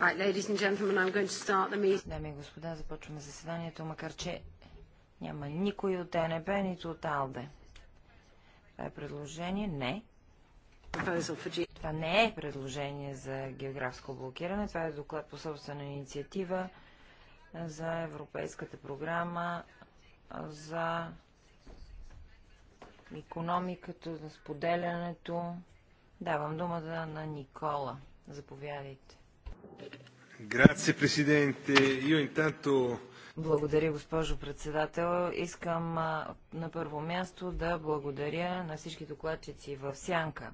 Дами и господа, започваме заседанието, макар че няма никой от ЕНП, нито от АЛДЕ. Това е предложение? Не. Това не е предложение за географско блокиране. Това е доклад по собствена инициатива за Европейската програма за економиката, за споделянето. Давам думата на Никола. Заповядайте. Благодаря, госпожо председател. Искам на първо място да благодаря на всички докладчици в Сянка.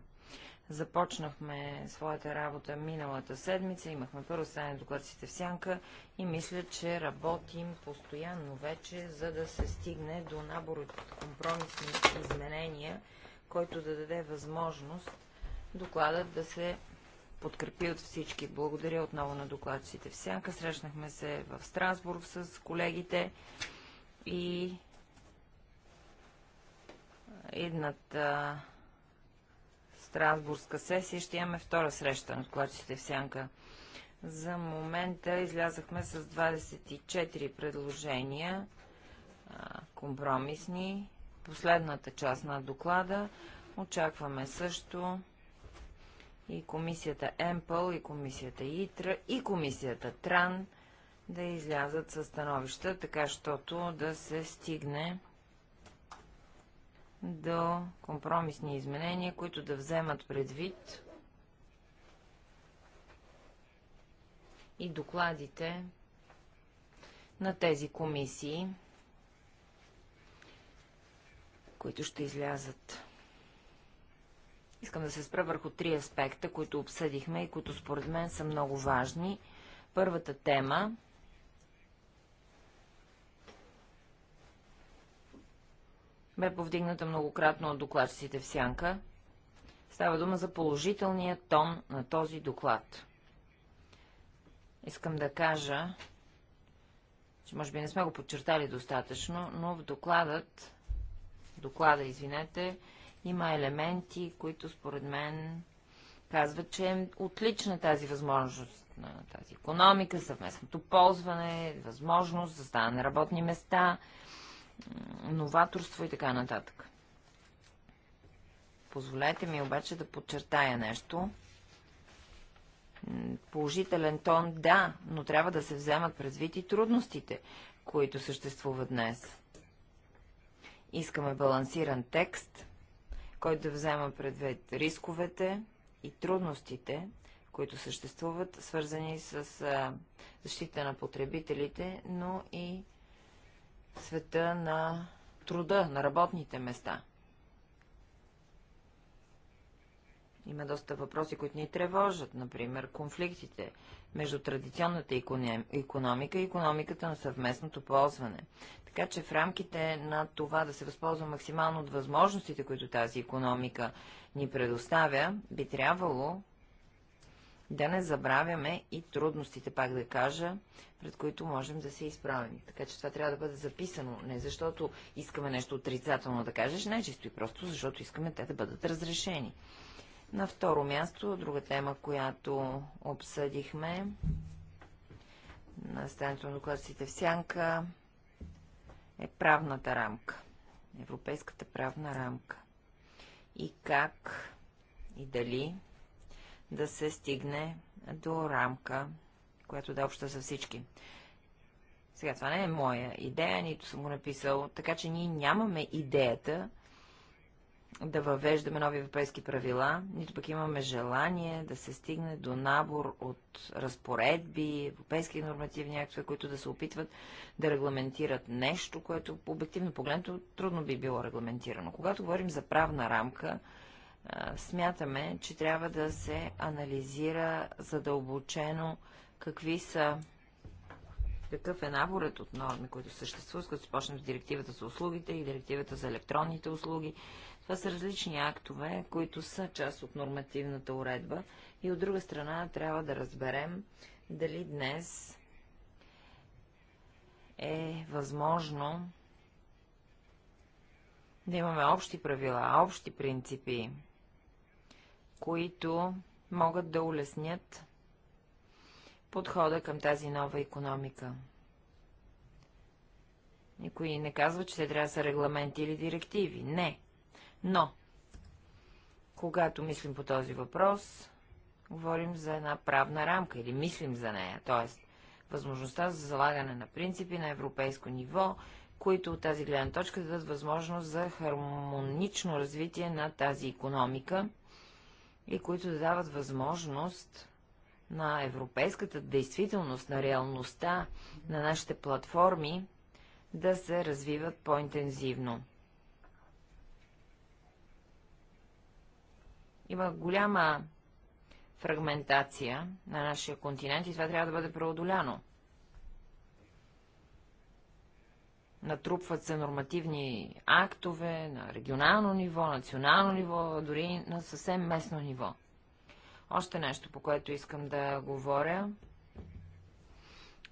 Започнахме своята работа миналата седмица, имахме първо стане докладците в Сянка и мисля, че работим постоянно вече, за да се стигне до набор от компромисни изменения, който да даде възможност докладът да се подкрепи от всички. Благодаря отново на докладците в Сянка. Срещнахме се в Страсбург с колегите и едната Страсбургска сесия ще имаме втора среща на докладците в Сянка. За момента излязахме с 24 предложения, компромисни. Последната част на доклада очакваме също и комисията ЕМПЛ, и комисията ИТРА, и комисията ТРАН да излязат със становища, така щото да се стигне до компромисни изменения, които да вземат предвид и докладите на тези комисии, които ще излязат. Искам да се спра върху три аспекта, които обсъдихме и които според мен са много важни. Първата тема бе повдигната многократно от докладчиците в Сянка. Става дума за положителния тон на този доклад. Искам да кажа, че може би не сме го подчертали достатъчно, но в докладът, доклада, извинете, има елементи, които според мен казват, че е отлична тази възможност на тази економика, съвместното ползване, възможност за ставане на работни места, новаторство и така нататък. Позволете ми обаче да подчертая нещо. Положителен тон, да, но трябва да се вземат предвид и трудностите, които съществуват днес. Искаме балансиран текст, който да взема предвид рисковете и трудностите, които съществуват, свързани с а, защита на потребителите, но и света на труда, на работните места – Има доста въпроси, които ни тревожат, например конфликтите между традиционната економика и економиката на съвместното ползване. Така че в рамките на това да се възползва максимално от възможностите, които тази економика ни предоставя, би трябвало да не забравяме и трудностите, пак да кажа, пред които можем да се изправим. Така че това трябва да бъде записано, не защото искаме нещо отрицателно да кажеш, не чисто и просто, защото искаме те да бъдат разрешени. На второ място, друга тема, която обсъдихме на стането на докладците в Сянка, е правната рамка. Европейската правна рамка. И как и дали да се стигне до рамка, която да е обща за всички. Сега, това не е моя идея, нито съм го написал, така че ние нямаме идеята да въвеждаме нови европейски правила, нито пък имаме желание да се стигне до набор от разпоредби, европейски нормативни актове, които да се опитват да регламентират нещо, което обективно погледнато трудно би било регламентирано. Когато говорим за правна рамка, смятаме, че трябва да се анализира задълбочено какви са какъв е наборът от норми, които съществуват, като започнем с директивата за услугите и директивата за електронните услуги, това са различни актове, които са част от нормативната уредба и от друга страна трябва да разберем дали днес е възможно да имаме общи правила, общи принципи, които могат да улеснят подхода към тази нова економика. Никой не казва, че те трябва да са регламенти или директиви. Не. Но, когато мислим по този въпрос, говорим за една правна рамка или мислим за нея, т.е. възможността за залагане на принципи на европейско ниво, които от тази гледна точка дадат възможност за хармонично развитие на тази економика и които дават възможност на европейската действителност, на реалността на нашите платформи да се развиват по-интензивно. Има голяма фрагментация на нашия континент и това трябва да бъде преодоляно. Натрупват се нормативни актове на регионално ниво, национално ниво, дори на съвсем местно ниво. Още нещо, по което искам да говоря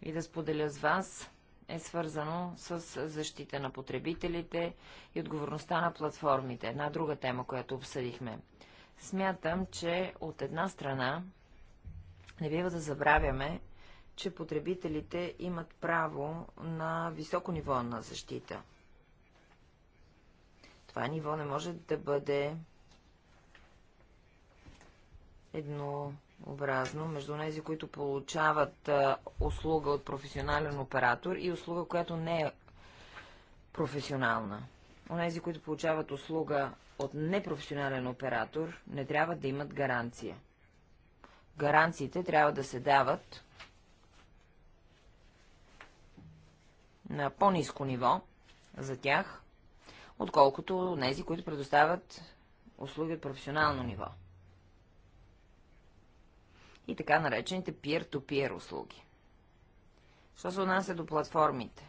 и да споделя с вас, е свързано с защита на потребителите и отговорността на платформите. Една друга тема, която обсъдихме. Смятам, че от една страна не бива да забравяме, че потребителите имат право на високо ниво на защита. Това ниво не може да бъде еднообразно между тези, които получават а, услуга от професионален оператор и услуга, която не е професионална. Онези, които получават услуга от непрофесионален оператор, не трябва да имат гаранция. Гаранциите трябва да се дават на по-низко ниво за тях, отколкото онези, които предоставят услуги от професионално ниво. И така наречените peer-to-peer -peer услуги. Що се отнася до платформите?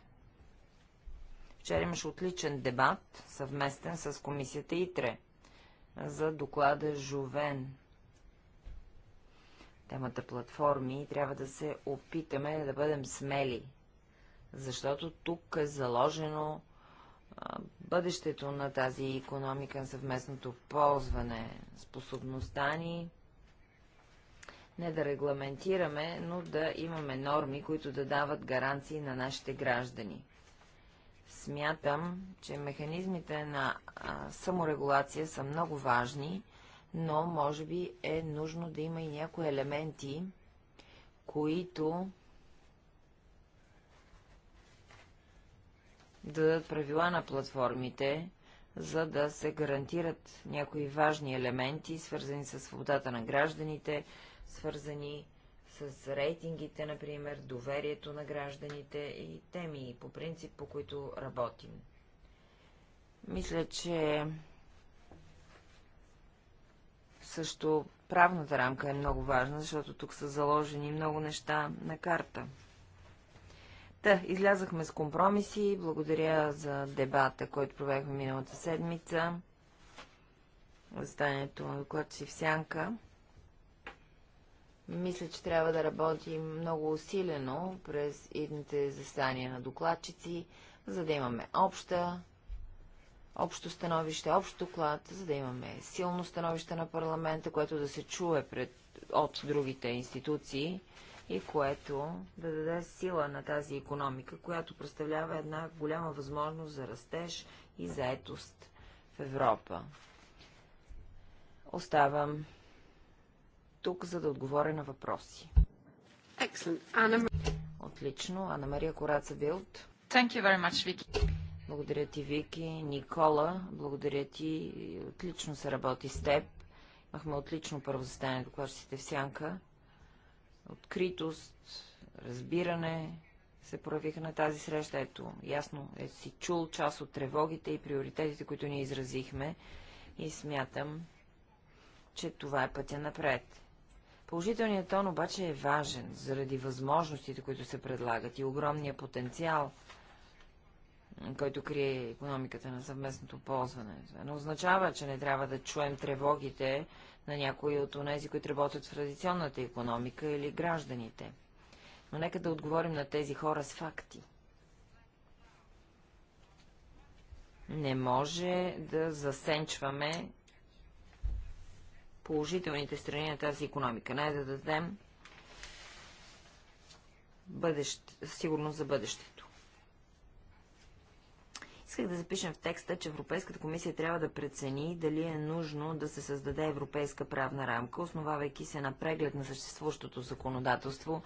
Вчера имаше отличен дебат, съвместен с комисията ИТРЕ, за доклада Жовен. Темата платформи трябва да се опитаме да бъдем смели, защото тук е заложено бъдещето на тази економика на съвместното ползване, способността ни не да регламентираме, но да имаме норми, които да дават гаранции на нашите граждани. Смятам, че механизмите на а, саморегулация са много важни, но може би е нужно да има и някои елементи, които да дадат правила на платформите, за да се гарантират някои важни елементи, свързани с свободата на гражданите, свързани с рейтингите, например, доверието на гражданите и теми по принцип, по които работим. Мисля, че също правната рамка е много важна, защото тук са заложени много неща на карта. Та, излязахме с компромиси. Благодаря за дебата, който провехме миналата седмица. Възстанието на доклад си в сянка. Мисля, че трябва да работим много усилено през идните застания на докладчици, за да имаме обща, общо становище, общ доклад, за да имаме силно становище на парламента, което да се чуе пред, от другите институции и което да даде сила на тази економика, която представлява една голяма възможност за растеж и заетост в Европа. Оставам тук, за да отговоря на въпроси. Anna... Отлично. Анна Мария Кораца Билт. Благодаря ти, Вики. Никола, благодаря ти. Отлично се работи с теб. Имахме отлично първо застане докладчиците в сянка. Откритост, разбиране се проявиха на тази среща. Ето, ясно е си чул част от тревогите и приоритетите, които ние изразихме и смятам, че това е пътя напред. Положителният тон обаче е важен, заради възможностите, които се предлагат и огромния потенциал, който крие економиката на съвместното ползване. Не означава, че не трябва да чуем тревогите на някои от онези, които работят в традиционната економика или гражданите. Но нека да отговорим на тези хора с факти. Не може да засенчваме положителните страни на тази економика. най да дадем бъдещ, сигурност за бъдещето. Исках да запишем в текста, че Европейската комисия трябва да прецени дали е нужно да се създаде европейска правна рамка, основавайки се на преглед на съществуващото законодателство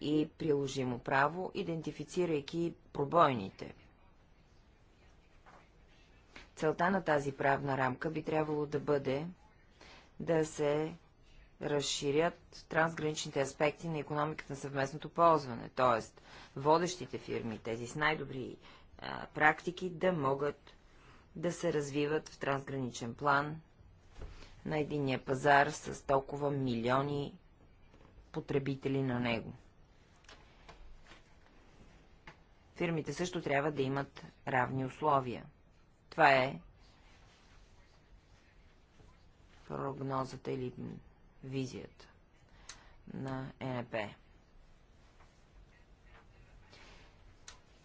и приложимо право, идентифицирайки пробойните. Целта на тази правна рамка би трябвало да бъде да се разширят трансграничните аспекти на економиката на съвместното ползване, т.е. водещите фирми, тези с най-добри практики, да могат да се развиват в трансграничен план на единия пазар с толкова милиони потребители на него. Фирмите също трябва да имат равни условия. Това е прогнозата или визията на НП.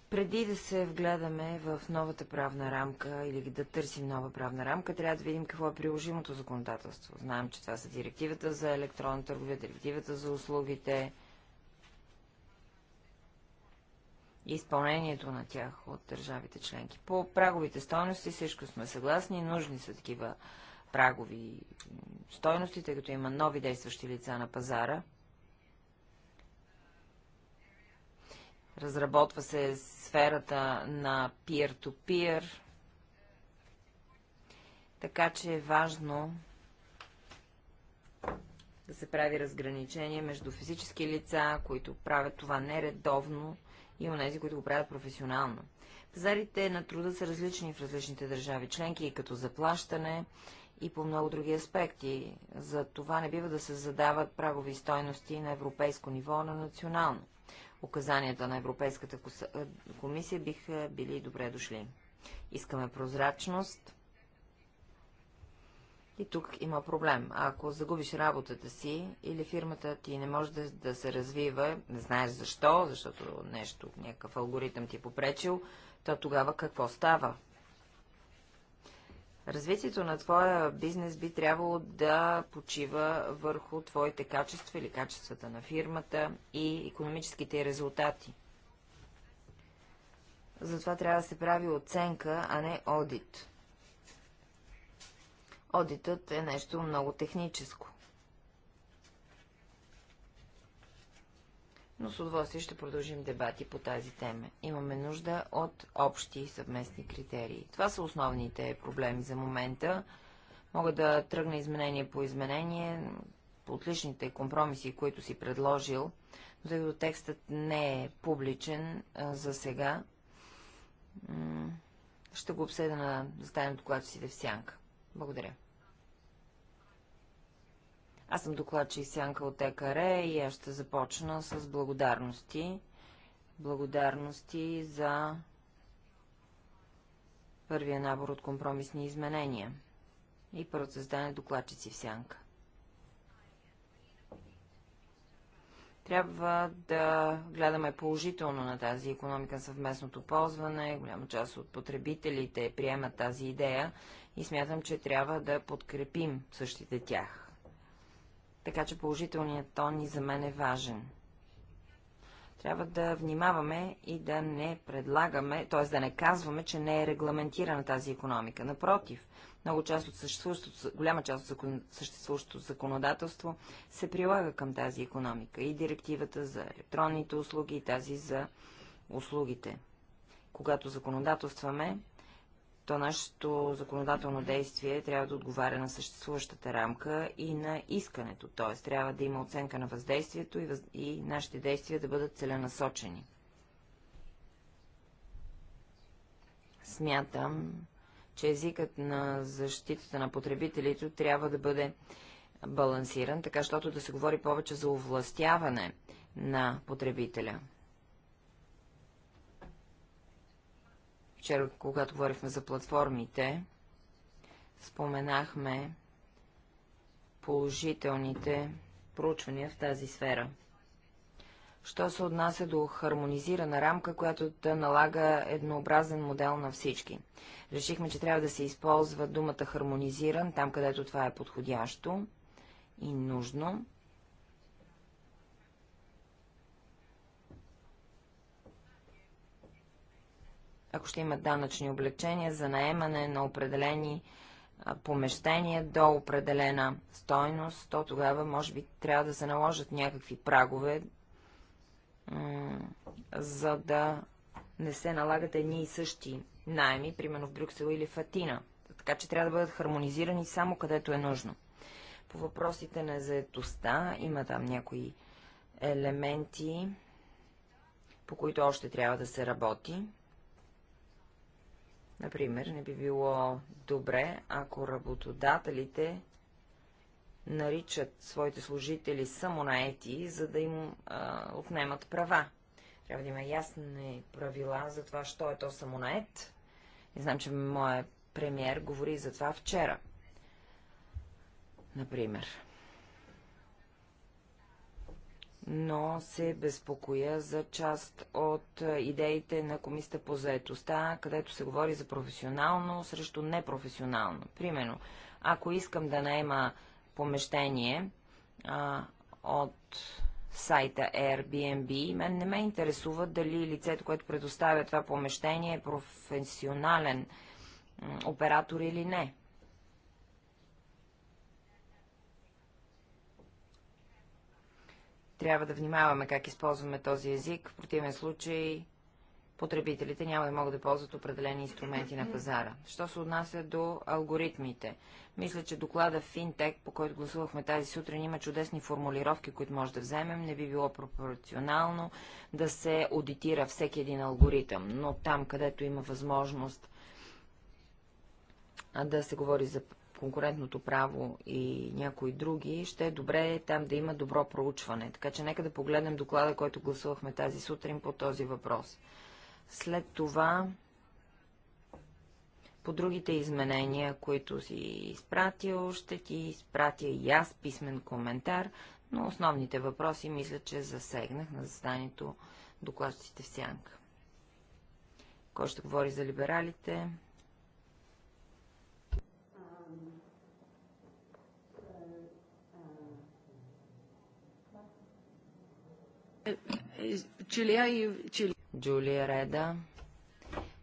Преди да се вгледаме в новата правна рамка или да търсим нова правна рамка, трябва да видим какво е приложимото законодателство. Знаем, че това са директивата за електронна търговия, директивата за услугите и изпълнението на тях от държавите членки. По праговите стойности всичко сме съгласни, нужни са такива прагови стойности, тъй като има нови действащи лица на пазара. Разработва се сферата на peer-to-peer, -peer, така че е важно да се прави разграничение между физически лица, които правят това нередовно, и онези, които го правят професионално. Пазарите на труда са различни в различните държави членки и като заплащане, и по много други аспекти. За това не бива да се задават прагови стойности на европейско ниво, на национално. Указанията на Европейската е, комисия биха били добре дошли. Искаме прозрачност. И тук има проблем. Ако загубиш работата си или фирмата ти не може да, да се развива, не знаеш защо, защото нещо, някакъв алгоритъм ти е попречил, то тогава какво става? Развитието на твоя бизнес би трябвало да почива върху твоите качества или качествата на фирмата и економическите резултати. Затова трябва да се прави оценка, а не одит. Одитът е нещо много техническо. но с удоволствие ще продължим дебати по тази тема. Имаме нужда от общи съвместни критерии. Това са основните проблеми за момента. Мога да тръгна изменение по изменение, по отличните компромиси, които си предложил, но тъй като текстът не е публичен а, за сега, ще го обседа на заседанието, когато си в сянка. Благодаря. Аз съм докладчик Сянка от ЕКР и аз ще започна с благодарности. Благодарности за първия набор от компромисни изменения и първото създание е докладчици в Сянка. Трябва да гледаме положително на тази економика на съвместното ползване. Голяма част от потребителите приемат тази идея и смятам, че трябва да подкрепим същите тях. Така че положителният тон и за мен е важен. Трябва да внимаваме и да не предлагаме, т.е. да не казваме, че не е регламентирана тази економика. Напротив, много част от съществуващото, голяма част от съществуващото законодателство се прилага към тази економика. И директивата за електронните услуги, и тази за услугите. Когато законодателстваме, то нашето законодателно действие трябва да отговаря на съществуващата рамка и на искането, т.е. трябва да има оценка на въздействието и, въз... и нашите действия да бъдат целенасочени. Смятам, че езикът на защитата на потребителите трябва да бъде балансиран, така щото да се говори повече за овластяване на потребителя. Вчера, когато говорихме за платформите, споменахме положителните проучвания в тази сфера. Що се отнася до хармонизирана рамка, която да налага еднообразен модел на всички. Решихме, че трябва да се използва думата хармонизиран там, където това е подходящо и нужно. ако ще имат данъчни облегчения за наемане на определени помещения до определена стойност, то тогава може би трябва да се наложат някакви прагове, за да не се налагат едни и същи найеми, примерно в Брюксел или в Атина. Така че трябва да бъдат хармонизирани само където е нужно. По въпросите на заетостта има там някои елементи, по които още трябва да се работи. Например, не би било добре, ако работодателите наричат своите служители самонаети, за да им а, отнемат права. Трябва да има ясни правила за това, що е то самонает. И знам, че моя премьер говори за това вчера. Например но се безпокоя за част от е, идеите на Комисията по заетостта, където се говори за професионално срещу непрофесионално. Примерно, ако искам да найма помещение а, от сайта Airbnb, мен не ме интересува дали лицето, което предоставя това помещение е професионален оператор или не. Трябва да внимаваме как използваме този език, в противен случай потребителите няма да могат да ползват определени инструменти на пазара. Що се отнася до алгоритмите? Мисля, че доклада FinTech, по който гласувахме тази сутрин, има чудесни формулировки, които може да вземем. Не би било пропорционално да се аудитира всеки един алгоритъм, но там, където има възможност да се говори за конкурентното право и някои други, ще е добре там да има добро проучване. Така че нека да погледнем доклада, който гласувахме тази сутрин по този въпрос. След това, по другите изменения, които си изпратил, ще ти изпратя и аз писмен коментар, но основните въпроси мисля, че засегнах на застанието докладчиците в сянка. Кой ще говори за либералите? Джулия и Джулия. Джулия Реда.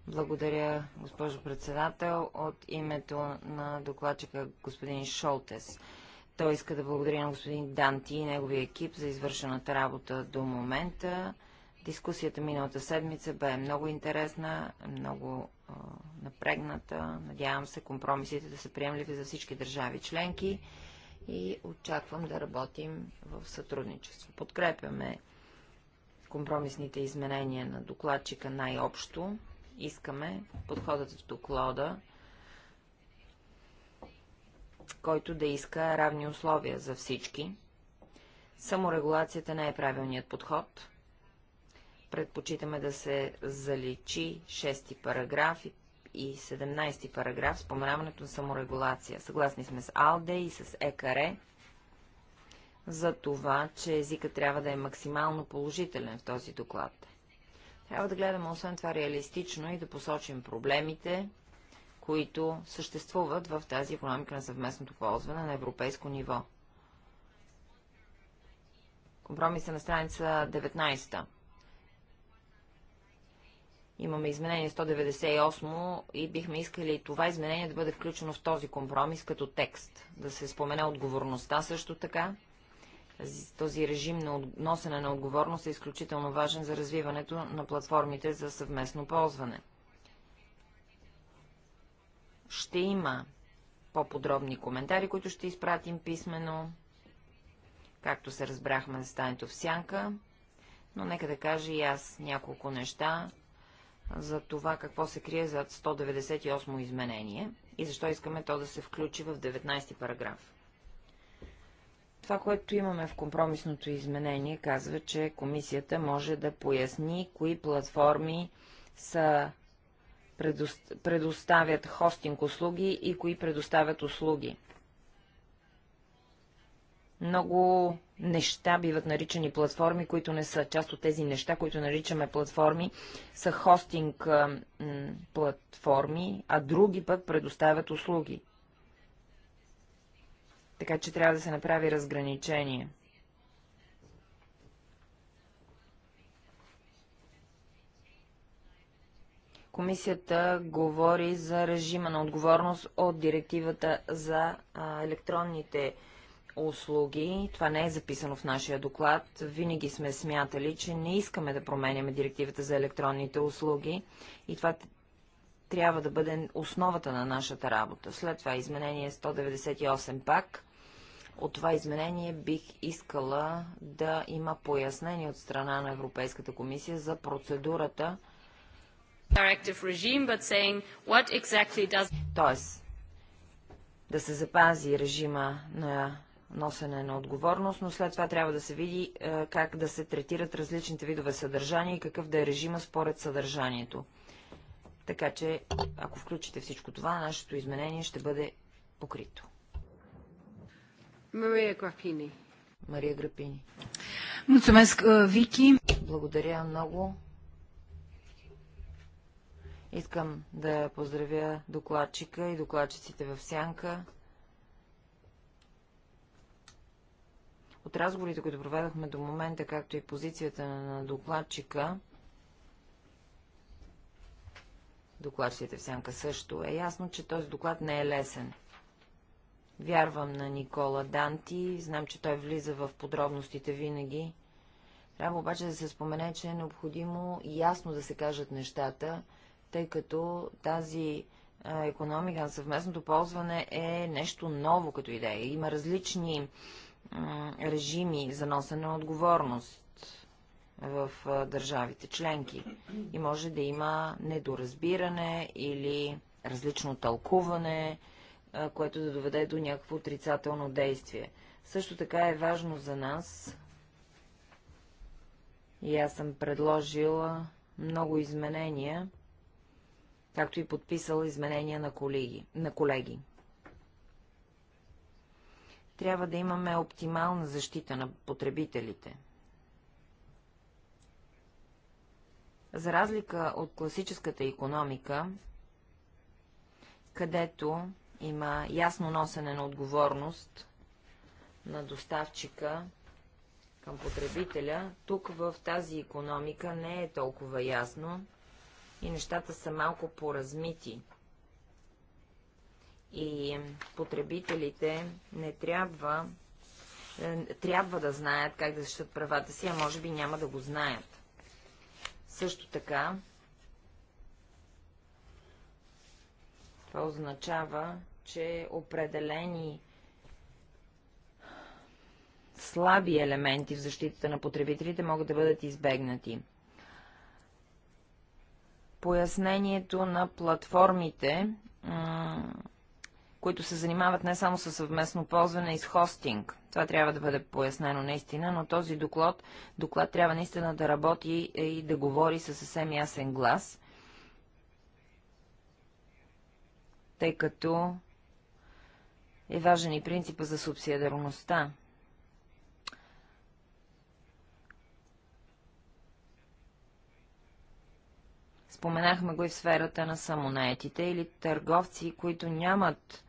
Благодаря, госпожо председател, от името на докладчика господин Шолтес. Той иска да благодаря на господин Данти и неговия екип за извършената работа до момента. Дискусията миналата седмица бе много интересна, много напрегната. Надявам се компромисите да са приемливи за всички държави членки и очаквам да работим в сътрудничество. Подкрепяме компромисните изменения на докладчика най-общо искаме подходът в доклада, който да иска равни условия за всички. Саморегулацията не е правилният подход. Предпочитаме да се заличи 6 параграф и 17 ти параграф, споменаването на саморегулация. Съгласни сме с АЛДЕ и с ЕКАРЕ за това, че езика трябва да е максимално положителен в този доклад. Трябва да гледаме освен това реалистично и да посочим проблемите, които съществуват в тази економика на съвместното ползване на европейско ниво. Компромиса на страница 19. Имаме изменение 198 и бихме искали това изменение да бъде включено в този компромис като текст. Да се спомене отговорността също така този режим на носене на отговорност е изключително важен за развиването на платформите за съвместно ползване. Ще има по-подробни коментари, които ще изпратим писменно, както се разбрахме с стането в Сянка, но нека да кажа и аз няколко неща за това какво се крие зад 198 изменение и защо искаме то да се включи в 19 параграф. Това, което имаме в компромисното изменение, казва, че комисията може да поясни кои платформи са предоставят хостинг услуги и кои предоставят услуги. Много неща биват наричани платформи, които не са част от тези неща, които наричаме платформи, са хостинг платформи, а други пък предоставят услуги. Така че трябва да се направи разграничение. Комисията говори за режима на отговорност от директивата за електронните услуги. Това не е записано в нашия доклад. Винаги сме смятали, че не искаме да променяме директивата за електронните услуги и това трябва да бъде основата на нашата работа. След това изменение 198 пак от това изменение бих искала да има пояснение от страна на Европейската комисия за процедурата. Тоест, да се запази режима на носене на отговорност, но след това трябва да се види е, как да се третират различните видове съдържания и какъв да е режима според съдържанието. Така че, ако включите всичко това, нашето изменение ще бъде покрито. Мария Грапини. Мария Грапини. Вики. Благодаря много. Искам да поздравя докладчика и докладчиците в Сянка. От разговорите, които проведахме до момента, както и позицията на докладчика, докладчиците в Сянка също, е ясно, че този доклад не е лесен. Вярвам на Никола Данти, знам, че той влиза в подробностите винаги. Трябва обаче да се спомене, че е необходимо ясно да се кажат нещата, тъй като тази економика на съвместното ползване е нещо ново като идея. Има различни режими за носене на отговорност в държавите членки и може да има недоразбиране или различно тълкуване което да доведе до някакво отрицателно действие. Също така е важно за нас, и аз съм предложила много изменения, както и подписала изменения на колеги. На колеги. Трябва да имаме оптимална защита на потребителите. За разлика от класическата економика, където има ясно носене на отговорност на доставчика към потребителя. Тук в тази економика не е толкова ясно и нещата са малко поразмити. И потребителите не трябва, е, трябва да знаят как да защитат правата си, а може би няма да го знаят. Също така, това означава, че определени слаби елементи в защитата на потребителите могат да бъдат избегнати. Пояснението на платформите, които се занимават не само с съвместно ползване и е с хостинг. Това трябва да бъде пояснено наистина, но този доклад, доклад трябва наистина да работи е, и да говори със съвсем ясен глас, тъй като е важен и принципа за субсидиарността. Споменахме го и в сферата на самонаетите или търговци, които нямат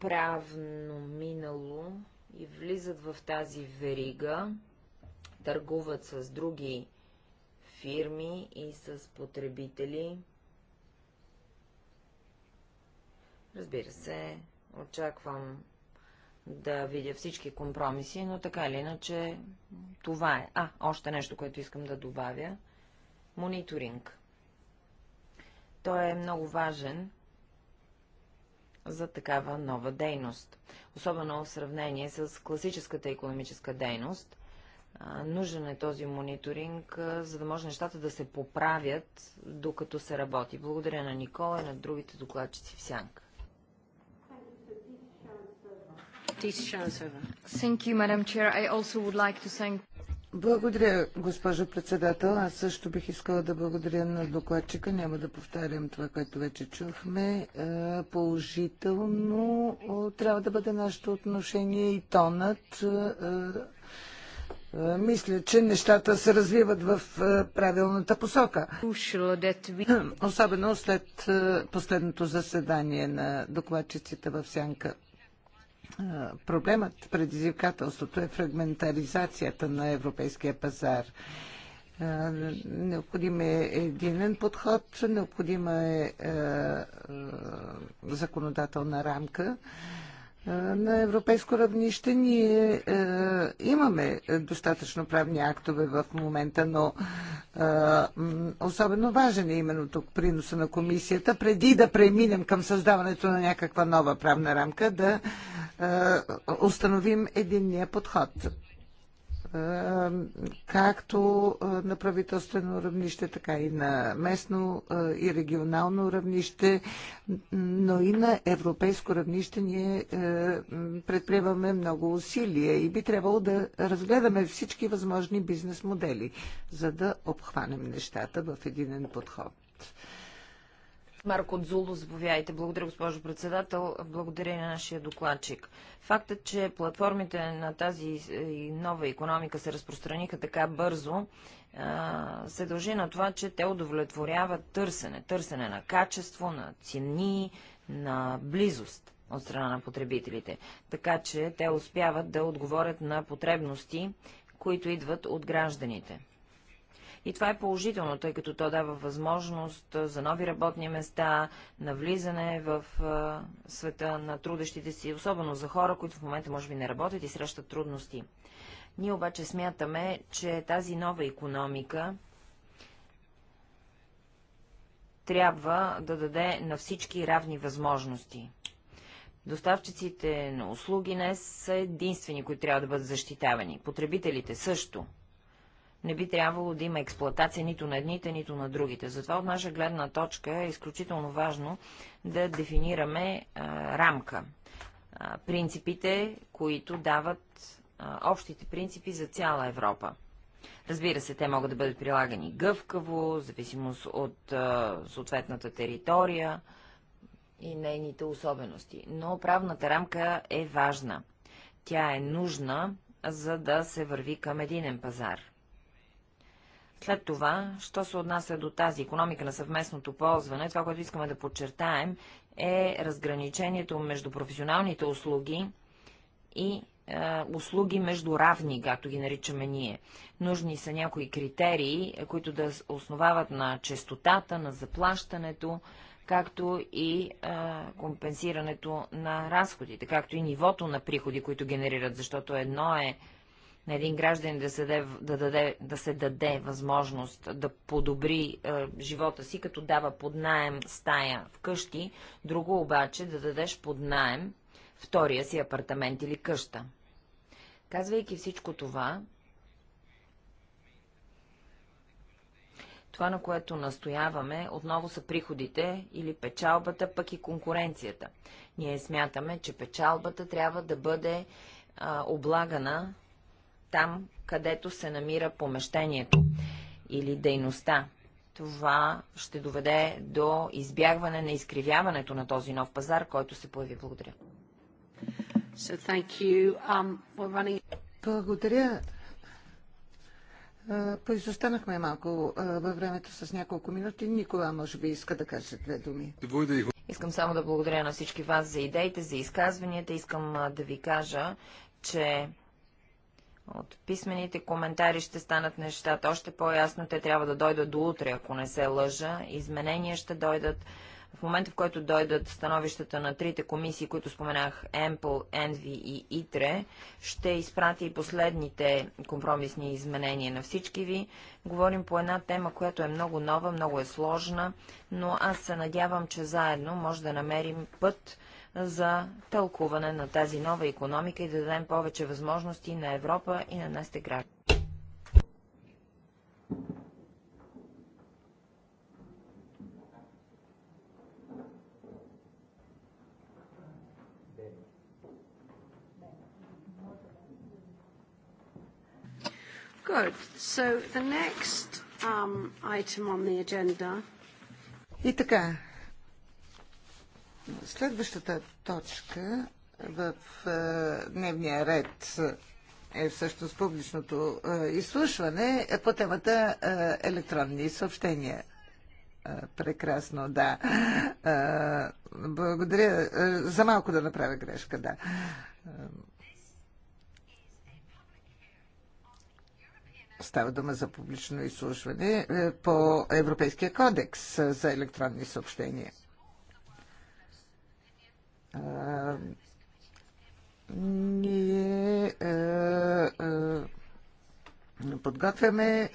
правно минало и влизат в тази верига, търгуват с други фирми и с потребители. Разбира се, Очаквам да видя всички компромиси, но така или иначе това е. А, още нещо, което искам да добавя. Мониторинг. Той е много важен за такава нова дейност. Особено в сравнение с класическата економическа дейност. нужен е този мониторинг, за да може нещата да се поправят, докато се работи. Благодаря на Никола и на другите докладчици в Сянка. Благодаря, госпожо председател. Аз също бих искала да благодаря на докладчика. Няма да повтарям това, което вече чухме. Е, положително трябва да бъде нашето отношение и тонът. Е, е, мисля, че нещата се развиват в правилната посока. Особено след последното заседание на докладчиците в Сянка. Проблемът, предизвикателството е фрагментаризацията на европейския пазар. Необходим е единен подход, необходима е, е законодателна рамка на европейско равнище. Ние е, имаме достатъчно правни актове в момента, но е, особено важен е именно тук приноса на комисията, преди да преминем към създаването на някаква нова правна рамка, да е, установим единния подход е, както е, на правителствено равнище, така и на местно и регионално равнище, но и на европейско равнище ние предприемаме много усилия и би трябвало да разгледаме всички възможни бизнес модели, за да обхванем нещата в единен подход. Марко Дзуло, заповядайте. Благодаря, госпожо председател. Благодаря и на нашия докладчик. Фактът, че платформите на тази нова економика се разпространиха така бързо, се дължи на това, че те удовлетворяват търсене. Търсене на качество, на цени, на близост от страна на потребителите. Така че те успяват да отговорят на потребности, които идват от гражданите. И това е положително, тъй като то дава възможност за нови работни места, навлизане в света на трудещите си, особено за хора, които в момента може би не работят и срещат трудности. Ние обаче смятаме, че тази нова економика трябва да даде на всички равни възможности. Доставчиците на услуги не са единствени, които трябва да бъдат защитавани. Потребителите също не би трябвало да има експлоатация нито на едните, нито на другите. Затова от наша гледна точка е изключително важно да дефинираме а, рамка. А, принципите, които дават а, общите принципи за цяла Европа. Разбира се, те могат да бъдат прилагани гъвкаво, зависимост от а, съответната територия и нейните особености. Но правната рамка е важна. Тя е нужна, за да се върви към единен пазар. След това, що се отнася до тази економика на съвместното ползване, това, което искаме да подчертаем, е разграничението между професионалните услуги и е, услуги между равни, както ги наричаме ние. Нужни са някои критерии, които да основават на честотата, на заплащането, както и е, компенсирането на разходите, както и нивото на приходи, които генерират, защото едно е на един граждан да се даде, да даде, да се даде възможност да подобри е, живота си, като дава под найем стая вкъщи, друго обаче да дадеш под найем втория си апартамент или къща. Казвайки всичко това, Това, на което настояваме, отново са приходите или печалбата, пък и конкуренцията. Ние смятаме, че печалбата трябва да бъде а, облагана там, където се намира помещението или дейността. Това ще доведе до избягване на изкривяването на този нов пазар, който се появи. Благодаря. So thank you. Um, we're running... Благодаря. Поизостанахме малко във времето с няколко минути. Никола, може би, иска да каже две думи. Искам само да благодаря на всички вас за идеите, за изказванията. Искам да ви кажа, че от писмените коментари ще станат нещата още по-ясно. Те трябва да дойдат до утре, ако не се лъжа. Изменения ще дойдат. В момента, в който дойдат становищата на трите комисии, които споменах, Ample, Envy и ITRE, ще изпрати и последните компромисни изменения на всички ви. Говорим по една тема, която е много нова, много е сложна, но аз се надявам, че заедно може да намерим път за тълкуване на тази нова економика и да дадем повече възможности на Европа и на нашите граждани. Good. So the next um, item on the agenda. И така, Следващата точка в е, дневния ред е всъщност публичното е, изслушване по темата е, електронни съобщения. Прекрасно, да. Благодаря. За малко да направя грешка, да. Става дума за публично изслушване по Европейския кодекс за електронни съобщения ние подготвяме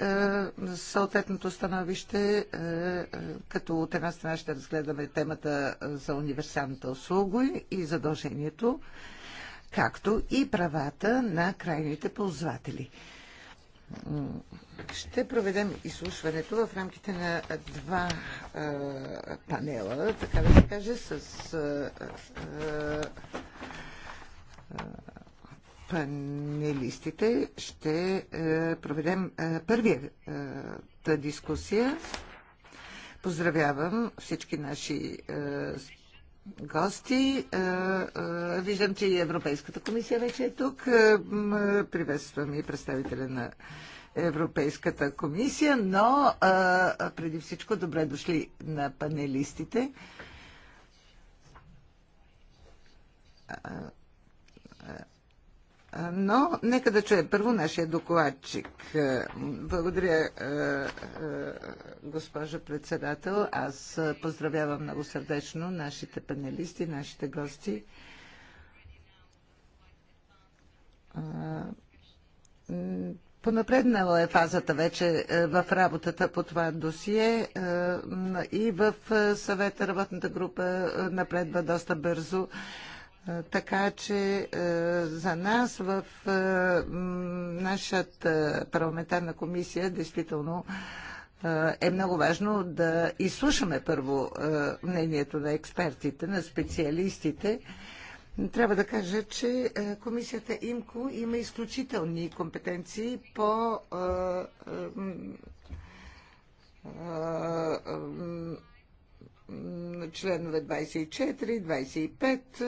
съответното становище, като от една страна ще разгледаме темата за универсалната услуга и задължението, както и правата на крайните ползватели. Ще проведем изслушването в рамките на два а, панела, така да се каже, с а, а, панелистите. Ще а, проведем а, първията дискусия. Поздравявам всички наши а, гости. Е, е, виждам, че и Европейската комисия вече е тук. Е, приветствам и представителя на Европейската комисия, но преди всичко добре дошли на панелистите. Но нека да чуем първо нашия докладчик. Е, Благодаря, е, е, госпожа председател. Аз поздравявам много сърдечно нашите панелисти, нашите гости. Понапреднала е фазата вече в работата по това досие и в съвета работната група напредва доста бързо. Така че е, за нас в е, нашата парламентарна комисия действително е, е много важно да изслушаме първо мнението на експертите, на специалистите. Трябва да кажа, че комисията ИМКО има изключителни компетенции по членове 24, 25,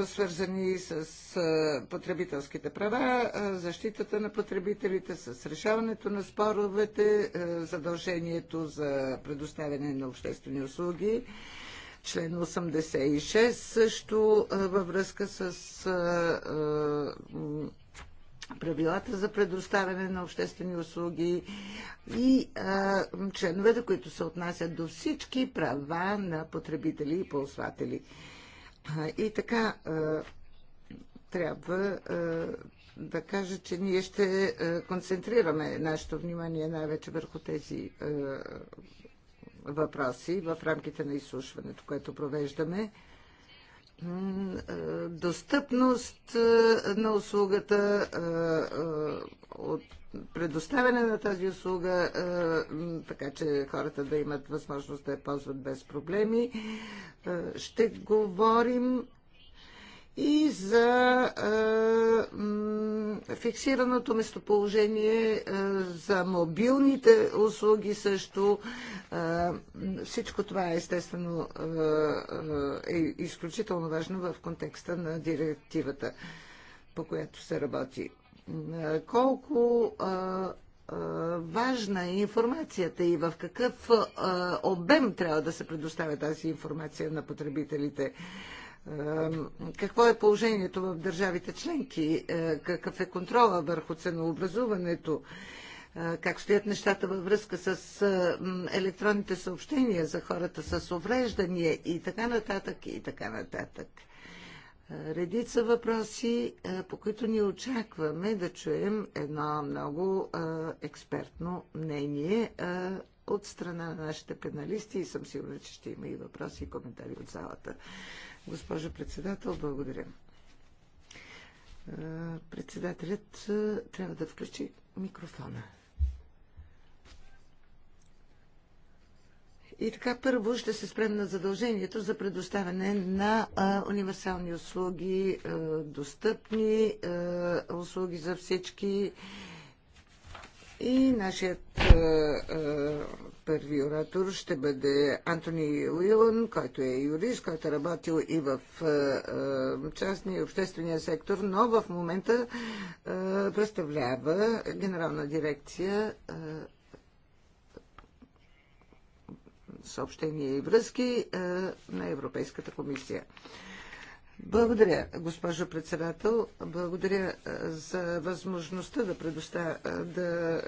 е, е, свързани с е, потребителските права, защитата на потребителите, с решаването на споровете, задължението за предоставяне на обществени услуги, член 86 също във връзка с правилата за предоставяне на обществени услуги и а, членовете, които се отнасят до всички права на потребители и ползватели. А, и така, а, трябва а, да кажа, че ние ще а, концентрираме нашето внимание най-вече върху тези а, въпроси в рамките на изслушването, което провеждаме. Е, достъпност е, на услугата, е, от предоставяне на тази услуга, така че хората да имат възможност да я ползват без проблеми. Ще говорим и за е, фиксираното местоположение, а, за мобилните услуги също. А, всичко това естествено е, е изключително важно в контекста на директивата, по която се работи. Колко а, важна е информацията и в какъв обем трябва да се предоставя тази информация на потребителите? Какво е положението в държавите членки? Е, какъв е контрола върху ценообразуването? Е, как стоят нещата във връзка с електронните съобщения за хората с увреждания и така нататък и така нататък? Е, редица въпроси, по които ни очакваме да чуем едно много експертно мнение от страна на нашите пеналисти и съм сигурна, че ще има и въпроси и коментари от залата. Госпожо председател, благодаря. Председателят трябва да включи микрофона. И така първо ще се спрем на задължението за предоставяне на а, универсални услуги, а, достъпни а, услуги за всички. И нашият а, а, Първи оратор ще бъде Антони Уилън, който е юрист, който е работил и в е, е, частния и обществения сектор, но в момента е, представлява генерална дирекция съобщения и връзки на Европейската комисия. Благодаря, госпожо председател. Благодаря за възможността да, предоставя, да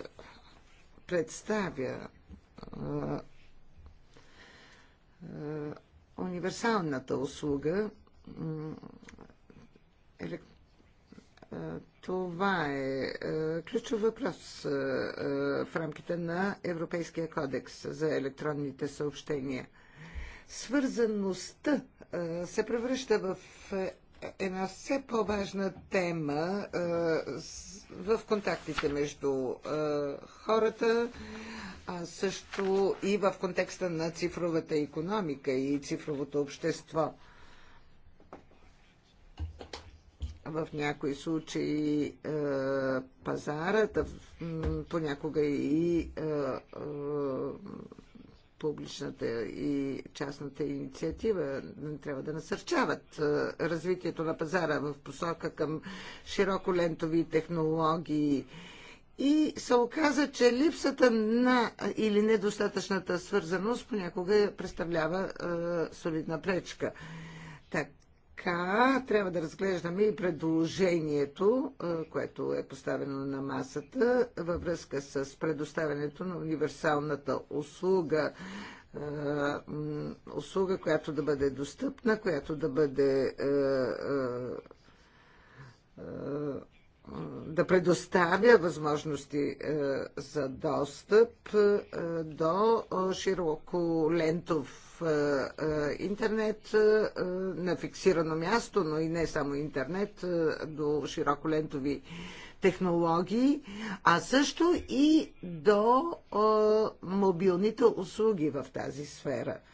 представя универсалната услуга. Това е ключов въпрос в рамките на Европейския кодекс за електронните съобщения. Свързаността се превръща в е, една все по-важна тема в контактите между хората, а също и в контекста на цифровата економика и цифровото общество. В някои случаи пазарът, понякога и публичната и частната инициатива трябва да насърчават е, развитието на пазара в посока към широколентови технологии. И се оказа, че липсата на или недостатъчната свързаност понякога представлява е, солидна пречка. Так, така, трябва да разглеждаме и предложението, което е поставено на масата във връзка с предоставянето на универсалната услуга услуга, която да бъде достъпна, която да бъде да предоставя възможности за достъп до широко лентов е, е, интернет е, на фиксирано място, но и не само интернет, до широколентови технологии, а също и до мобилните услуги в тази сфера –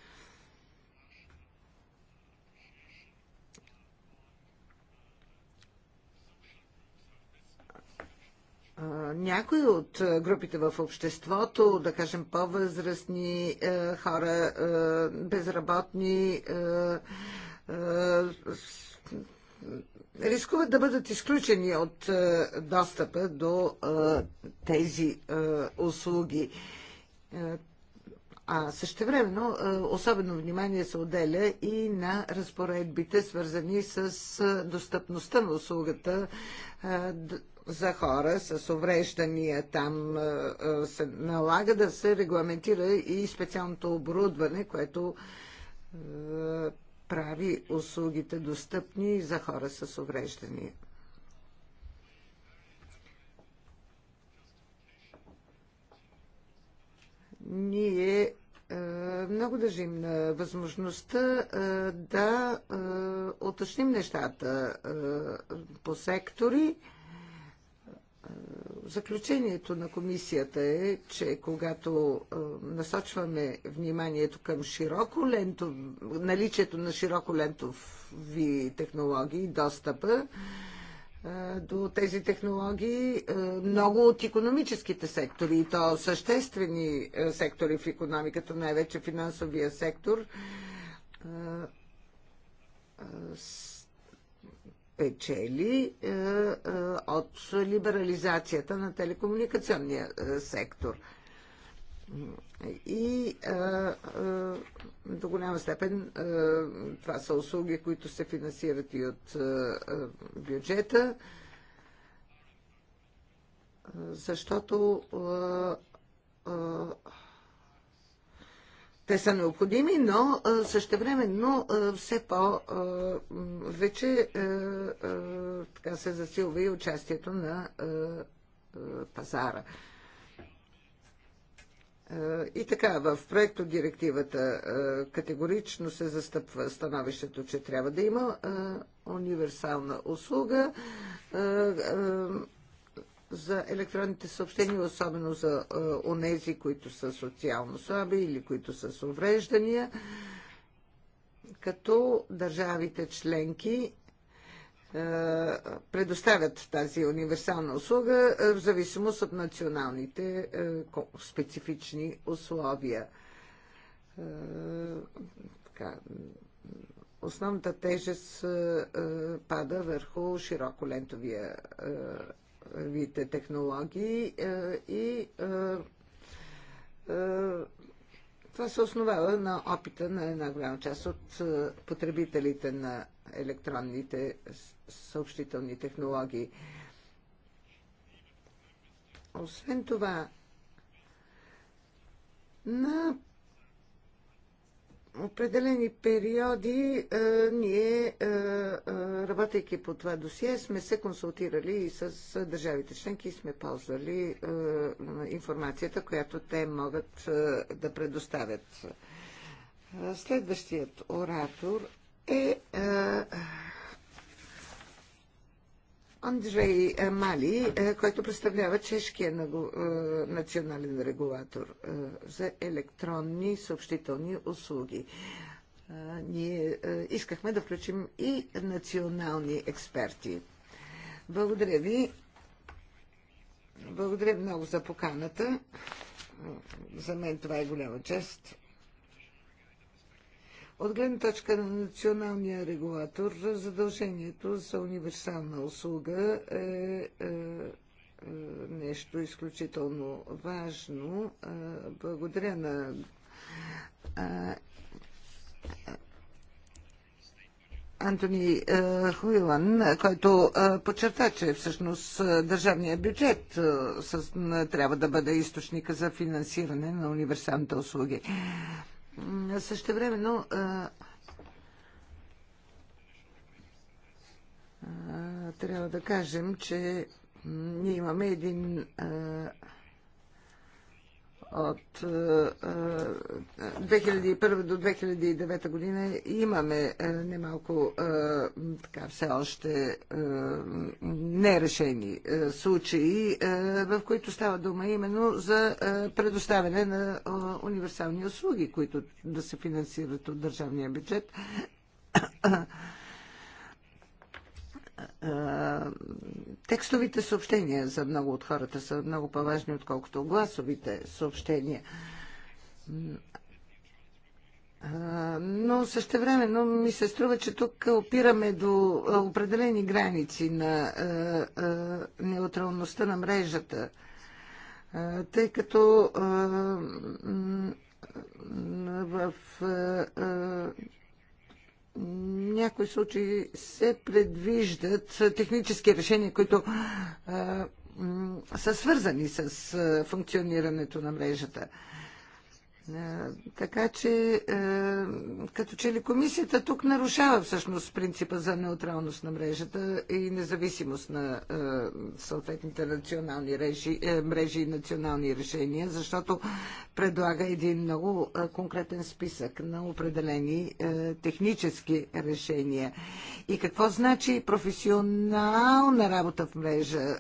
някои от групите в обществото, да кажем по-възрастни хора, безработни, рискуват да бъдат изключени от достъпа до тези услуги. А времено особено внимание се отделя и на разпоредбите, свързани с достъпността на услугата за хора с увреждания. Там е, е, се налага да се регламентира и специалното оборудване, което е, прави услугите достъпни за хора с увреждания. Ние много държим на възможността да уточним нещата по сектори Заключението на комисията е, че когато насочваме вниманието към широко лентов, наличието на широко лентови технологии, достъпа до тези технологии, много от економическите сектори, и то съществени сектори в економиката, най-вече финансовия сектор, печели е, е, от либерализацията на телекомуникационния е, сектор. И до голяма степен това са услуги, които се финансират и от бюджета, защото те са необходими, но същевременно все по-вече така се засилва и участието на пазара. И така, в проекто директивата категорично се застъпва становището, че трябва да има универсална услуга за електронните съобщения, особено за е, онези, които са социално слаби или които са с увреждания, като държавите членки е, предоставят тази универсална услуга е, в зависимост от националните специфични условия. Така, основната тежест пада върху широколентовия цифровите технологии е, и е, е, това се основава на опита на една голяма част от потребителите на електронните съобщителни технологии. Освен това, на определени периоди а, е, ние, а, е, е, работейки по това досие, сме се консултирали и с държавите членки и сме ползвали а, информацията, която те могат а, да предоставят. Следващият оратор е, е Андрей е, Мали, е, който представлява чешкия е, национален регулатор за електронни съобщителни услуги. Ние искахме да включим и национални експерти. Благодаря ви. Благодаря много за поканата. За мен това е голяма чест. От гледна точка на националния регулатор, задължението за универсална услуга е, е, е нещо изключително важно. Е, благодаря на е, е Антони е, Хуилан, който е, подчерта, че всъщност държавният бюджет трябва да бъде източника за финансиране на универсалните услуги. Също времено трябва да кажем, че ние имаме един от 2001 е, е, до 2009 година имаме е, немалко така все още нерешени случаи, в които става дума именно за предоставяне на универсални услуги, които да се финансират от държавния бюджет е, текстовите съобщения за много от хората са много по-важни, отколкото гласовите съобщения. Е, но но ми се струва, че тук опираме до определени граници на е, неутралността на мрежата, тъй като в някои случаи се предвиждат технически решения, които а, са свързани с функционирането на мрежата. Е, така че, е, като че ли комисията тук нарушава всъщност принципа за неутралност на мрежата и независимост на е, съответните национални режи, мрежи и национални решения, защото предлага един много конкретен списък на определени технически решения. И какво значи професионална работа в мрежа?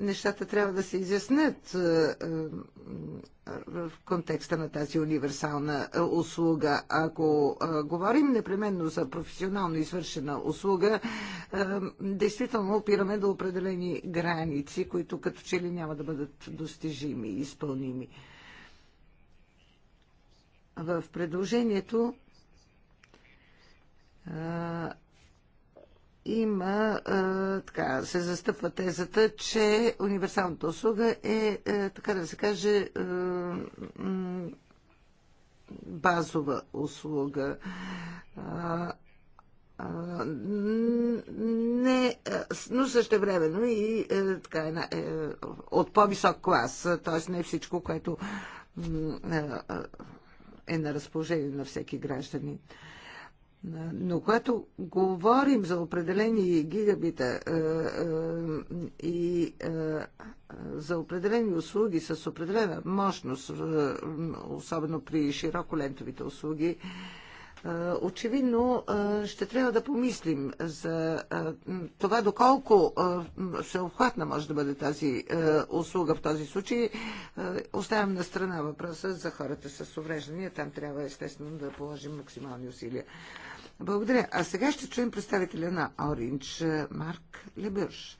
нещата трябва да се изяснят в контекста на тази универсална услуга. Ако говорим непременно за професионално извършена услуга, действително опираме до определени граници, които като че ли няма да бъдат достижими и изпълними. В предложението има, така, се застъпва тезата, че универсалната услуга е, е така да се каже, е, базова услуга. Не, но също времено и е, така, една, от по-висок клас, т.е. не всичко, което е на разположение на всеки гражданин. Но когато говорим за определени гигабита е, е, и е, за определени услуги с определена мощност, особено при широколентовите услуги, очевидно ще трябва да помислим за това доколко всеобхватна може да бъде тази услуга в този случай. Оставям на страна въпроса за хората с увреждания. Там трябва естествено да положим максимални усилия. Благодаря. А сега ще чуем представителя на Ориндж Марк Лебърш.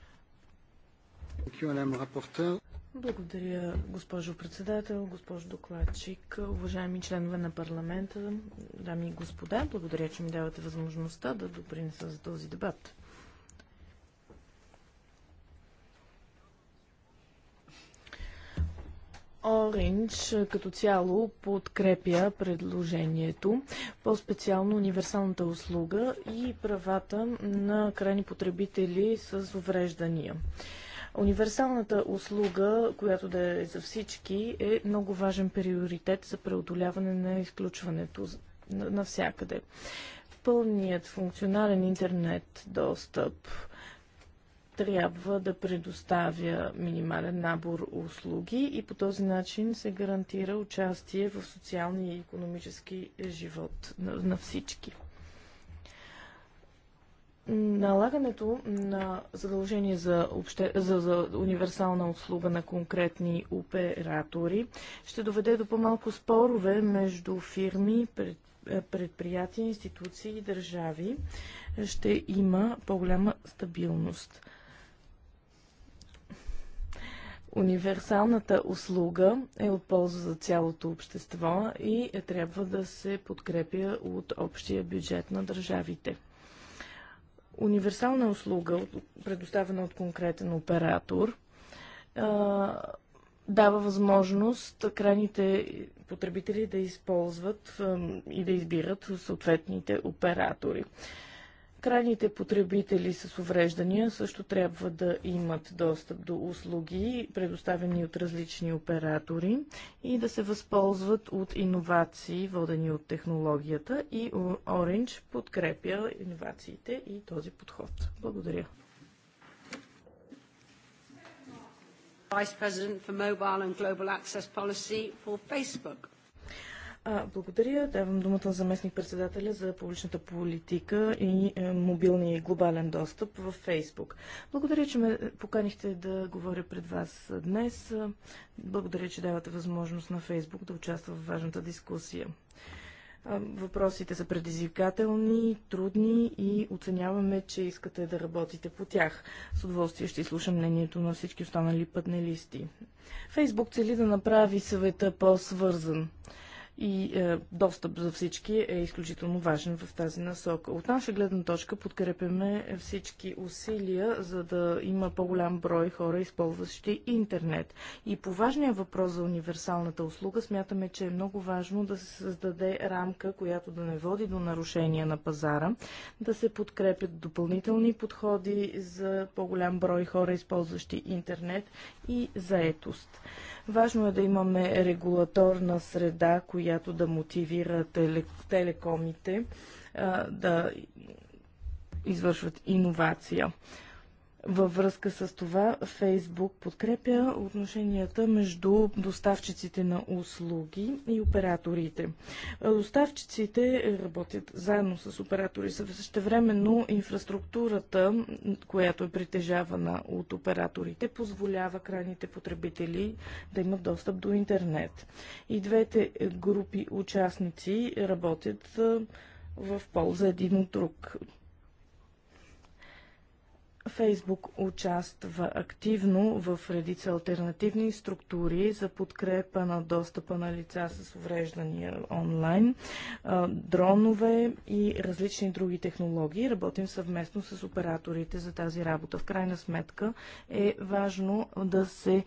Благодаря, госпожо председател, госпожо докладчик, уважаеми членове на парламента, дами и господа. Благодаря, че ми давате възможността да допринеса за този дебат. Ориндж като цяло подкрепя предложението, по-специално универсалната услуга и правата на крайни потребители с увреждания. Универсалната услуга, която да е за всички, е много важен приоритет за преодоляване на изключването навсякъде. Пълният функционален интернет достъп трябва да предоставя минимален набор услуги и по този начин се гарантира участие в социалния и економически живот на, на всички. Налагането на задължение за, обще... за, за универсална услуга на конкретни оператори ще доведе до по-малко спорове между фирми, пред... предприятия, институции и държави. Ще има по-голяма стабилност. Универсалната услуга е от полза за цялото общество и е трябва да се подкрепя от общия бюджет на държавите. Универсална услуга, предоставена от конкретен оператор, дава възможност крайните потребители да използват и да избират съответните оператори. Крайните потребители с увреждания също трябва да имат достъп до услуги, предоставени от различни оператори и да се възползват от иновации, водени от технологията и Orange подкрепя иновациите и този подход. Благодаря. Vice President for Mobile and Global Access Policy for Facebook. А, благодаря. Давам думата на заместник-председателя за публичната политика и е, мобилния и глобален достъп в Фейсбук. Благодаря, че ме поканихте да говоря пред вас днес. Благодаря, че давате възможност на Фейсбук да участва в важната дискусия. Въпросите са предизвикателни, трудни и оценяваме, че искате да работите по тях. С удоволствие ще слушам мнението на всички останали листи. Фейсбук цели да направи съвета по-свързан и е, достъп за всички е изключително важен в тази насока. От наша гледна точка подкрепяме всички усилия, за да има по-голям брой хора, използващи интернет. И по важния въпрос за универсалната услуга смятаме, че е много важно да се създаде рамка, която да не води до нарушения на пазара, да се подкрепят допълнителни подходи за по-голям брой хора, използващи интернет и заетост. Важно е да имаме регулаторна среда, която да мотивира телекомите да извършват иновация. Във връзка с това, Фейсбук подкрепя отношенията между доставчиците на услуги и операторите. Доставчиците работят заедно с оператори. Същевременно инфраструктурата, която е притежавана от операторите, позволява крайните потребители да имат достъп до интернет. И двете групи участници работят в полза един от друг. Фейсбук участва активно в редица альтернативни структури за подкрепа на достъпа на лица с увреждания онлайн, дронове и различни други технологии. Работим съвместно с операторите за тази работа. В крайна сметка е важно да се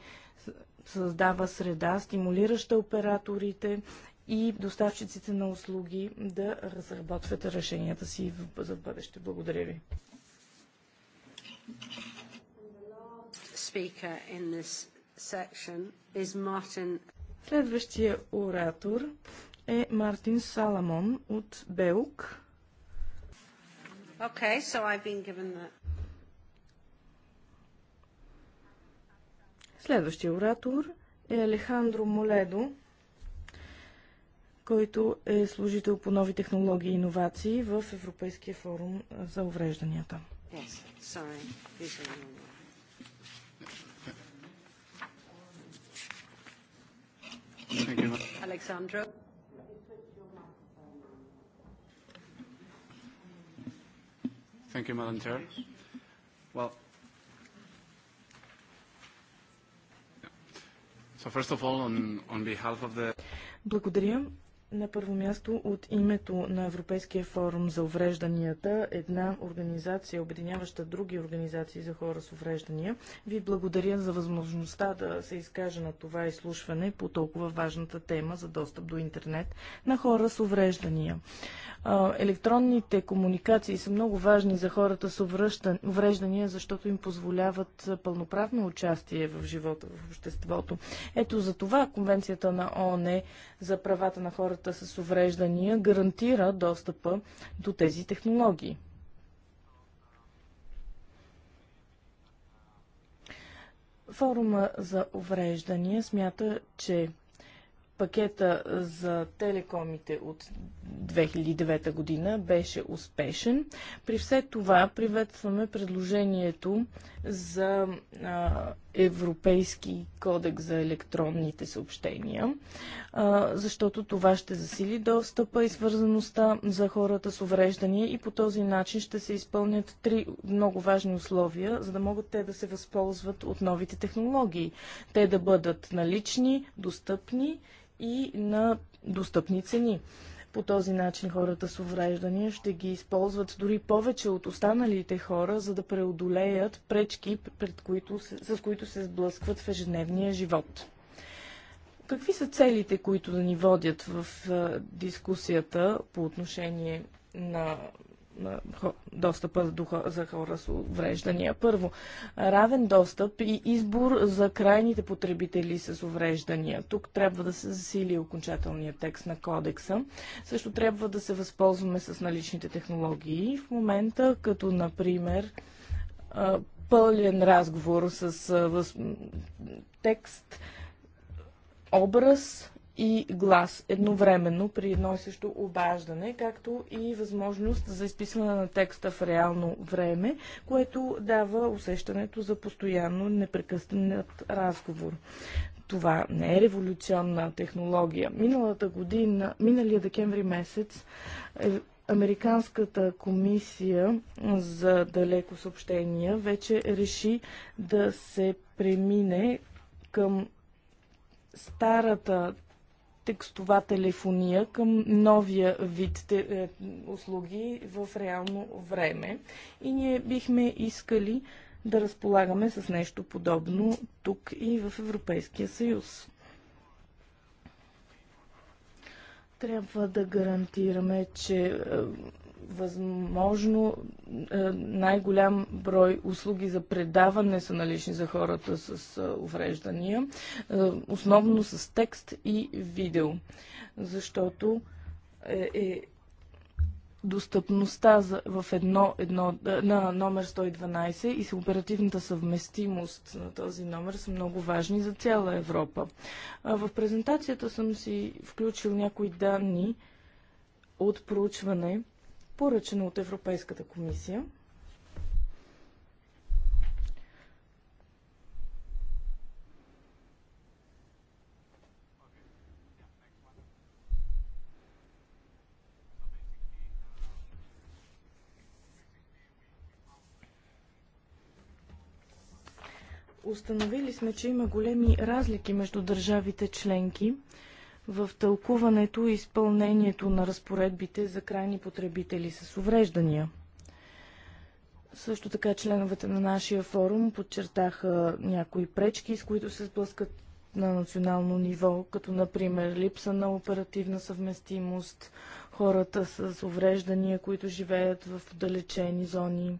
създава среда, стимулираща операторите и доставчиците на услуги да разработват решенията си за бъдеще. Благодаря ви. Следващия оратор е Мартин Саламон от Белк. Okay, so I've been given Следващия оратор е Алехандро Моледо, който е служител по нови технологии и иновации в Европейския форум за уврежданията. Yes, sorry. Thank you. Alexandro? Thank you, Madam Chair. Well, so first of all, on, on behalf of the... Благодаря. На първо място от името на Европейския форум за уврежданията, една организация, обединяваща други организации за хора с увреждания, ви благодаря за възможността да се изкажа на това изслушване по толкова важната тема за достъп до интернет на хора с увреждания. Електронните комуникации са много важни за хората с увреждания, защото им позволяват пълноправно участие в живота, в обществото. Ето за това Конвенцията на ООН за правата на хората хората с увреждания гарантира достъпа до тези технологии. Форума за увреждания смята, че пакета за телекомите от 2009 година беше успешен. При все това приветстваме предложението за а, Европейски кодекс за електронните съобщения, защото това ще засили достъпа и свързаността за хората с увреждания и по този начин ще се изпълнят три много важни условия, за да могат те да се възползват от новите технологии. Те да бъдат налични, достъпни и на достъпни цени. По този начин хората с увреждания ще ги използват дори повече от останалите хора, за да преодолеят пречки, пред които, с които се сблъскват в ежедневния живот. Какви са целите, които да ни водят в дискусията по отношение на на достъпа за хора с увреждания. Първо, равен достъп и избор за крайните потребители с увреждания. Тук трябва да се засили окончателния текст на кодекса. Също трябва да се възползваме с наличните технологии в момента, като например пълен разговор с текст, образ, и глас едновременно при едно и също обаждане, както и възможност за изписване на текста в реално време, което дава усещането за постоянно непрекъснат разговор. Това не е революционна технология. Миналата година, миналия декември месец, е, Американската комисия за далеко съобщения вече реши да се премине към старата текстова телефония към новия вид те, е, услуги в реално време. И ние бихме искали да разполагаме с нещо подобно тук и в Европейския съюз. Трябва да гарантираме, че е, възможно е, най-голям брой услуги за предаване са налични за хората с е, увреждания, е, основно с текст и видео, защото е, е достъпността за, в едно, едно, на номер 112 и оперативната съвместимост на този номер са много важни за цяла Европа. В презентацията съм си включил някои данни от проучване, поръчено от Европейската комисия. Установили сме, че има големи разлики между държавите членки в тълкуването и изпълнението на разпоредбите за крайни потребители с увреждания. Също така членовете на нашия форум подчертаха някои пречки, с които се сблъскат на национално ниво, като например липса на оперативна съвместимост, хората с увреждания, които живеят в отдалечени зони,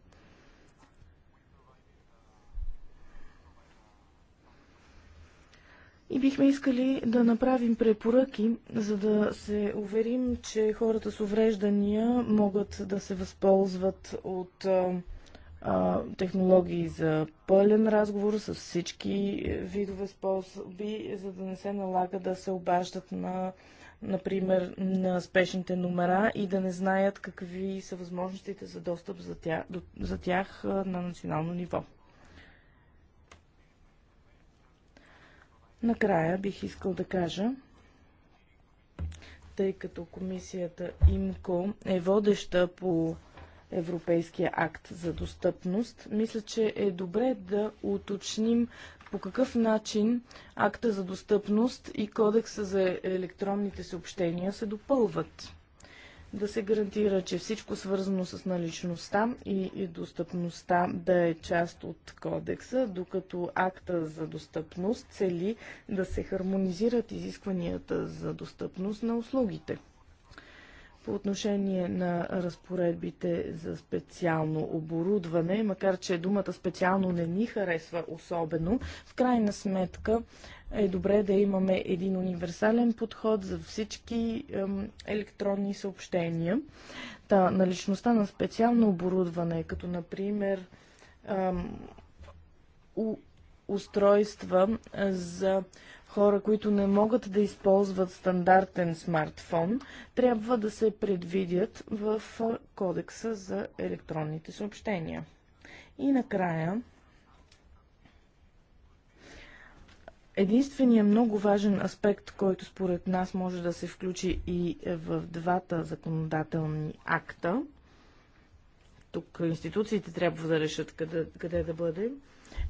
И бихме искали да направим препоръки, за да се уверим, че хората с увреждания могат да се възползват от а, технологии за пълен разговор с всички видове способи, за да не се налага да се обаждат на, например, на спешните номера и да не знаят какви са възможностите за достъп за тях, за тях на национално ниво. Накрая бих искал да кажа, тъй като комисията ИМКО е водеща по Европейския акт за достъпност, мисля, че е добре да уточним по какъв начин акта за достъпност и кодекса за електронните съобщения се допълват да се гарантира, че всичко свързано с наличността и достъпността да е част от кодекса, докато акта за достъпност цели да се хармонизират изискванията за достъпност на услугите по отношение на разпоредбите за специално оборудване, макар че думата специално не ни харесва особено, в крайна сметка е добре да имаме един универсален подход за всички електронни съобщения. Та, наличността на специално оборудване, като например устройства за хора, които не могат да използват стандартен смартфон, трябва да се предвидят в кодекса за електронните съобщения. И накрая, Единствения много важен аспект, който според нас може да се включи и в двата законодателни акта, тук институциите трябва да решат къде, къде да бъде,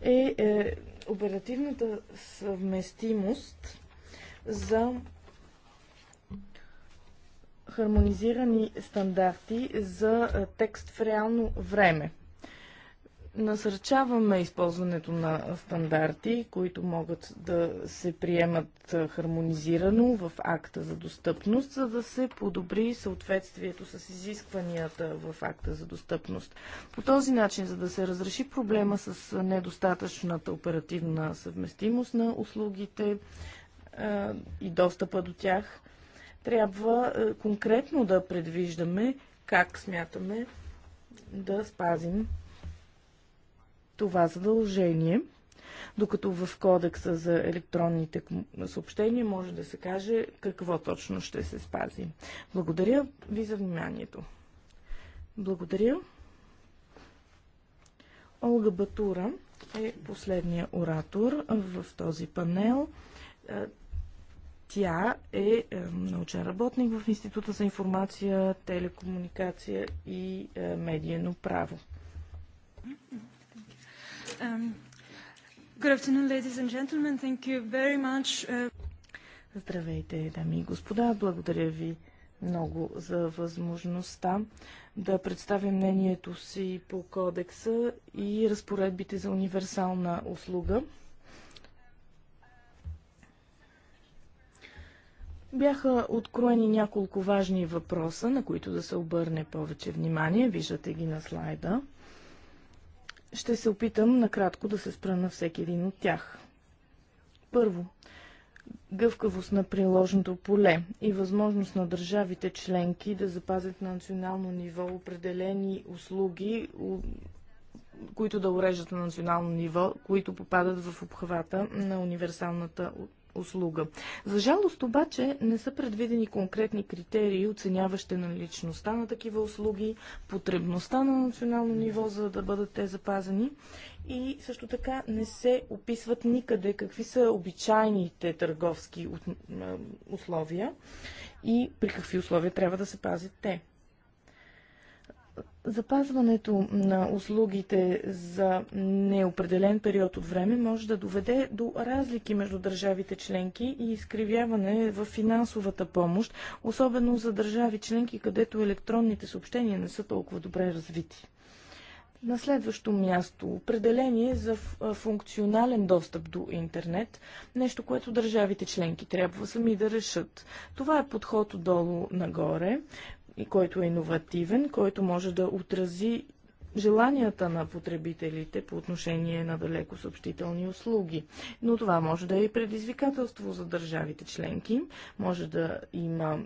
е, е оперативната съвместимост за хармонизирани стандарти за е, текст в реално време. Насърчаваме използването на стандарти, които могат да се приемат хармонизирано в акта за достъпност, за да се подобри съответствието с изискванията в акта за достъпност. По този начин, за да се разреши проблема с недостатъчната оперативна съвместимост на услугите и достъпа до тях, трябва конкретно да предвиждаме как смятаме да спазим това задължение, докато в кодекса за електронните съобщения може да се каже какво точно ще се спази. Благодаря ви за вниманието. Благодаря. Олга Батура е последния оратор в този панел. Е, тя е, е научен работник в Института за информация, телекомуникация и е, медиено право. Mm-hmm. Um, good afternoon, ladies and gentlemen. Thank you very much. Uh, Здравейте, дами и господа. Благодаря ви много за възможността да представя мнението си по кодекса и разпоредбите за универсална услуга. Бяха откроени няколко важни въпроса, на които да се обърне повече внимание. Виждате ги на слайда. Ще се опитам накратко да се спра на всеки един от тях. Първо, гъвкавост на приложното поле и възможност на държавите членки да запазят на национално ниво определени услуги, които да уреждат на национално ниво, които попадат в обхвата на универсалната услуга. За жалост обаче не са предвидени конкретни критерии, оценяващи на личността на такива услуги, потребността на национално ниво, за да бъдат те запазени и също така не се описват никъде какви са обичайните търговски условия и при какви условия трябва да се пазят те. Запазването на услугите за неопределен период от време може да доведе до разлики между държавите членки и изкривяване в финансовата помощ, особено за държави членки, където електронните съобщения не са толкова добре развити. На следващо място определение за функционален достъп до интернет, нещо, което държавите членки трябва сами да решат. Това е подход отдолу нагоре и който е иновативен, който може да отрази желанията на потребителите по отношение на далеко съобщителни услуги. Но това може да е и предизвикателство за държавите членки, може да има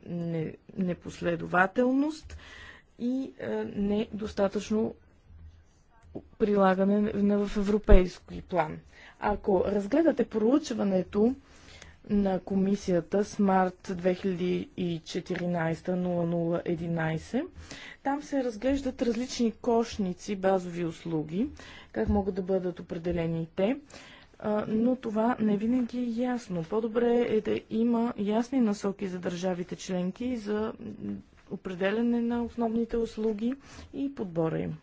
непоследователност и е, недостатъчно прилагане в европейски план. Ако разгледате проучването, на комисията Smart 2014-0011. Там се разглеждат различни кошници, базови услуги, как могат да бъдат определени те но това не винаги е ясно. По-добре е да има ясни насоки за държавите членки за определене на основните услуги и подбора им.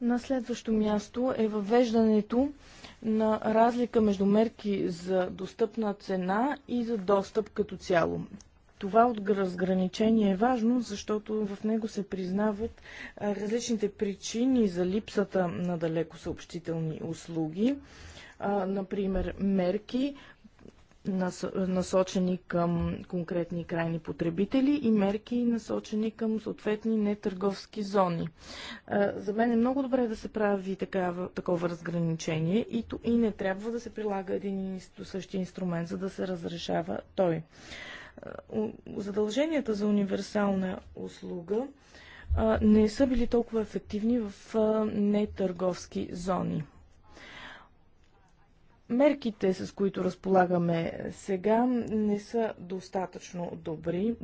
На следващо място е въвеждането на разлика между мерки за достъпна цена и за достъп като цяло. Това разграничение е важно, защото в него се признават различните причини за липсата на далеко съобщителни услуги например, мерки, насочени към конкретни крайни потребители и мерки насочени към съответни нетърговски зони. За мен е много добре да се прави такава, такова разграничение и, и не трябва да се прилага един и същи инструмент, за да се разрешава той. Задълженията за универсална услуга не са били толкова ефективни в нетърговски зони. Мерките, с които разполагаме сега, не са достатъчно добри.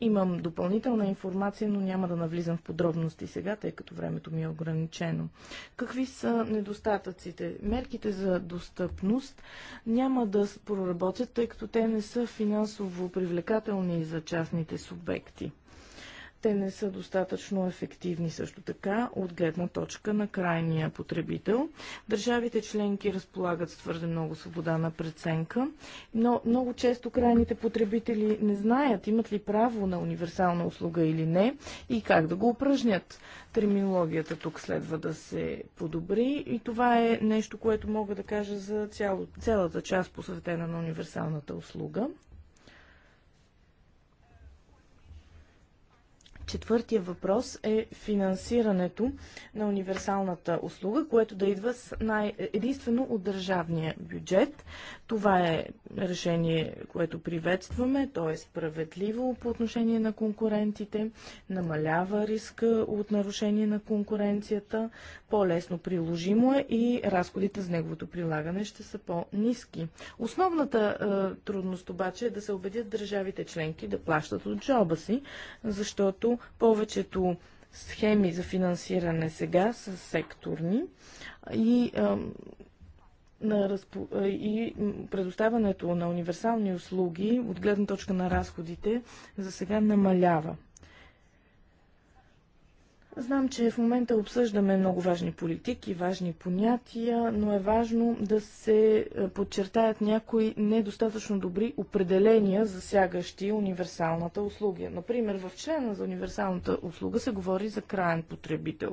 Имам допълнителна информация, но няма да навлизам в подробности сега, тъй като времето ми е ограничено. Какви са недостатъците? Мерките за достъпност няма да проработят, тъй като те не са финансово привлекателни за частните субекти. Те не са достатъчно ефективни също така от гледна точка на крайния потребител. Държавите членки разполагат с твърде много свобода на преценка, но много често крайните потребители не знаят имат ли право на универсална услуга или не и как да го упражнят. Терминологията тук следва да се подобри и това е нещо, което мога да кажа за цяло, цялата част посветена на универсалната услуга. Четвъртия въпрос е финансирането на универсалната услуга, което да идва най- единствено от държавния бюджет. Това е решение, което приветстваме, то е справедливо по отношение на конкурентите, намалява риска от нарушение на конкуренцията, по-лесно приложимо е и разходите за неговото прилагане ще са по-низки. Основната е, трудност обаче е да се убедят държавите членки да плащат от джоба си, защото повечето схеми за финансиране сега са секторни и е, на разпо... Е, и предоставянето на универсални услуги от гледна точка на разходите за сега намалява. Знам, че в момента обсъждаме много важни политики, важни понятия, но е важно да се е, подчертаят някои недостатъчно добри определения, засягащи универсалната услуга. Например, в члена за универсалната услуга се говори за крайен потребител.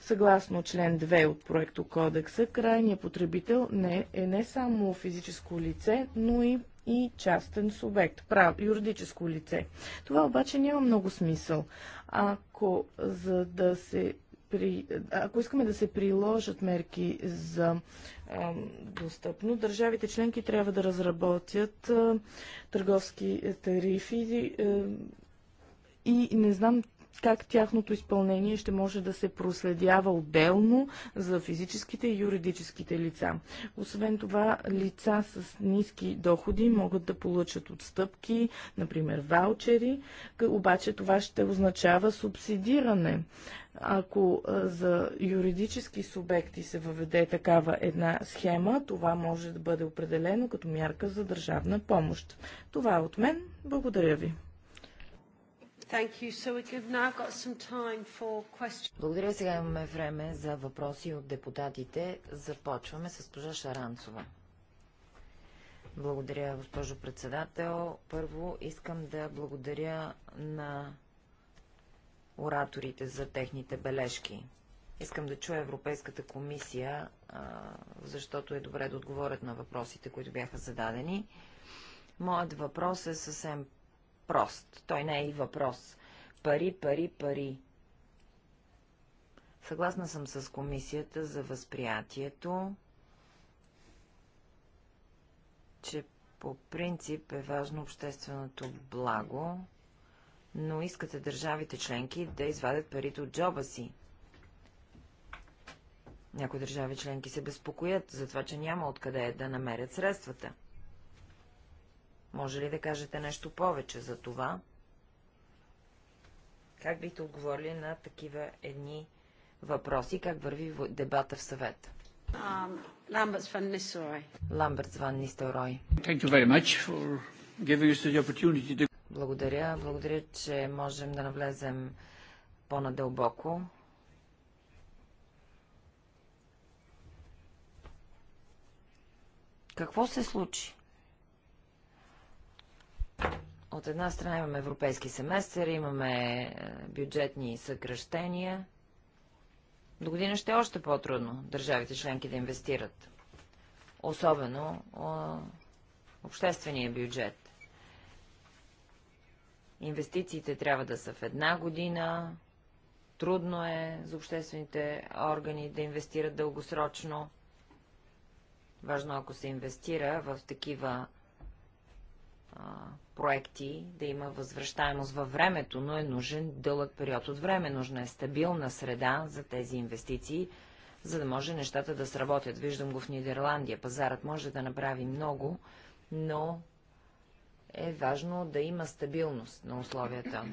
Съгласно член 2 от проекто кодекса, крайният потребител не е не само физическо лице, но и и частен субект, прав, юридическо лице. Това обаче няма много смисъл. Ако за да се при, ако искаме да се приложат мерки за а, достъпно, държавите членки трябва да разработят а, търговски тарифи а, е, и не знам как тяхното изпълнение ще може да се проследява отделно за физическите и юридическите лица. Освен това, лица с ниски доходи могат да получат отстъпки, например ваучери, обаче това ще означава субсидиране. Ако за юридически субекти се въведе такава една схема, това може да бъде определено като мярка за държавна помощ. Това е от мен. Благодаря ви. So Благодаря. Сега имаме време за въпроси от депутатите. Започваме с госпожа Шаранцова. Благодаря, госпожо председател. Първо искам да благодаря на ораторите за техните бележки. Искам да чуя Европейската комисия, защото е добре да отговорят на въпросите, които бяха зададени. Моят въпрос е съвсем прост. Той не е и въпрос. Пари, пари, пари. Съгласна съм с комисията за възприятието, че по принцип е важно общественото благо, но искате държавите членки да извадят парите от джоба си. Някои държави членки се безпокоят за това, че няма откъде да намерят средствата. Може ли да кажете нещо повече за това? Как бихте отговорили на такива едни въпроси? Как върви дебата в съвет? Um, Ламберт Ламбертс ван Нистелрой. Ламбертс ван Благодаря. Благодаря, че можем да навлезем по-надълбоко. Какво се случи? От една страна имаме европейски семестър, имаме е, бюджетни съкръщения. До година ще е още по-трудно държавите членки да инвестират. Особено обществения бюджет. Инвестициите трябва да са в една година. Трудно е за обществените органи да инвестират дългосрочно. Важно, е, ако се инвестира в такива а, проекти да има възвръщаемост във времето, но е нужен дълъг период от време. Нужна е стабилна среда за тези инвестиции, за да може нещата да сработят. Виждам го в Нидерландия. Пазарът може да направи много, но е важно да има стабилност на условията.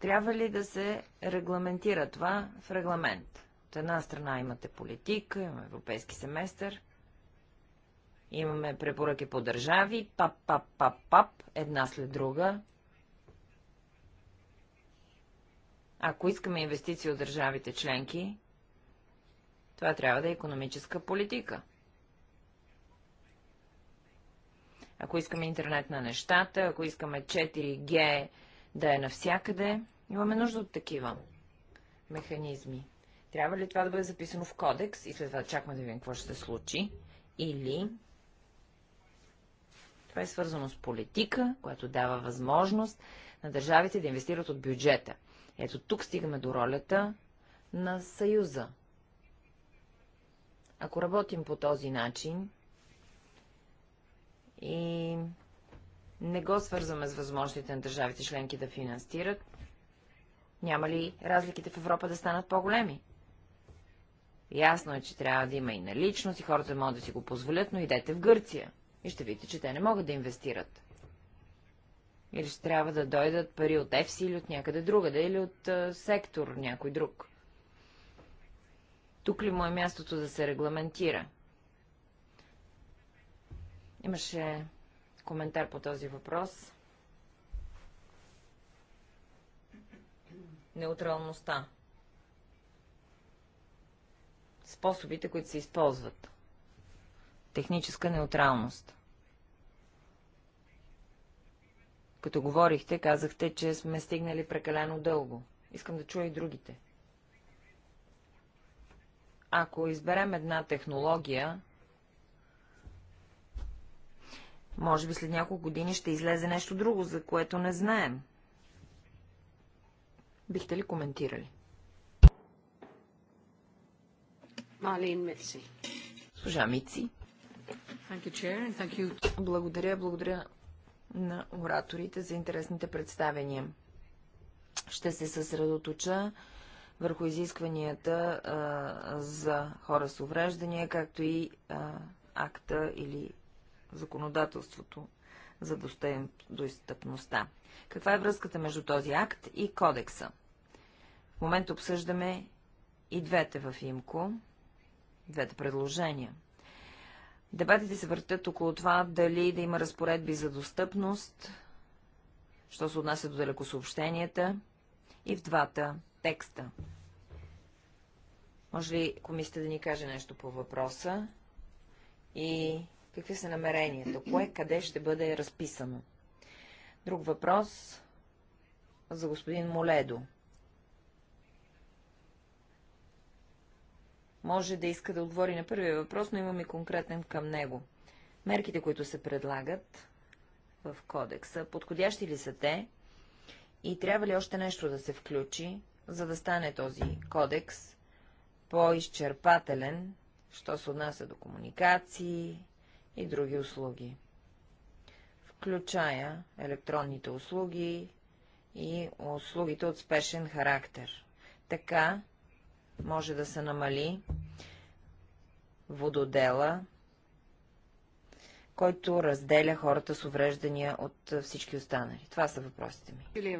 Трябва ли да се регламентира това в регламент? От една страна имате политика, европейски семестър – Имаме препоръки по държави, пап, пап, пап, пап, една след друга. Ако искаме инвестиции от държавите членки, това трябва да е економическа политика. Ако искаме интернет на нещата, ако искаме 4G да е навсякъде, имаме нужда от такива механизми. Трябва ли това да бъде записано в кодекс и след това чакаме да видим какво ще се случи? Или това е свързано с политика, която дава възможност на държавите да инвестират от бюджета. Ето тук стигаме до ролята на Съюза. Ако работим по този начин и не го свързваме с възможностите на държавите членки да финансират, няма ли разликите в Европа да станат по-големи? Ясно е, че трябва да има и наличност и хората могат да си го позволят, но идете в Гърция – и ще видите, че те не могат да инвестират. Или ще трябва да дойдат пари от EFSI или от някъде другаде, или от а, сектор някой друг. Тук ли му е мястото да се регламентира? Имаше коментар по този въпрос. Неутралността. Способите, които се използват техническа неутралност. Като говорихте, казахте, че сме стигнали прекалено дълго. Искам да чуя и другите. Ако изберем една технология, може би след няколко години ще излезе нещо друго, за което не знаем. Бихте ли коментирали? Малин Мици. Служа Мици. Благодаря, благодаря на ораторите за интересните представения. Ще се съсредоточа върху изискванията а, за хора с увреждания, както и а, акта или законодателството за достъпността. Каква е връзката между този акт и кодекса? В момента обсъждаме и двете в ИМКО, двете предложения – Дебатите се въртят около това дали да има разпоредби за достъпност, що се отнася до далекосъобщенията и в двата текста. Може ли комисията да ни каже нещо по въпроса и какви са намеренията, кое къде ще бъде разписано? Друг въпрос за господин Моледо. може да иска да отговори на първия въпрос, но имам и конкретен към него. Мерките, които се предлагат в кодекса, подходящи ли са те и трябва ли още нещо да се включи, за да стане този кодекс по-изчерпателен, що се отнася до комуникации и други услуги? Включая електронните услуги и услугите от спешен характер. Така може да се намали вододела, който разделя хората с увреждания от всички останали. Това са въпросите ми.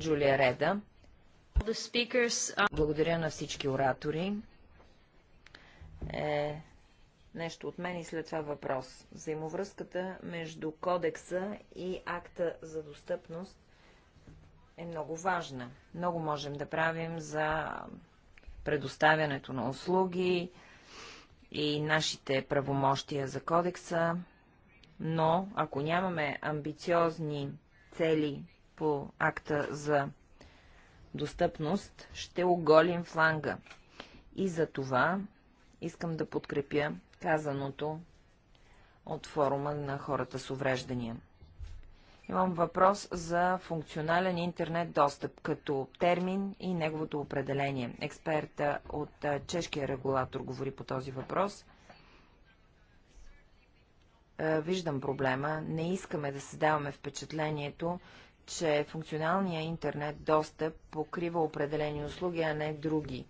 Джулия Реда. Uh, Благодаря на всички оратори. Е, нещо от мен и след това въпрос. Взаимовръзката между кодекса и акта за достъпност е много важна. Много можем да правим за предоставянето на услуги и нашите правомощия за кодекса, но ако нямаме амбициозни цели по акта за достъпност, ще оголим фланга. И за това искам да подкрепя казаното от форума на хората с увреждания. Имам въпрос за функционален интернет достъп като термин и неговото определение. Експерта от чешкия регулатор говори по този въпрос. Виждам проблема. Не искаме да се даваме впечатлението, че функционалният интернет достъп покрива определени услуги, а не други.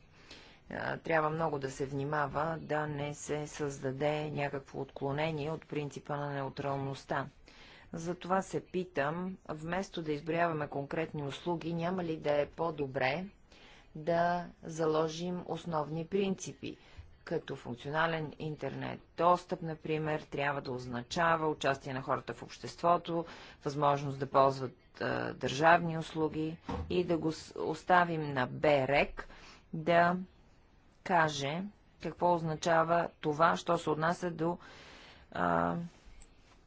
Трябва много да се внимава да не се създаде някакво отклонение от принципа на неутралността. Затова се питам, вместо да изброяваме конкретни услуги, няма ли да е по-добре да заложим основни принципи, като функционален интернет достъп, например, трябва да означава участие на хората в обществото, възможност да ползват е, държавни услуги и да го оставим на БРЕК да каже какво означава това, що се отнася до е,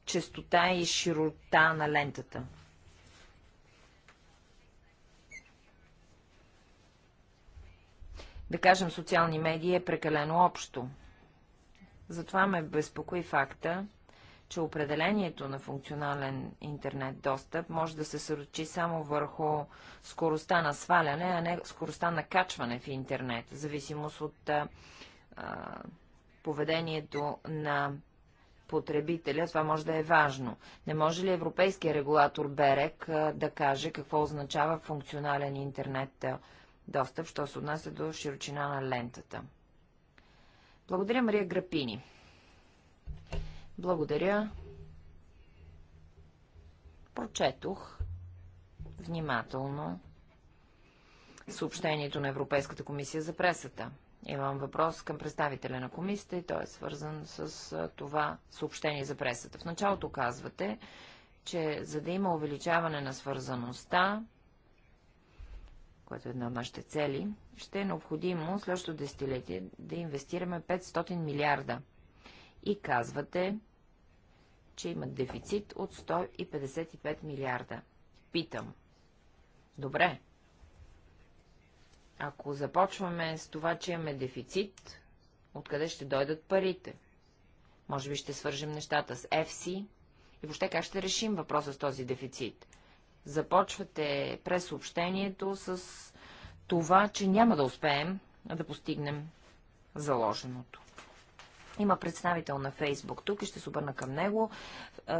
честота и широта на лентата. Да кажем, социални медии е прекалено общо. Затова ме безпокои факта, че определението на функционален интернет достъп може да се срочи само върху скоростта на сваляне, а не скоростта на качване в интернет, в зависимост от а, поведението на потребителя, това може да е важно. Не може ли европейския регулатор БЕРЕК да каже какво означава функционален интернет достъп, що се отнася до широчина на лентата? Благодаря, Мария Грапини. Благодаря. Прочетох внимателно съобщението на Европейската комисия за пресата. Имам въпрос към представителя на комисията и той е свързан с това съобщение за пресата. В началото казвате, че за да има увеличаване на свързаността, което е една от нашите цели, ще е необходимо следващото десетилетие да инвестираме 500 милиарда. И казвате, че има дефицит от 155 милиарда. Питам. Добре, ако започваме с това, че имаме дефицит, откъде ще дойдат парите? Може би ще свържем нещата с FC и въобще как ще решим въпроса с този дефицит? Започвате през съобщението с това, че няма да успеем да постигнем заложеното. Има представител на Фейсбук тук и ще се обърна към него.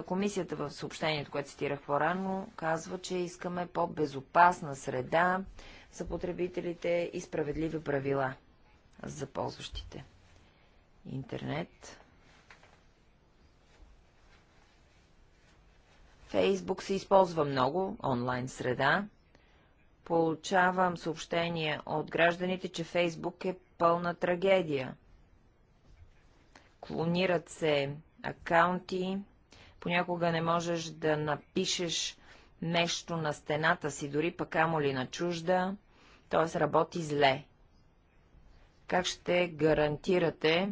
Комисията в съобщението, което цитирах по-рано, казва, че искаме по-безопасна среда за потребителите и справедливи правила за ползващите. Интернет. Фейсбук се използва много, онлайн среда. Получавам съобщение от гражданите, че Фейсбук е пълна трагедия. Клонират се акаунти, понякога не можеш да напишеш нещо на стената си, дори пък амо ли на чужда т.е. работи зле. Как ще гарантирате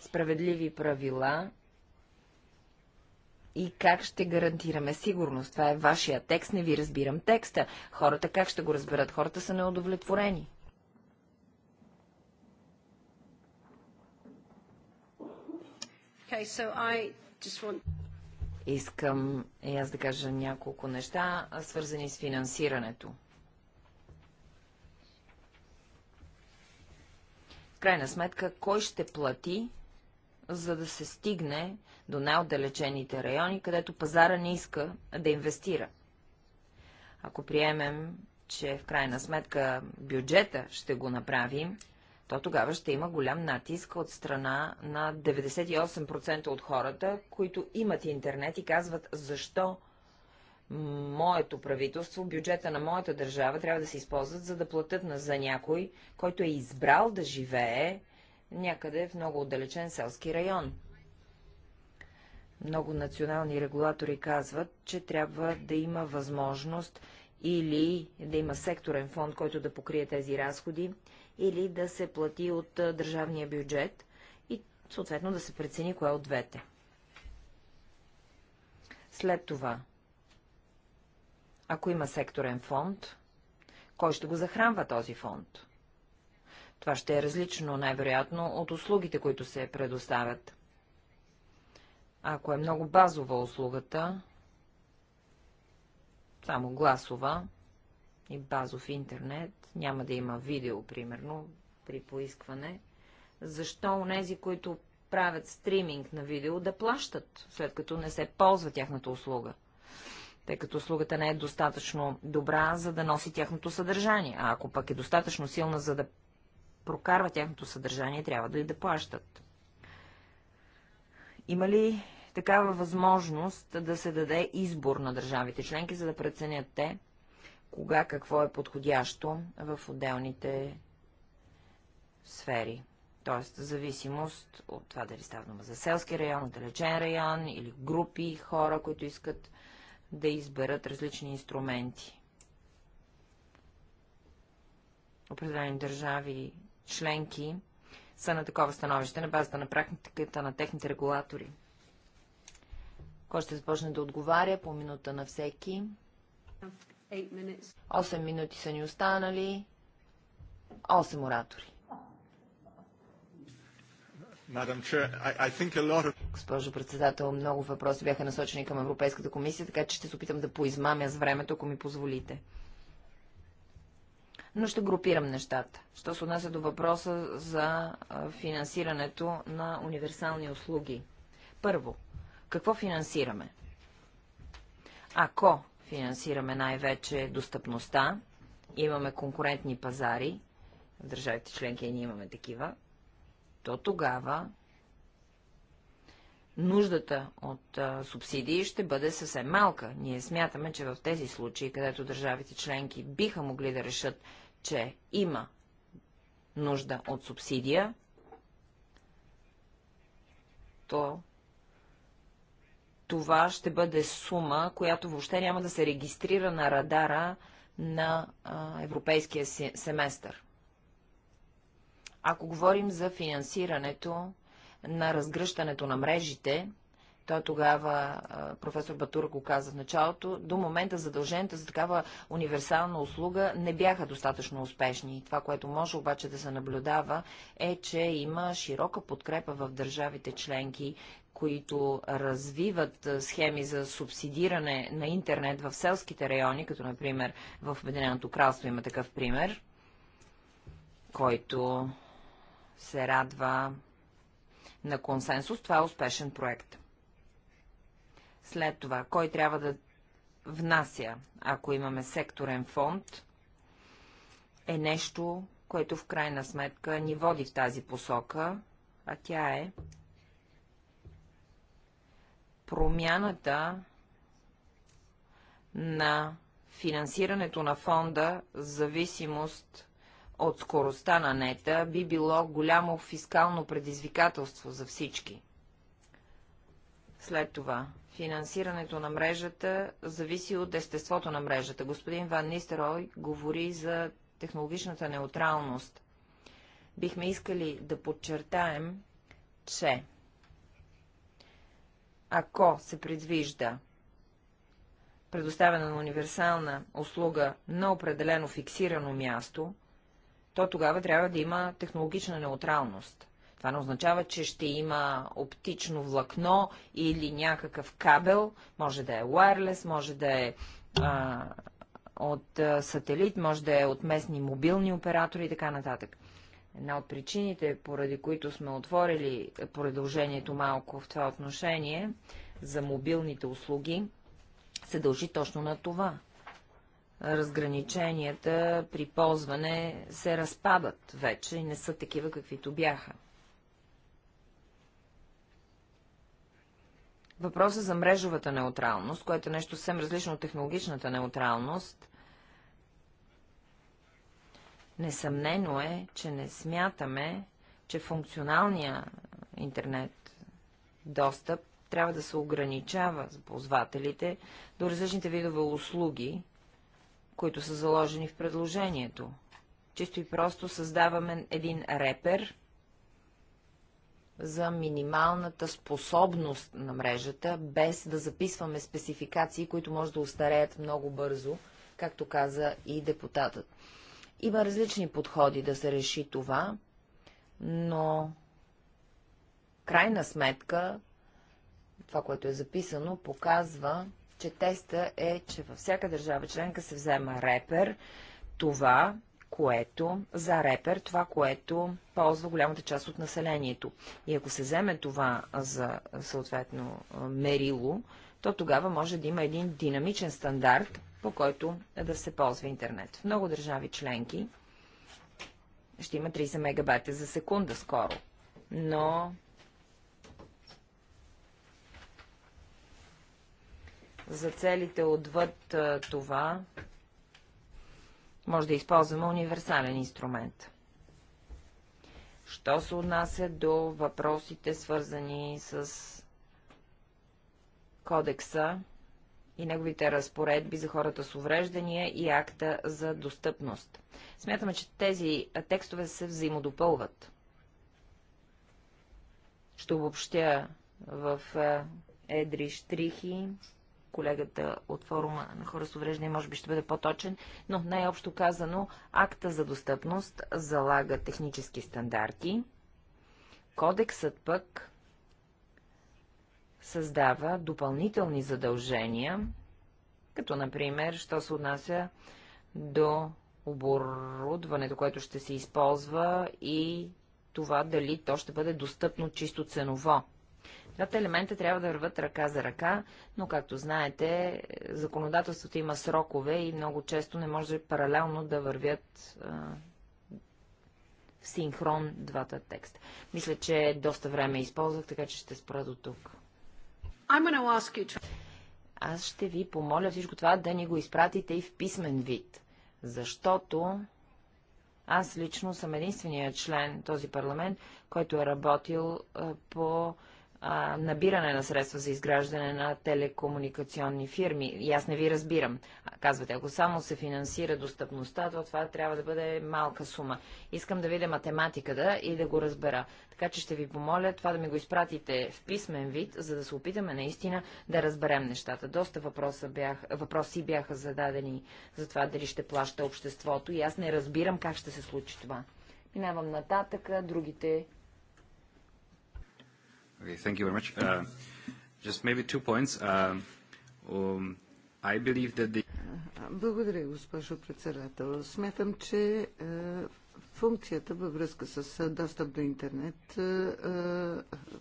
справедливи правила и как ще гарантираме сигурност? Това е вашия текст, не ви разбирам текста. Хората как ще го разберат? Хората са неудовлетворени. Okay, so I just want... Искам и аз да кажа няколко неща, свързани с финансирането. крайна сметка, кой ще плати, за да се стигне до най-отдалечените райони, където пазара не иска да инвестира. Ако приемем, че в крайна сметка бюджета ще го направим, то тогава ще има голям натиск от страна на 98% от хората, които имат интернет и казват, защо моето правителство, бюджета на моята държава трябва да се използват, за да платят на, за някой, който е избрал да живее някъде в много отдалечен селски район. Много национални регулатори казват, че трябва да има възможност или да има секторен фонд, който да покрие тези разходи, или да се плати от държавния бюджет и съответно да се прецени кое от двете. След това, ако има секторен фонд, кой ще го захранва този фонд? Това ще е различно, най-вероятно, от услугите, които се предоставят. Ако е много базова услугата, само гласова и базов интернет, няма да има видео, примерно, при поискване, защо у нези, които правят стриминг на видео, да плащат, след като не се ползва тяхната услуга? тъй като услугата не е достатъчно добра, за да носи тяхното съдържание. А ако пък е достатъчно силна, за да прокарва тяхното съдържание, трябва да и да плащат. Има ли такава възможност да се даде избор на държавите членки, за да преценят те, кога какво е подходящо в отделните сфери? т.е. зависимост от това дали става дума за селски район, отдалечен район или групи хора, които искат да изберат различни инструменти. Определени държави, членки са на такова становище на базата на практиката на техните регулатори. Кой ще започне да отговаря по минута на всеки? 8 минути са ни останали. 8 оратори. Госпожо председател, много въпроси бяха насочени към Европейската комисия, така че ще се опитам да поизмамя с времето, ако ми позволите. Но ще групирам нещата. Що се отнася до въпроса за финансирането на универсални услуги. Първо, какво финансираме? Ако финансираме най-вече достъпността, имаме конкурентни пазари, в държавите членки ние имаме такива, то тогава нуждата от а, субсидии ще бъде съвсем малка. Ние смятаме, че в тези случаи, където държавите членки биха могли да решат, че има нужда от субсидия, то това ще бъде сума, която въобще няма да се регистрира на радара на а, европейския семестър. Ако говорим за финансирането на разгръщането на мрежите, той тогава, професор Батура го каза в началото, до момента задълженията за такава универсална услуга не бяха достатъчно успешни. Това, което може обаче да се наблюдава, е, че има широка подкрепа в държавите членки, които развиват схеми за субсидиране на интернет в селските райони, като например в Обединеното кралство има такъв пример, който се радва на консенсус. Това е успешен проект. След това, кой трябва да внася, ако имаме секторен фонд, е нещо, което в крайна сметка ни води в тази посока, а тя е промяната на финансирането на фонда в зависимост от скоростта на нета би било голямо фискално предизвикателство за всички. След това, финансирането на мрежата зависи от естеството на мрежата. Господин Ван Нистерой говори за технологичната неутралност. Бихме искали да подчертаем, че ако се предвижда предоставяне на универсална услуга на определено фиксирано място, то тогава трябва да има технологична неутралност. Това не означава, че ще има оптично влакно или някакъв кабел, може да е wireless, може да е а, от а, сателит, може да е от местни мобилни оператори и така нататък. Една от причините, поради които сме отворили продължението малко в това отношение за мобилните услуги, се дължи точно на това разграниченията при ползване се разпадат вече и не са такива, каквито бяха. Въпросът за мрежовата неутралност, което е нещо съвсем различно от технологичната неутралност, несъмнено е, че не смятаме, че функционалния интернет достъп трябва да се ограничава за ползвателите до различните видове услуги, които са заложени в предложението. Чисто и просто създаваме един репер за минималната способност на мрежата, без да записваме спецификации, които може да устареят много бързо, както каза и депутатът. Има различни подходи да се реши това, но крайна сметка това, което е записано, показва, че теста е, че във всяка държава членка се взема репер, това, което за репер, това, което ползва голямата част от населението. И ако се вземе това за съответно мерило, то тогава може да има един динамичен стандарт, по който да се ползва интернет. В много държави членки ще има 30 мегабайта за секунда скоро, но за целите отвъд това, може да използваме универсален инструмент. Що се отнася до въпросите, свързани с кодекса и неговите разпоредби за хората с увреждания и акта за достъпност. Смятаме, че тези текстове се взаимодопълват. Ще обобщя в едри штрихи колегата от форума на хора с увреждане може би ще бъде по-точен, но най-общо казано, акта за достъпност залага технически стандарти, кодексът пък създава допълнителни задължения, като например, що се отнася до оборудването, което ще се използва и това дали то ще бъде достъпно чисто ценово. Двата елемента трябва да върват ръка за ръка, но както знаете, законодателството има срокове и много често не може паралелно да вървят а, в синхрон двата текста. Мисля, че доста време използвах, така че ще спра до тук. To... Аз ще ви помоля всичко това да ни го изпратите и в писмен вид, защото аз лично съм единствения член този парламент, който е работил а, по а, набиране на средства за изграждане на телекомуникационни фирми. И аз не ви разбирам. Казвате, ако само се финансира достъпността, то това трябва да бъде малка сума. Искам да видя математиката и да го разбера. Така че ще ви помоля това да ми го изпратите в писмен вид, за да се опитаме наистина да разберем нещата. Доста въпроса бях, въпроси бяха зададени за това дали ще плаща обществото и аз не разбирам как ще се случи това. Минавам нататък, другите Okay, thank you very much. Uh, just maybe two points. Uh, um, I believe that the... Благодаря, госпожо председател. Смятам, че е, функцията във връзка с е, достъп до интернет е,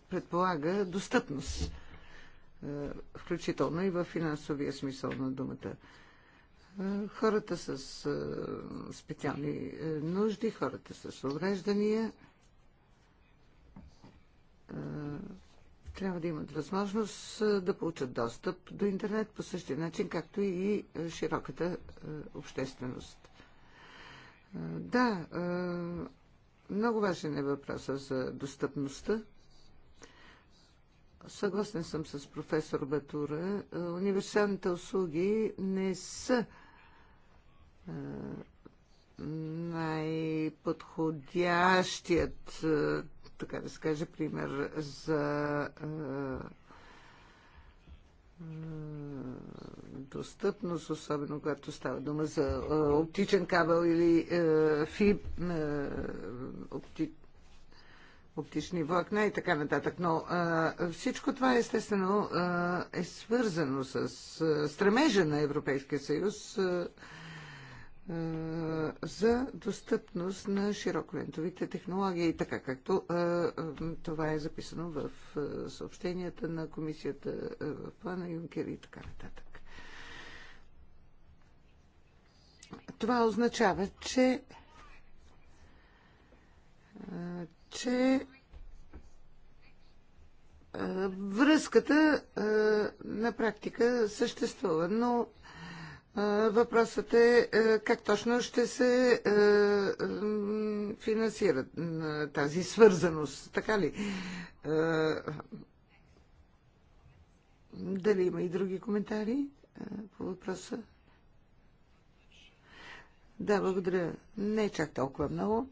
предполага достъпност, включително и в финансовия смисъл на думата. хората с специални нужди, хората с увреждания, е, трябва да имат възможност е, да получат достъп до интернет по същия начин, както и широката е, общественост. Да, много важен е въпроса за достъпността. Съгласен съм с професор Батура. Универсалните услуги не са най-подходящият така да се каже, пример за достъпност, особено когато става дума за оптичен кабел или фиб, опти, оптични влакна и така нататък. Но всичко това естествено е свързано с стремежа на Европейския съюз за достъпност на широколентовите технологии, така както това е записано в съобщенията на комисията в плана Юнкер и така нататък. Това означава, че че връзката на практика съществува, но Въпросът е, е как точно ще се е, е, финансира тази свързаност, така ли? Дали има и други коментари по въпроса? Да, благодаря. Не чак толкова много.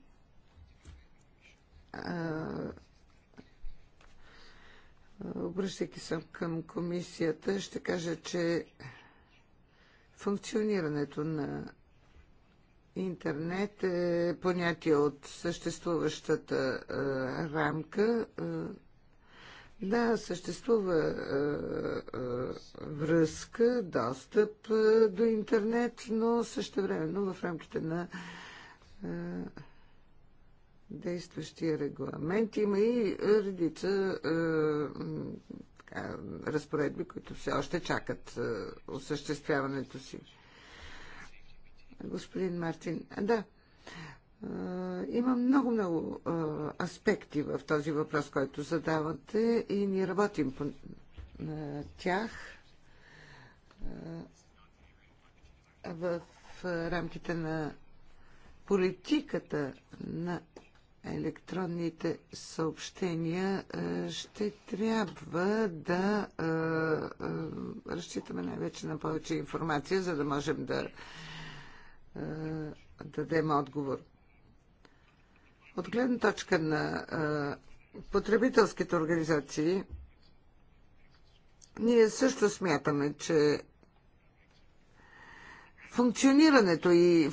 Обръщайки съм към комисията, ще кажа, че Функционирането на интернет е понятие от съществуващата е, рамка. Е, да, съществува е, е, връзка, достъп е, до интернет, но същевременно в рамките на е, действащия регламент има и редица е, така, разпоредби, които все още чакат осъществяването си. Господин Мартин, да, има много-много аспекти в този въпрос, който задавате и ние работим по тях в рамките на политиката на електронните съобщения е, ще трябва да е, е, разчитаме най-вече на повече информация, за да можем да дадем отговор. От гледна точка на потребителските организации, ние също смятаме, че функционирането и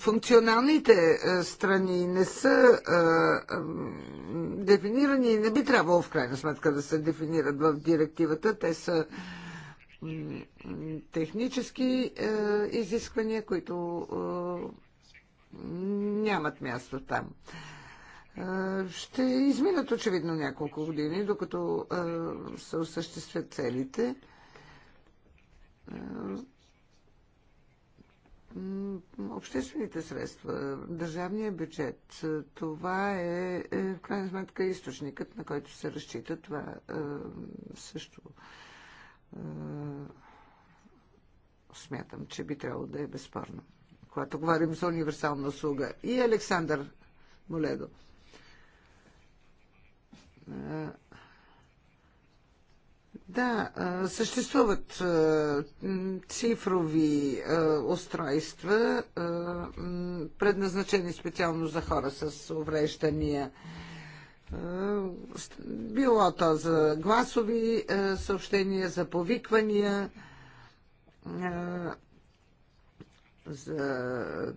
функционалните е, страни не са е, е, дефинирани и не би трябвало в крайна сметка да се дефинират в директивата. Те са технически изисквания, които нямат място там. Ще изминат очевидно няколко години, докато се осъществят целите обществените средства, държавния бюджет, е, това е, е в крайна сметка източникът, на който се разчита. Това е, също смятам, че би трябвало да е безспорно. Когато говорим за универсална услуга. И Александър Моледо. Да, съществуват цифрови устройства, предназначени специално за хора с увреждания. Било то за гласови съобщения, за повиквания, за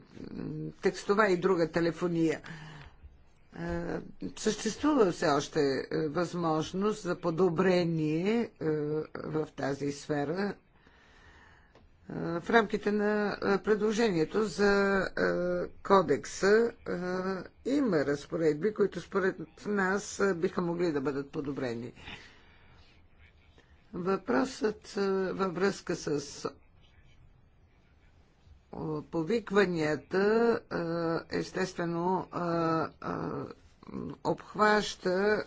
текстова и друга телефония. Е, съществува все още е, възможност за подобрение е, в тази сфера в рамките на предложението за кодекса има разпоредби, които според нас биха могли да бъдат подобрени. Въпросът във връзка с повикванията е, естествено е, е, обхваща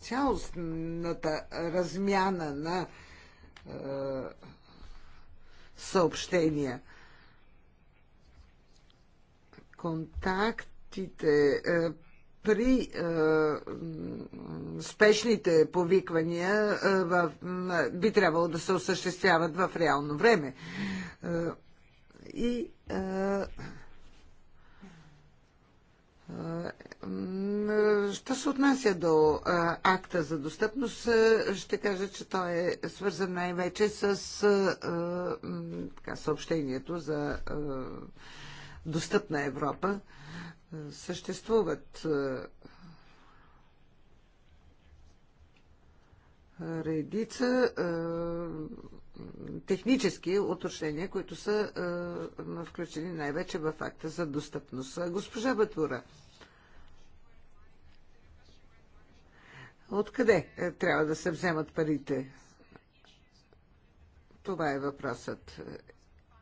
цялостната размяна на съобщения. Контактите при е, спешните повиквания е, в, би трябвало да се осъществяват в реално време. Е, и е, е Що се отнася до е, акта за достъпност, е, ще кажа, че той е свързан най-вече с така, съобщението за достъпна Европа съществуват е, редица е, технически уточнения, които са е, включени най-вече в акта за достъпност. Госпожа Батура, откъде трябва да се вземат парите? Това е въпросът.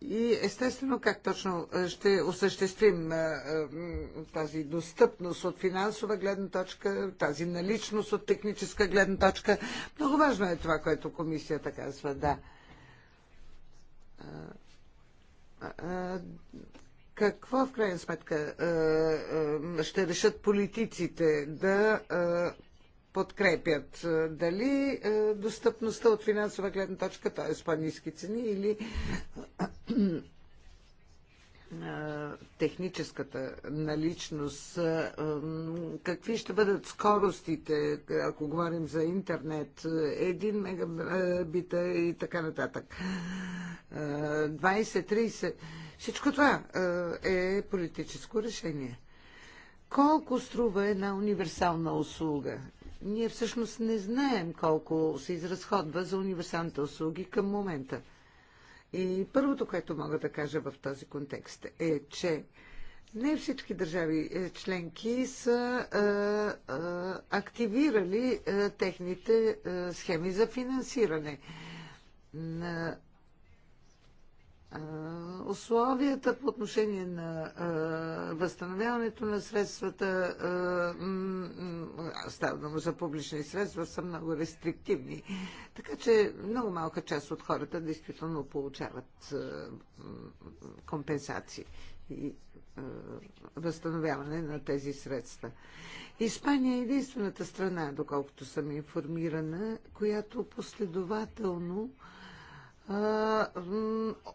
И естествено как точно е, ще осъществим е, е, тази достъпност от финансова гледна точка, тази наличност от техническа гледна точка. Много важно е това, което комисията казва, да. Какво в крайна сметка ще решат политиците да подкрепят. Е, дали е, достъпността от финансова гледна точка, т.е. по-низки цени или е, техническата наличност, какви ще бъдат скоростите, ако говорим за интернет, 1 мегабита и така нататък. 20-30. Всичко това е политическо решение. Колко струва една универсална услуга? ние всъщност не знаем колко се изразходва за универсалните услуги към момента. И първото, което мога да кажа в този контекст е, че не всички държави е, членки са а, е, а, е, активирали а, техните а, схеми за финансиране условията по отношение на възстановяването на средствата, става дума за публични средства, са много рестриктивни. Така че много малка част от хората действително получават компенсации и възстановяване на тези средства. Испания е единствената страна, доколкото съм информирана, която последователно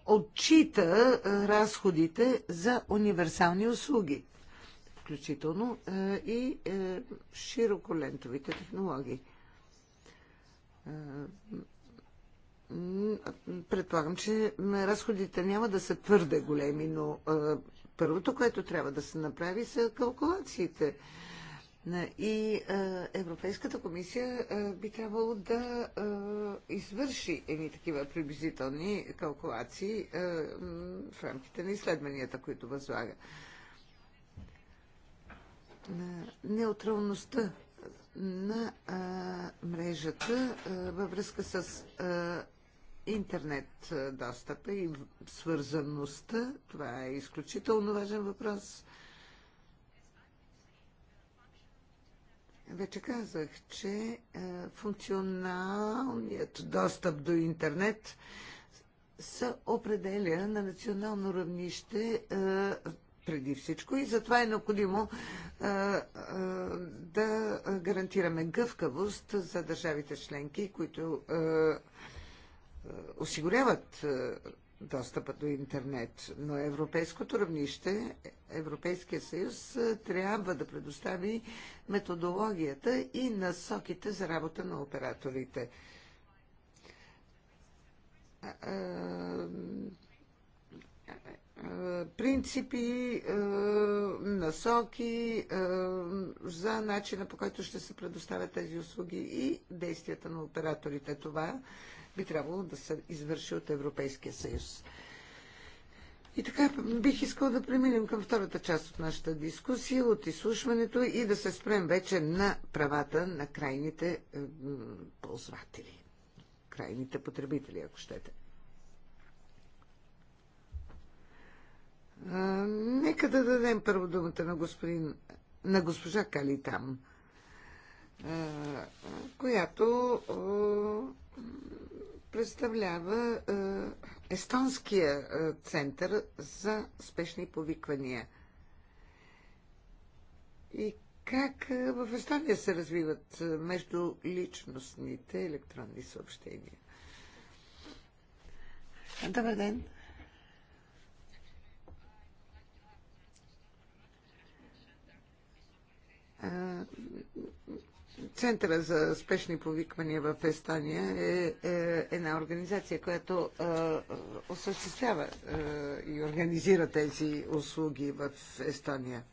отчита разходите за универсални услуги, включително и е, широколентовите технологии. Предполагам, че разходите няма да са твърде големи, но първото, което трябва да се направи, са калкулациите. И Европейската комисия би трябвало да извърши едни такива приблизителни калкулации в рамките на изследванията, които възлага. Неутралността на мрежата във връзка с интернет достъпа и свързаността. Това е изключително важен въпрос. Вече казах, че е, функционалният достъп до интернет се определя на национално равнище е, преди всичко и затова е необходимо е, да гарантираме гъвкавост за държавите членки, които осигуряват достъпа до интернет. Но европейското равнище, Европейския съюз е, трябва да предостави методологията и насоките за работа на операторите. Принципи, насоки за начина по който ще се предоставят тези услуги и действията на операторите. Това би трябвало да се извърши от Европейския съюз. И така бих искал да преминем към втората част от нашата дискусия, от изслушването и да се спрем вече на правата на крайните е, ползватели, крайните потребители, ако щете. Е, нека да дадем първо думата на господин, на госпожа Калитам, е, която е, представлява е, Естонския е, център за спешни повиквания. И как е, в Естония се развиват между личностните електронни съобщения? Добър ден! Центъра за спешни повиквания в Естания е, е една организация, която е, осъществява е, и организира тези услуги в Естания.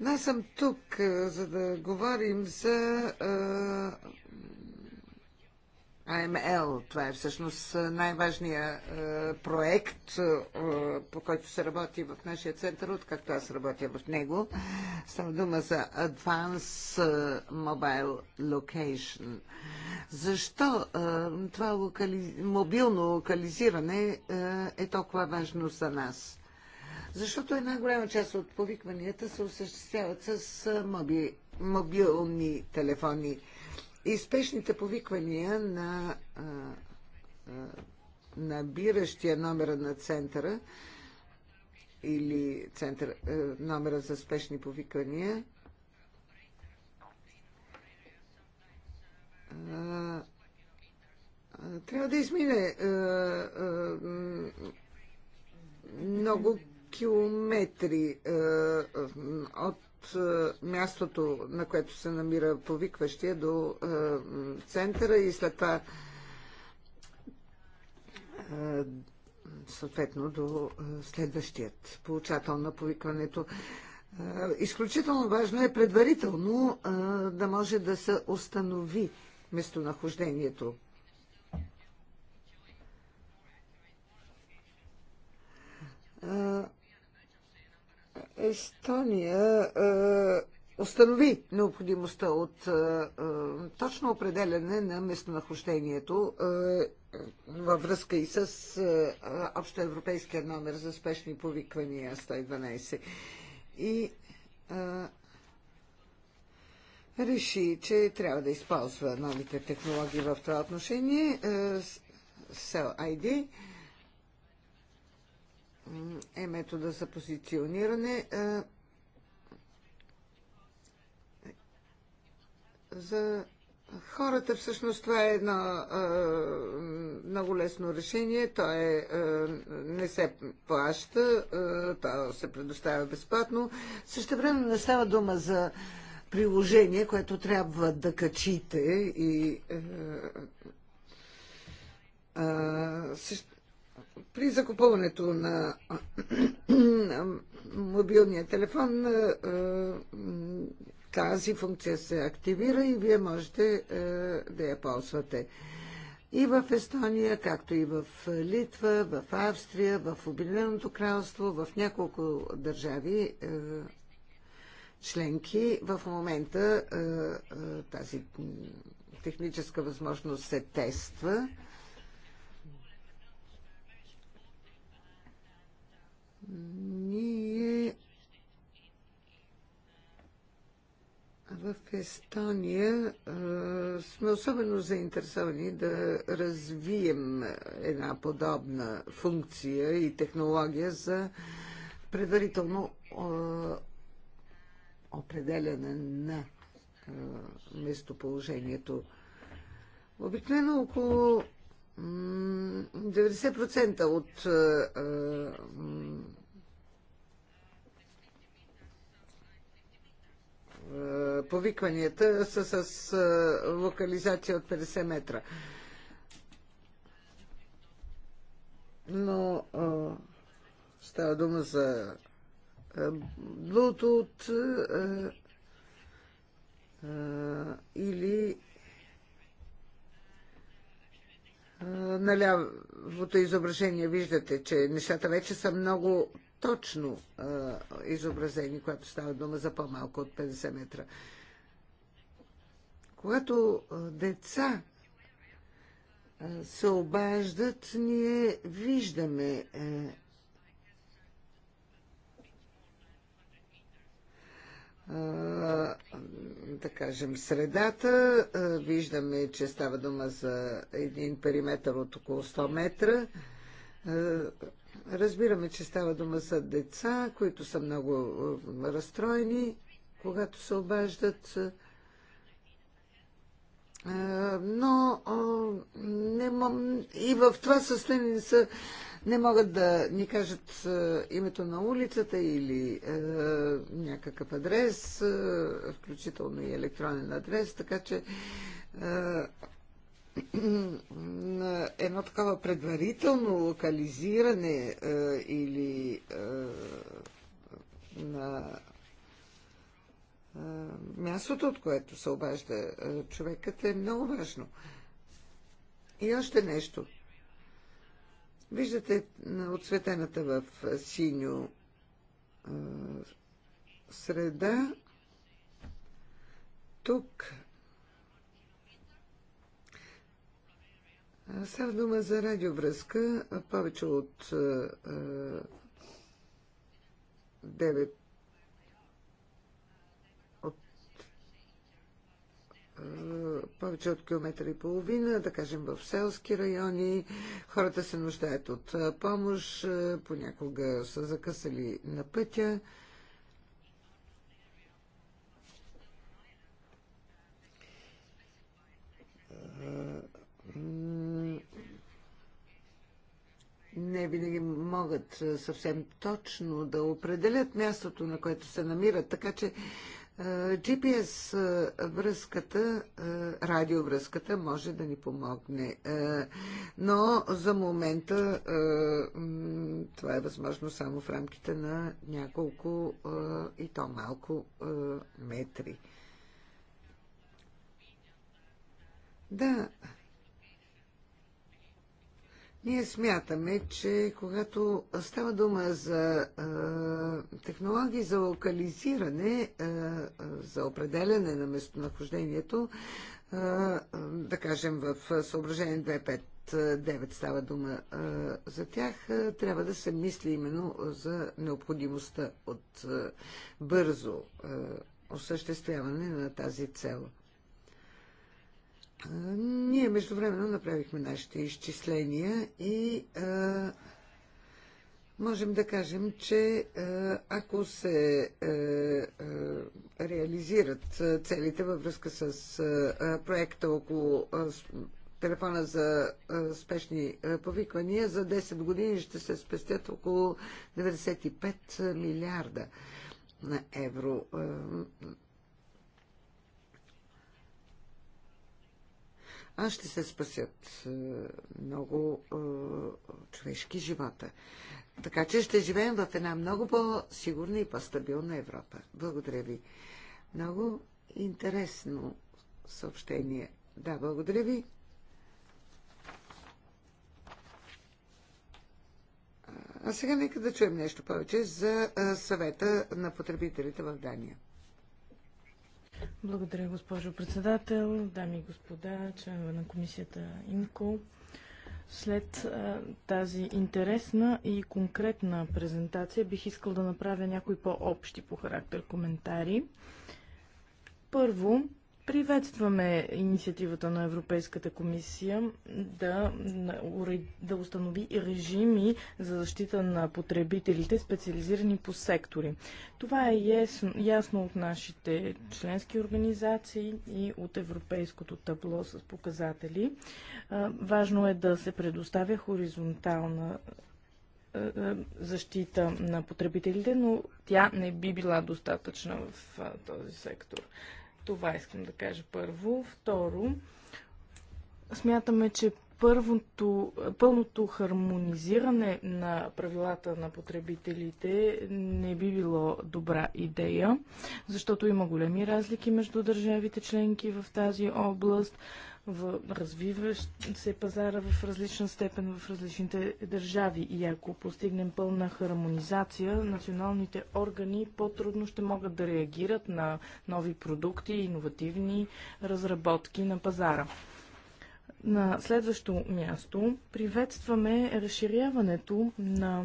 Но аз съм тук, е, за да говорим за е, АМЛ. Това е всъщност най важния проект, по който се работи в нашия център, откакто аз работя в него. Става дума за Advanced Mobile Location. Защо това локали... мобилно локализиране е толкова важно за нас? Защото една голяма част от повикванията се осъществяват с моби... мобилни телефони и спешните повиквания на а, набиращия номера на центъра или център, а, е, номера за спешни повиквания а, трябва да измине а, е, а, е, много километри а, от от е, мястото, на което се намира повикващия до е, центъра и след това е, съответно до следващият получател на повикването. Изключително важно е предварително да може да се установи местонахождението. Естония е, установи необходимостта от е, е, точно определене на местонахождението във връзка и с общоевропейския номер за спешни повиквания 112. И реши, че трябва да използва новите технологии в това отношение. Cell ID е метода за позициониране. За хората всъщност това е едно много лесно решение. То е, не се плаща, то се предоставя безплатно. Също време не става дума за приложение, което трябва да качите и също при закупуването на мобилния телефон е, тази функция се активира и вие можете е, да я ползвате. И в Естония, както и в Литва, в Австрия, в Обединеното кралство, в няколко държави е, членки в момента тази техническа възможност се тества Ние в Естония сме особено заинтересовани да развием една подобна функция и технология за предварително определяне на местоположението. Обикновено около 90% от е, е, е, повикванията са с локализация от 50 метра. Но става дума за Bluetooth или Е, на лявото изображение виждате, че нещата вече са много точно е, изобразени, когато става дума за по-малко от 50 метра. Когато е, деца се обаждат, ние виждаме да кажем, средата. Виждаме, че става дума за един периметър от около 100 метра. Разбираме, че става дума за деца, които са много разстроени, когато се обаждат. Но не мам... и в това състояние са не могат да ни кажат е, името на улицата или е, някакъв адрес, е, включително и електронен адрес, така че е, едно такова предварително локализиране е, или е, на е, мястото, от което се обажда е, човекът е много важно. И още нещо – Виждате отсветената в синьо среда. Тук става дума за радиовръзка повече от 9 Е, повече от километър и половина, да кажем в селски райони. Хората се нуждаят от е, помощ, е, понякога са закъсали на пътя. не винаги могат съвсем точно да определят мястото, на което се намират. Така че е, GPS е, връзката, е, радиовръзката може да ни помогне, но за момента това е възможно само в рамките на няколко и то малко метри. Да, ние смятаме, че когато става дума за е, технологии за локализиране, е, за определяне на местонахождението, е, да кажем в съображение 259 става дума е, за тях, е, трябва да се мисли именно за необходимостта от е, бързо е, осъществяване на тази цел. Ние междувременно направихме нашите изчисления и а, можем да кажем, че ако се а, а, реализират целите във връзка с а, проекта около а, телефона за а, спешни а, повиквания, за 10 години ще се спестят около 95 милиарда на евро. А, а ще се спасят е, много е, човешки живота. Така че ще живеем в една много по-сигурна и по-стабилна Европа. Благодаря ви. Много интересно съобщение. Да, благодаря ви. А сега нека да чуем нещо повече за е, съвета на потребителите в Дания. Благодаря, госпожо председател, дами и господа, членове на комисията ИНКО. След а, тази интересна и конкретна презентация бих искал да направя някои по-общи по характер коментари. Първо, Приветстваме инициативата на Европейската комисия да, да установи режими за защита на потребителите, специализирани по сектори. Това е ясно, ясно от нашите членски организации и от Европейското табло с показатели. Важно е да се предоставя хоризонтална защита на потребителите, но тя не би била достатъчна в този сектор. Това искам да кажа първо. Второ, смятаме, че първото, пълното хармонизиране на правилата на потребителите не би било добра идея, защото има големи разлики между държавите членки в тази област в, развиващ се пазара в различна степен в различните държави и ако постигнем пълна хармонизация, националните органи по-трудно ще могат да реагират на нови продукти, и иновативни разработки на пазара. На следващо място приветстваме разширяването на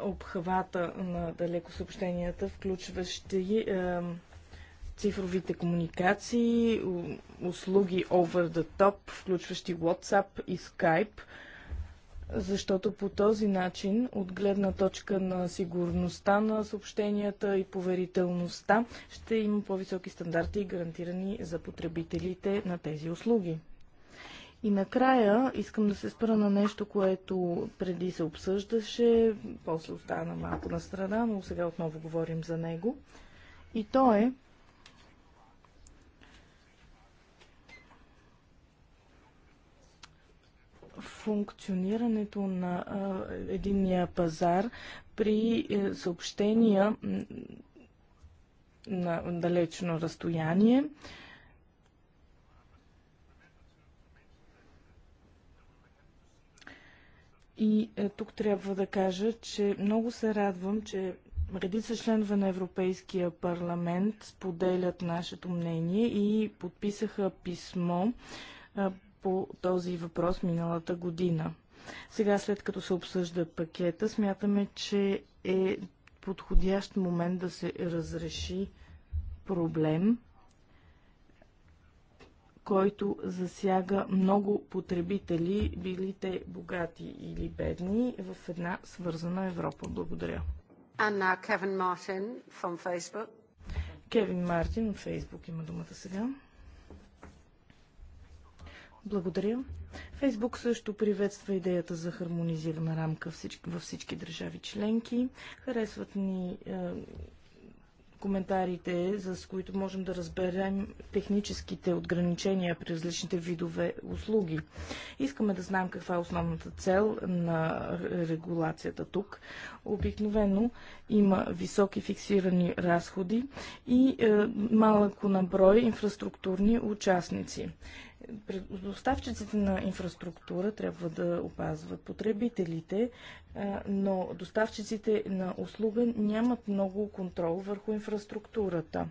обхвата на далекосъобщенията, включващи е, цифровите комуникации, услуги over the top, включващи WhatsApp и Skype, защото по този начин, от гледна точка на сигурността на съобщенията и поверителността, ще има по-високи стандарти, гарантирани за потребителите на тези услуги. И накрая искам да се спра на нещо, което преди се обсъждаше, после остана малко на страна, но сега отново говорим за него. И то е функционирането на единния пазар при е, съобщения на далечно разстояние. И е, тук трябва да кажа, че много се радвам, че редица членове на Европейския парламент споделят нашето мнение и подписаха писмо по този въпрос миналата година. Сега, след като се обсъжда пакета, смятаме, че е подходящ момент да се разреши проблем, който засяга много потребители, били те богати или бедни, в една свързана Европа. Благодаря. And Кевин Мартин от Фейсбук има думата сега. Благодаря. Фейсбук също приветства идеята за хармонизирана рамка във всички държави членки. Харесват ни е, коментарите, с които можем да разберем техническите ограничения при различните видове услуги. Искаме да знаем каква е основната цел на регулацията тук. Обикновено има високи фиксирани разходи и е, наброй инфраструктурни участници доставчиците на инфраструктура трябва да опазват потребителите, но доставчиците на услуга нямат много контрол върху инфраструктурата.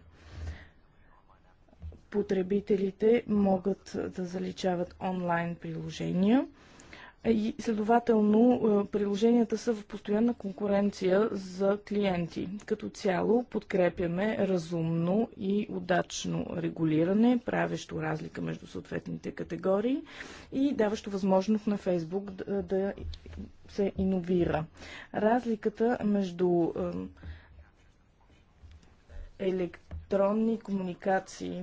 Потребителите могат да заличават онлайн приложения и следователно е, приложенията са в постоянна конкуренция за клиенти. Като цяло подкрепяме разумно и удачно регулиране, правещо разлика между съответните категории и даващо възможност на Фейсбук да, да се иновира. Разликата между електронните електронни комуникации,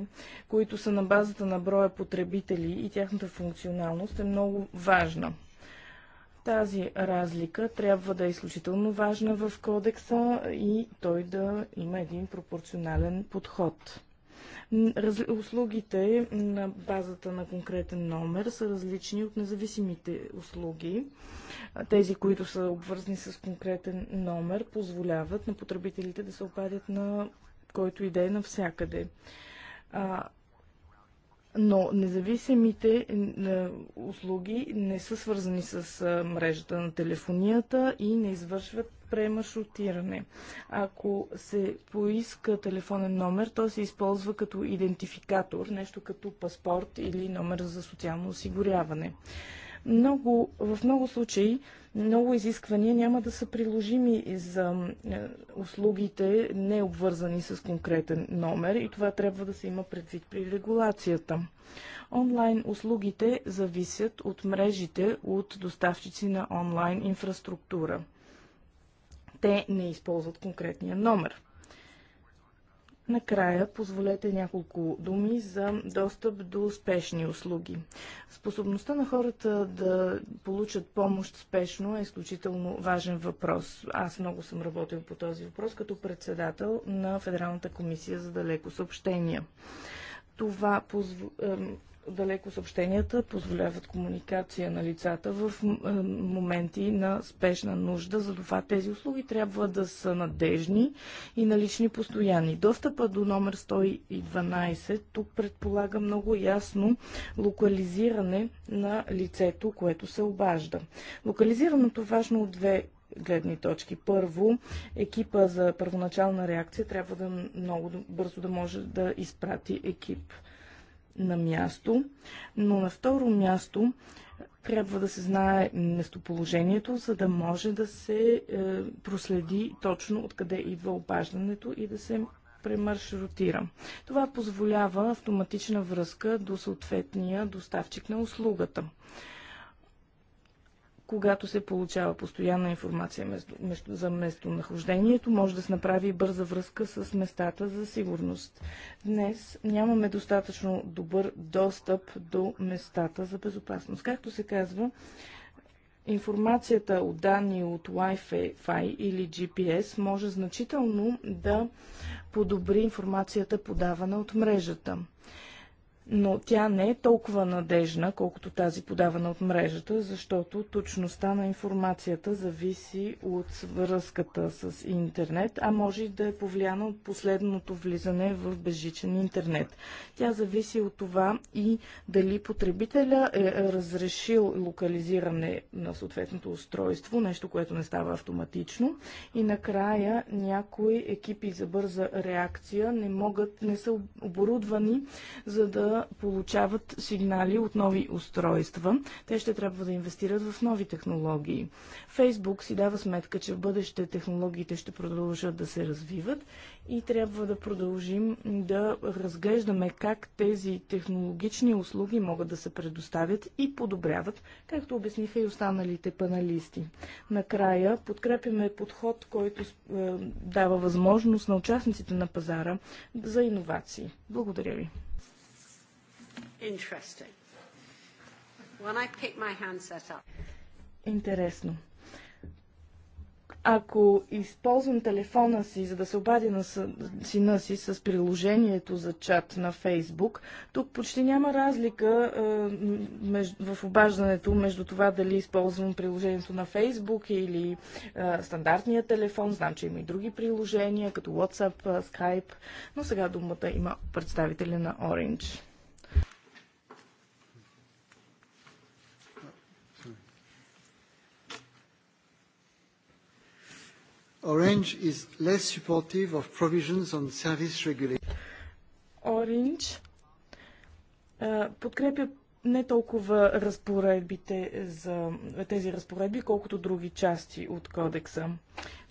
които са на базата на броя потребители и тяхната функционалност е много важна. Тази разлика трябва да е изключително важна в кодекса и той да има един пропорционален подход. Раз... Услугите на базата на конкретен номер са различни от независимите услуги. Тези, които са обвързани с конкретен номер, позволяват на потребителите да се обадят на който и да е навсякъде но независимите услуги не са свързани с мрежата на телефонията и не извършват премаршрутиране. Ако се поиска телефонен номер, то се използва като идентификатор, нещо като паспорт или номер за социално осигуряване много, в много случаи много изисквания няма да са приложими за е, услугите, не обвързани с конкретен номер и това трябва да се има предвид при регулацията. Онлайн услугите зависят от мрежите от доставчици на онлайн инфраструктура. Те не използват конкретния номер. Накрая, позволете няколко думи за достъп до спешни услуги. Способността на хората да получат помощ спешно е изключително важен въпрос. Аз много съм работил по този въпрос като председател на Федералната комисия за далеко съобщения. Това позв... Далеко съобщенията позволяват комуникация на лицата в е, моменти на спешна нужда. Затова тези услуги трябва да са надежни и налични постоянни. Достъпа до номер 112 тук предполага много ясно локализиране на лицето, което се обажда. Локализирането важно от две гледни точки. Първо, екипа за първоначална реакция трябва да много бързо да може да изпрати екип на място, но на второ място трябва да се знае местоположението, за да може да се е, проследи точно откъде идва обаждането и да се премаршрутира. Това позволява автоматична връзка до съответния доставчик на услугата когато се получава постоянна информация за местонахождението, може да се направи бърза връзка с местата за сигурност. Днес нямаме достатъчно добър достъп до местата за безопасност. Както се казва, информацията от данни от Wi-Fi или GPS може значително да подобри информацията подавана от мрежата но тя не е толкова надежна, колкото тази подавана от мрежата, защото точността на информацията зависи от връзката с интернет, а може и да е повлияна от последното влизане в безжичен интернет. Тя зависи от това и дали потребителя е разрешил локализиране на съответното устройство, нещо, което не става автоматично. И накрая някои екипи за бърза реакция не могат, не са оборудвани, за да получават сигнали от нови устройства. Те ще трябва да инвестират в нови технологии. Фейсбук си дава сметка, че в бъдеще технологиите ще продължат да се развиват и трябва да продължим да разглеждаме как тези технологични услуги могат да се предоставят и подобряват, както обясниха и останалите паналисти. Накрая подкрепяме подход, който е, дава възможност на участниците на пазара за иновации. Благодаря ви. Interesting. When I pick my handset up. Интересно. Ако използвам телефона си, за да се обадя на сина си с приложението за чат на Фейсбук, тук почти няма разлика меж, в обаждането между това дали използвам приложението на Фейсбук или стандартния телефон. Знам, че има и други приложения, като WhatsApp, Skype, но сега думата има представителя на Orange. Orange is less supportive of provisions on service regulation. Orange подкрепя не толкова разпоредбите за тези разпоредби, колкото други части от кодекса.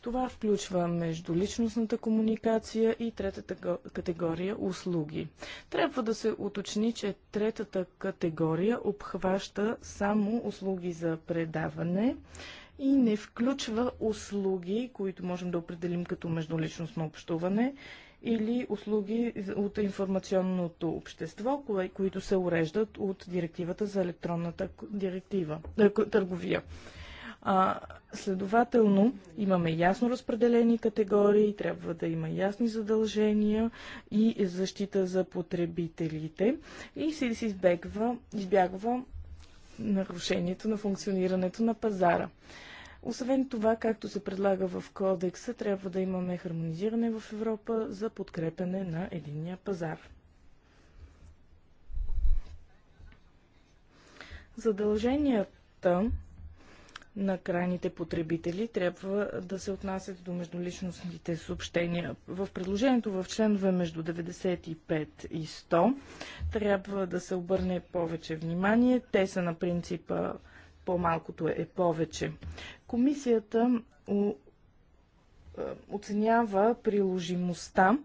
Това включва между личностната комуникация и третата категория услуги. Трябва да се уточни, че третата категория обхваща само услуги за предаване, и не включва услуги, които можем да определим като междуличностно общуване или услуги от информационното общество, които се уреждат от директивата за електронната директива, е, търговия. А, следователно, имаме ясно разпределени категории, трябва да има ясни задължения и защита за потребителите и се избегва, избягва нарушението на функционирането на пазара. Освен това, както се предлага в кодекса, трябва да имаме хармонизиране в Европа за подкрепене на единния пазар. Задълженията на крайните потребители трябва да се отнасят до междуличностните съобщения. В предложението в членове между 95 и 100 трябва да се обърне повече внимание. Те са на принципа по-малкото е повече. Комисията е, оценява приложимостта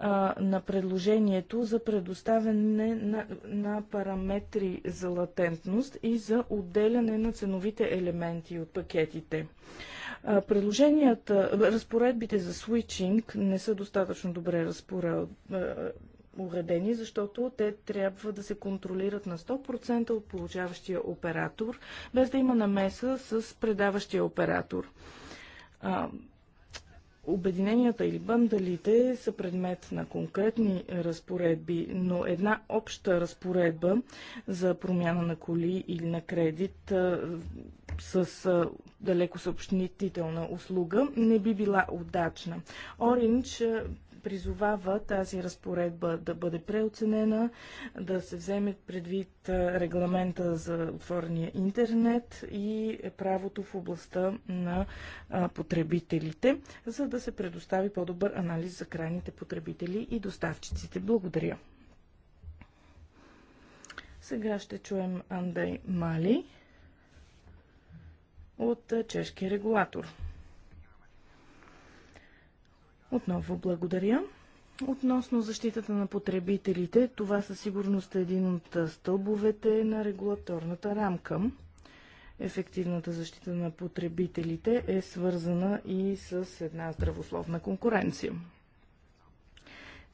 а, на предложението за предоставяне на, на параметри за латентност и за отделяне на ценовите елементи от пакетите. А, предложенията, разпоредбите за свичинг не са достатъчно добре уредени, защото те трябва да се контролират на 100% от получаващия оператор, без да има намеса с предаващия оператор. Обединенията или бандалите са предмет на конкретни разпоредби, но една обща разпоредба за промяна на коли или на кредит с далеко съобщнителна услуга не би била удачна. Ориндж призовава тази разпоредба да бъде преоценена, да се вземе предвид регламента за отворения интернет и правото в областта на потребителите, за да се предостави по-добър анализ за крайните потребители и доставчиците. Благодаря. Сега ще чуем Андей Мали от чешки регулатор. Отново благодаря. Относно защитата на потребителите, това със сигурност е един от стълбовете на регулаторната рамка. Ефективната защита на потребителите е свързана и с една здравословна конкуренция.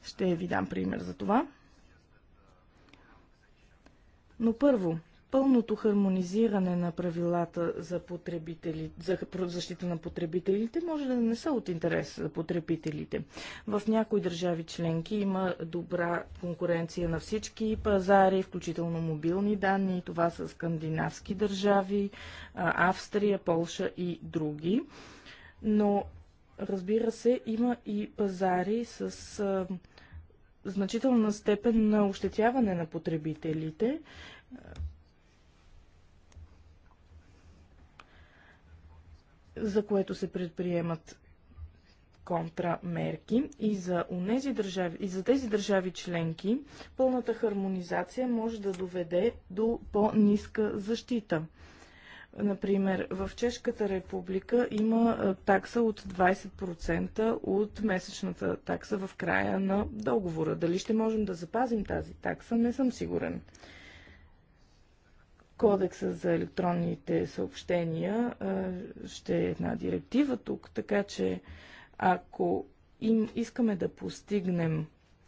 Ще ви дам пример за това. Но първо, пълното хармонизиране на правилата за, потребители, за защита на потребителите може да не са от интерес за потребителите. В някои държави членки има добра конкуренция на всички пазари, включително мобилни данни. Това са скандинавски държави, Австрия, Полша и други. Но, разбира се, има и пазари с значителна степен на ощетяване на потребителите за което се предприемат контрамерки и за, унези държави, и за тези държави членки пълната хармонизация може да доведе до по-ниска защита. Например, в Чешката република има такса от 20% от месечната такса в края на договора. Дали ще можем да запазим тази такса, не съм сигурен. Кодекса за електронните съобщения ще е една директива тук, така че ако им искаме да постигнем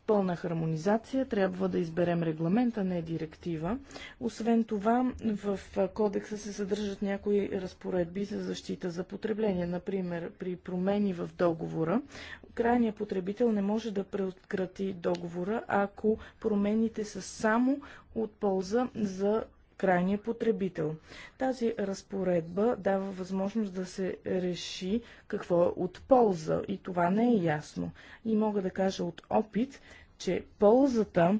пълна хармонизация, трябва да изберем регламента, не директива. Освен това, в кодекса се съдържат някои разпоредби за защита за потребление. Например, при промени в договора, крайният потребител не може да преоткрати договора, ако промените са само от полза за крайния потребител. Тази разпоредба дава възможност да се реши какво е от полза и това не е ясно. И мога да кажа от опит, че ползата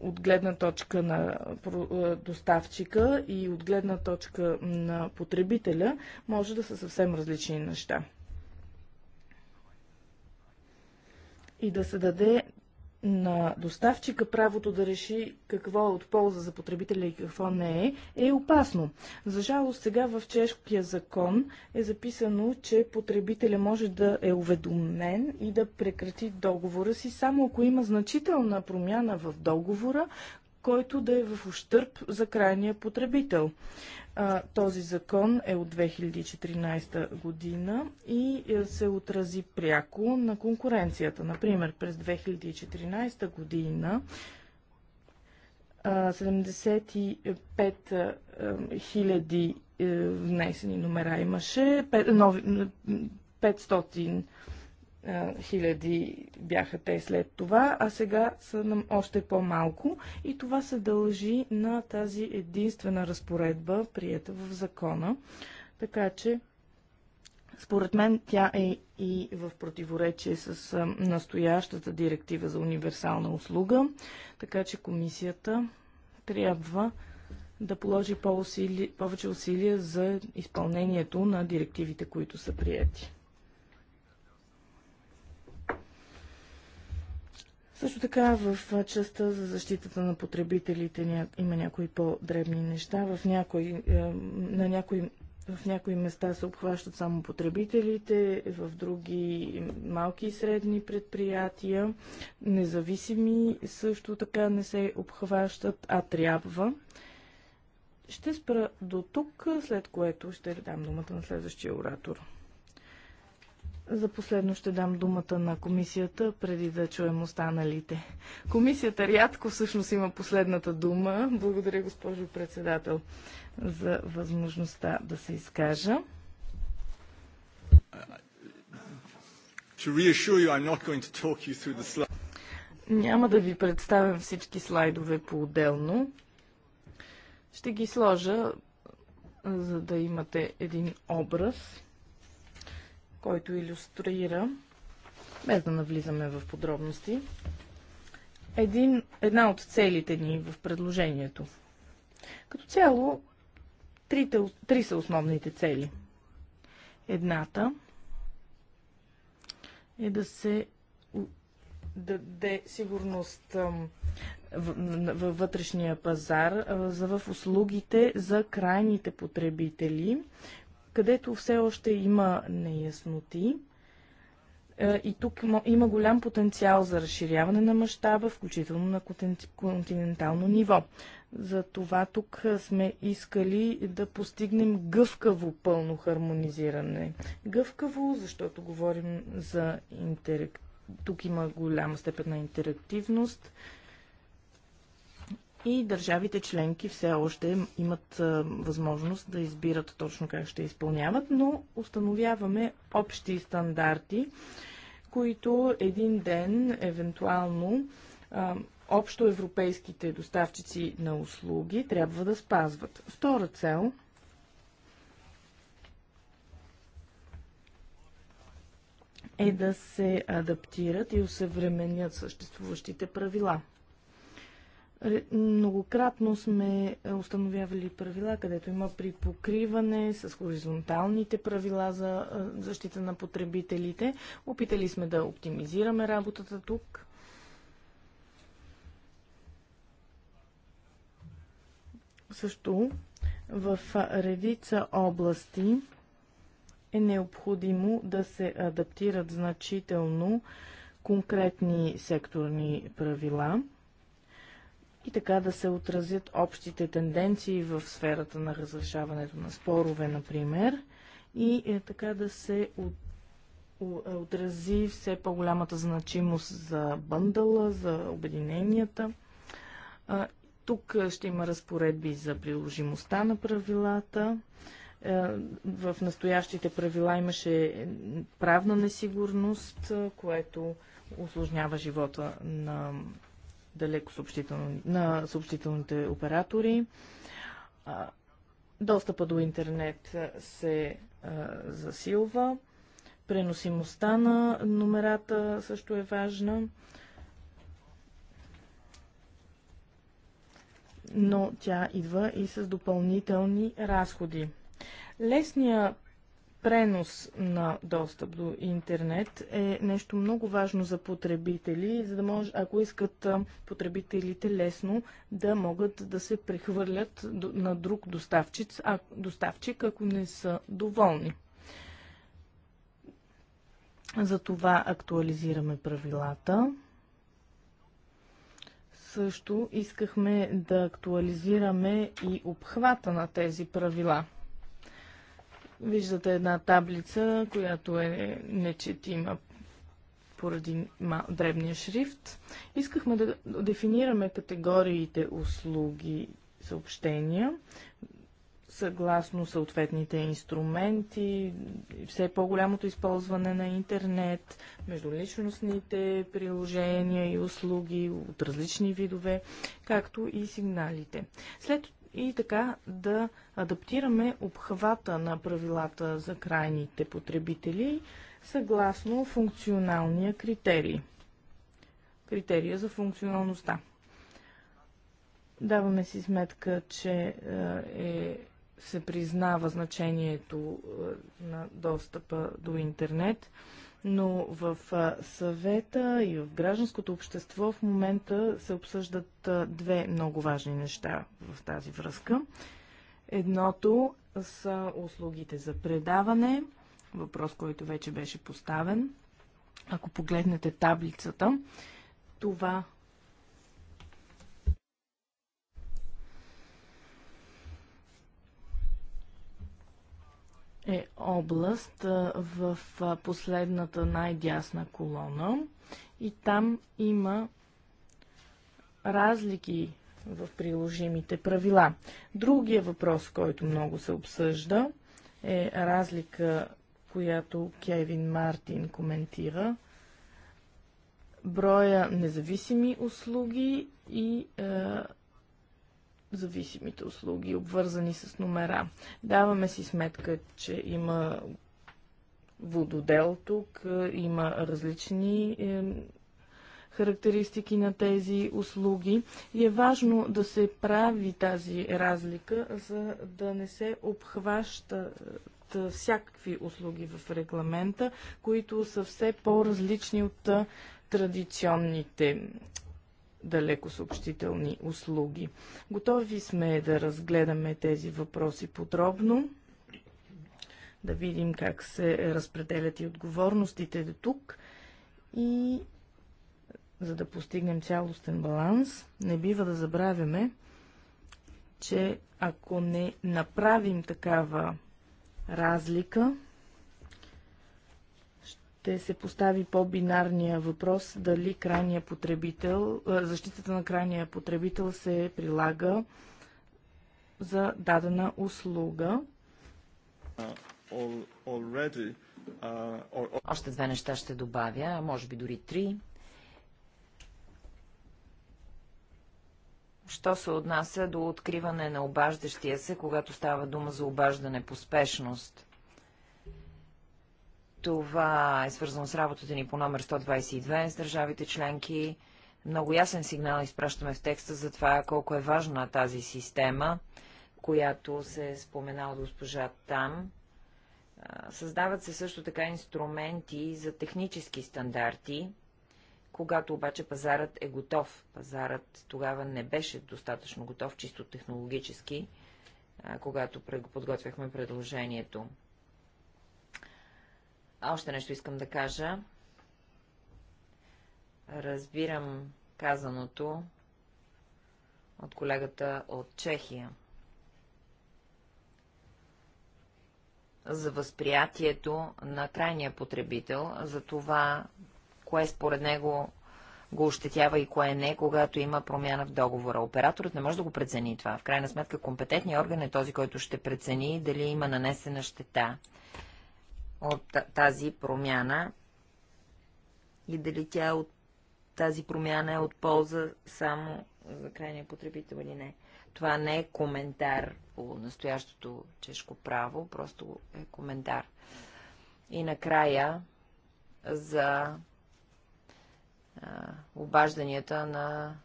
от гледна точка на е, доставчика и от гледна точка на потребителя може да са съвсем различни неща. И да се даде на доставчика правото да реши какво е от полза за потребителя и какво не е, е опасно. За жалост сега в чешкия закон е записано, че потребителя може да е уведомен и да прекрати договора си, само ако има значителна промяна в договора, който да е в ущърп за крайния потребител. А, този закон е от 2014 година и е, се отрази пряко на конкуренцията. Например, през 2014 година 75 е, хиляди е, внесени номера имаше, 500 хиляди бяха те след това, а сега са нам още по-малко и това се дължи на тази единствена разпоредба, прията в закона. Така че, според мен, тя е и в противоречие с настоящата директива за универсална услуга, така че комисията трябва да положи по повече усилия за изпълнението на директивите, които са прияти. Също така в частта за защитата на потребителите има някои по-дребни неща. В някои, е, на някои в някои места се обхващат само потребителите, в други малки и средни предприятия, независими също така не се обхващат, а трябва. Ще спра до тук, след което ще дам думата на следващия оратор. За последно ще дам думата на комисията, преди да чуем останалите. Комисията рядко всъщност има последната дума. Благодаря, госпожо председател, за възможността да се изкажа. Няма да ви представям всички слайдове по-отделно. Ще ги сложа, за да имате един образ който иллюстрира, без да навлизаме в подробности, един, една от целите ни в предложението. Като цяло, трите, три са основните цели. Едната е да се даде сигурност във вътрешния пазар за в услугите за крайните потребители където все още има неясноти. Е, и тук има голям потенциал за разширяване на мащаба, включително на континентално ниво. Затова тук е, сме искали да постигнем гъвкаво пълно хармонизиране. Гъвкаво, защото говорим за интерактивност тук има голяма степен на интерактивност и държавите членки все още имат а, възможност да избират точно как ще изпълняват, но установяваме общи стандарти, които един ден, евентуално, а, общо европейските доставчици на услуги трябва да спазват. Втора цел е да се адаптират и усъвременят съществуващите правила – Многократно сме установявали правила, където има припокриване с хоризонталните правила за защита на потребителите. Опитали сме да оптимизираме работата тук. Също в редица области е необходимо да се адаптират значително конкретни секторни правила – и така да се отразят общите тенденции в сферата на разрешаването на спорове, например, и е така да се от е, отрази все по-голямата значимост за бъндала, за обединенията. Тук е, ще има разпоредби за приложимостта на правилата. Е, в настоящите правила имаше правна несигурност, което осложнява живота на далеко на съобщителните оператори. Достъпа до интернет се засилва. Преносимостта на номерата също е важна. Но тя идва и с допълнителни разходи. Лесният пренос на достъп до интернет е нещо много важно за потребители, за да може, ако искат потребителите лесно да могат да се прехвърлят на друг доставчик, а, доставчик ако не са доволни. Затова актуализираме правилата. Също искахме да актуализираме и обхвата на тези правила – Виждате една таблица, която е нечетима поради дребния шрифт. Искахме да дефинираме категориите услуги съобщения съгласно съответните инструменти, все по-голямото използване на интернет, междуличностните приложения и услуги от различни видове, както и сигналите. След и така да адаптираме обхвата на правилата за крайните потребители съгласно функционалния критерий. Критерия за функционалността. Даваме си сметка, че е, е се признава значението е, на достъпа до интернет но в съвета и в гражданското общество в момента се обсъждат две много важни неща в тази връзка. Едното са услугите за предаване, въпрос, който вече беше поставен. Ако погледнете таблицата, това е област в последната най-дясна колона и там има разлики в приложимите правила. Другия въпрос, който много се обсъжда, е разлика, която Кевин Мартин коментира. Броя независими услуги и е, зависимите услуги, обвързани с номера. Даваме си сметка, че има вододел тук, е, има различни е, характеристики на тези услуги и е важно да се прави тази разлика, за да не се обхваща е, всякакви услуги в регламента, които са все по-различни от е, традиционните далеко съобщителни услуги. Готови сме да разгледаме тези въпроси подробно, да видим как се разпределят и отговорностите до тук и за да постигнем цялостен баланс, не бива да забравяме, че ако не направим такава разлика, ще се постави по-бинарния въпрос дали крайния потребител, защитата на крайния потребител се прилага за дадена услуга. Uh, uh, Още две неща ще добавя, а може би дори три. Що се отнася до откриване на обаждащия се, когато става дума за обаждане по спешност – това е свързано с работата ни по номер 122 с държавите членки. Много ясен сигнал изпращаме в текста за това колко е важна тази система, която се е споменала госпожа там. Създават се също така инструменти за технически стандарти, когато обаче пазарът е готов. Пазарът тогава не беше достатъчно готов, чисто технологически, когато подготвяхме предложението. Още нещо искам да кажа. Разбирам казаното от колегата от Чехия. за възприятието на крайния потребител, за това, кое според него го ощетява и кое не, когато има промяна в договора. Операторът не може да го прецени това. В крайна сметка компетентният орган е този, който ще прецени дали има нанесена щета от тази промяна и дали тя е от тази промяна е от полза само за крайния потребител или не. Това не е коментар по настоящото чешко право, просто е коментар. И накрая за а, обажданията на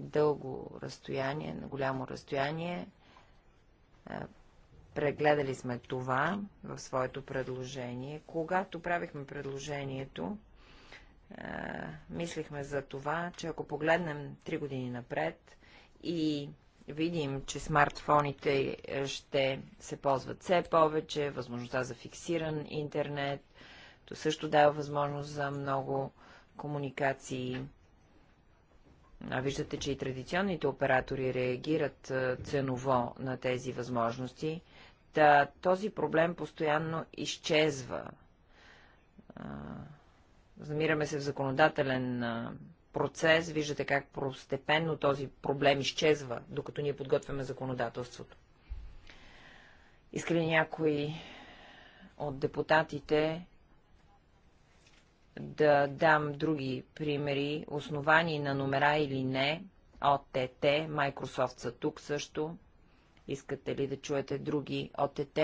дълго разстояние, на голямо разстояние. А, Прегледали сме това в своето предложение. Когато правихме предложението, е, мислихме за това, че ако погледнем 3 години напред и видим, че смартфоните ще се ползват все повече, възможността за фиксиран интернет, то също дава възможност за много комуникации. А виждате, че и традиционните оператори реагират ценово на тези възможности Та, този проблем постоянно изчезва. Замираме се в законодателен процес, виждате как постепенно този проблем изчезва, докато ние подготвяме законодателството. Иска ли някой от депутатите да дам други примери, основани на номера или не, ОТТ, Microsoft са тук също. Искате ли да чуете други ОТТ?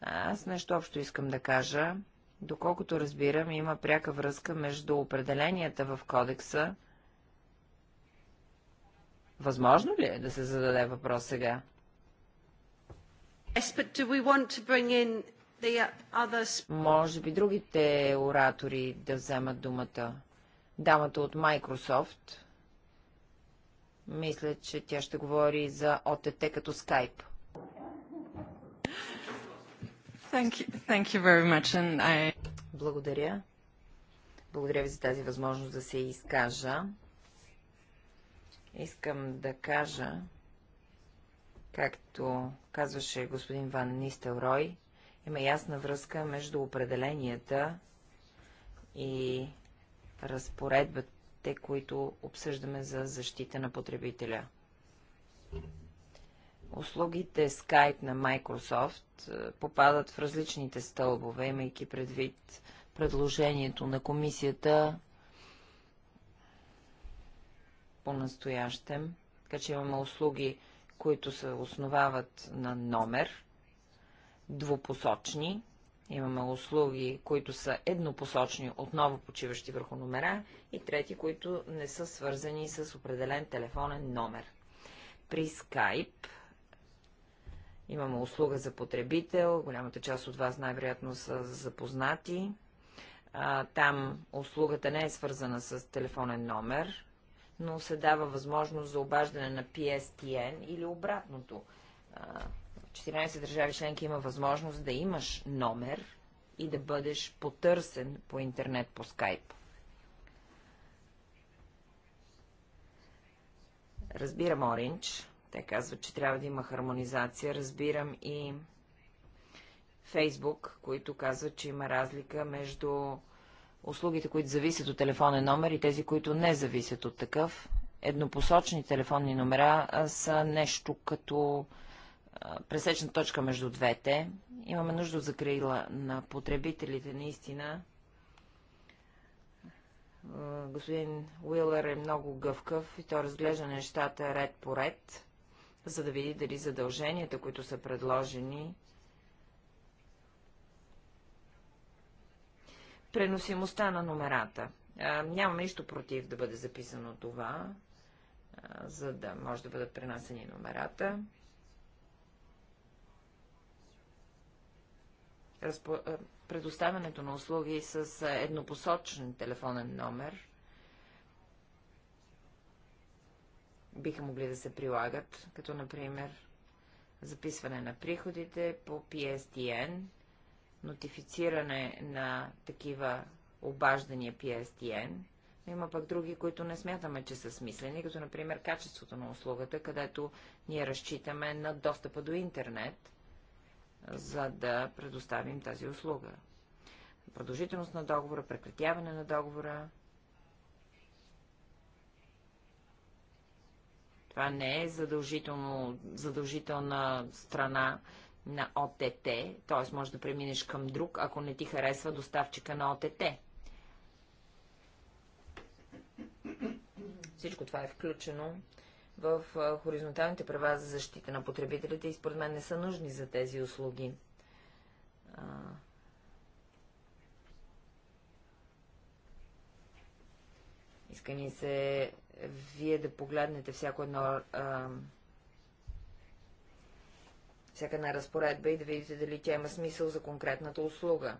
Аз нещо общо искам да кажа. Доколкото разбирам, има пряка връзка между определенията в кодекса. Възможно ли е да се зададе въпрос сега? Yes, other... Може би другите оратори да вземат думата. Дамата от Microsoft. Мисля, че тя ще говори за ОТТ като скайп. Thank you. Thank you very much. And I... Благодаря. Благодаря ви за тази възможност да се изкажа. Искам да кажа, както казваше господин Ван Нистелрой, има ясна връзка между определенията и разпоредбата те, които обсъждаме за защита на потребителя. Услугите Skype на Microsoft е, попадат в различните стълбове, имайки предвид предложението на комисията по-настоящем. Така че имаме услуги, които се основават на номер, двупосочни, Имаме услуги, които са еднопосочни, отново почиващи върху номера, и трети, които не са свързани с определен телефонен номер. При Skype имаме услуга за потребител, голямата част от вас най-вероятно са запознати. там услугата не е свързана с телефонен номер, но се дава възможност за обаждане на PSTN или обратното. 14 държави членки има възможност да имаш номер и да бъдеш потърсен по интернет по скайп. Разбирам Оринч. Те казват, че трябва да има хармонизация. Разбирам и Фейсбук, които казват, че има разлика между услугите, които зависят от телефонен номер и тези, които не зависят от такъв. Еднопосочни телефонни номера са нещо като пресечна точка между двете. Имаме нужда от закрила на потребителите, наистина. Господин Уилър е много гъвкав и той разглежда нещата ред по ред, за да види дали задълженията, които са предложени, преносимостта на номерата. Нямам нищо против да бъде записано това, за да може да бъдат пренасени номерата. разпо... предоставянето на услуги с еднопосочен телефонен номер биха могли да се прилагат, като например записване на приходите по PSTN, нотифициране на такива обаждания PSTN, но има пък други, които не смятаме, че са смислени, като например качеството на услугата, където ние разчитаме на достъпа до интернет за да предоставим тази услуга. Продължителност на договора, прекратяване на договора. Това не е задължително, задължителна страна на ОТТ, т.е. може да преминеш към друг, ако не ти харесва доставчика на ОТТ. Всичко това е включено в хоризонталните права за защита на потребителите и според мен не са нужни за тези услуги. Иска ни се вие да погледнете всяко едно, а, всяка една разпоредба и да видите дали тя има смисъл за конкретната услуга.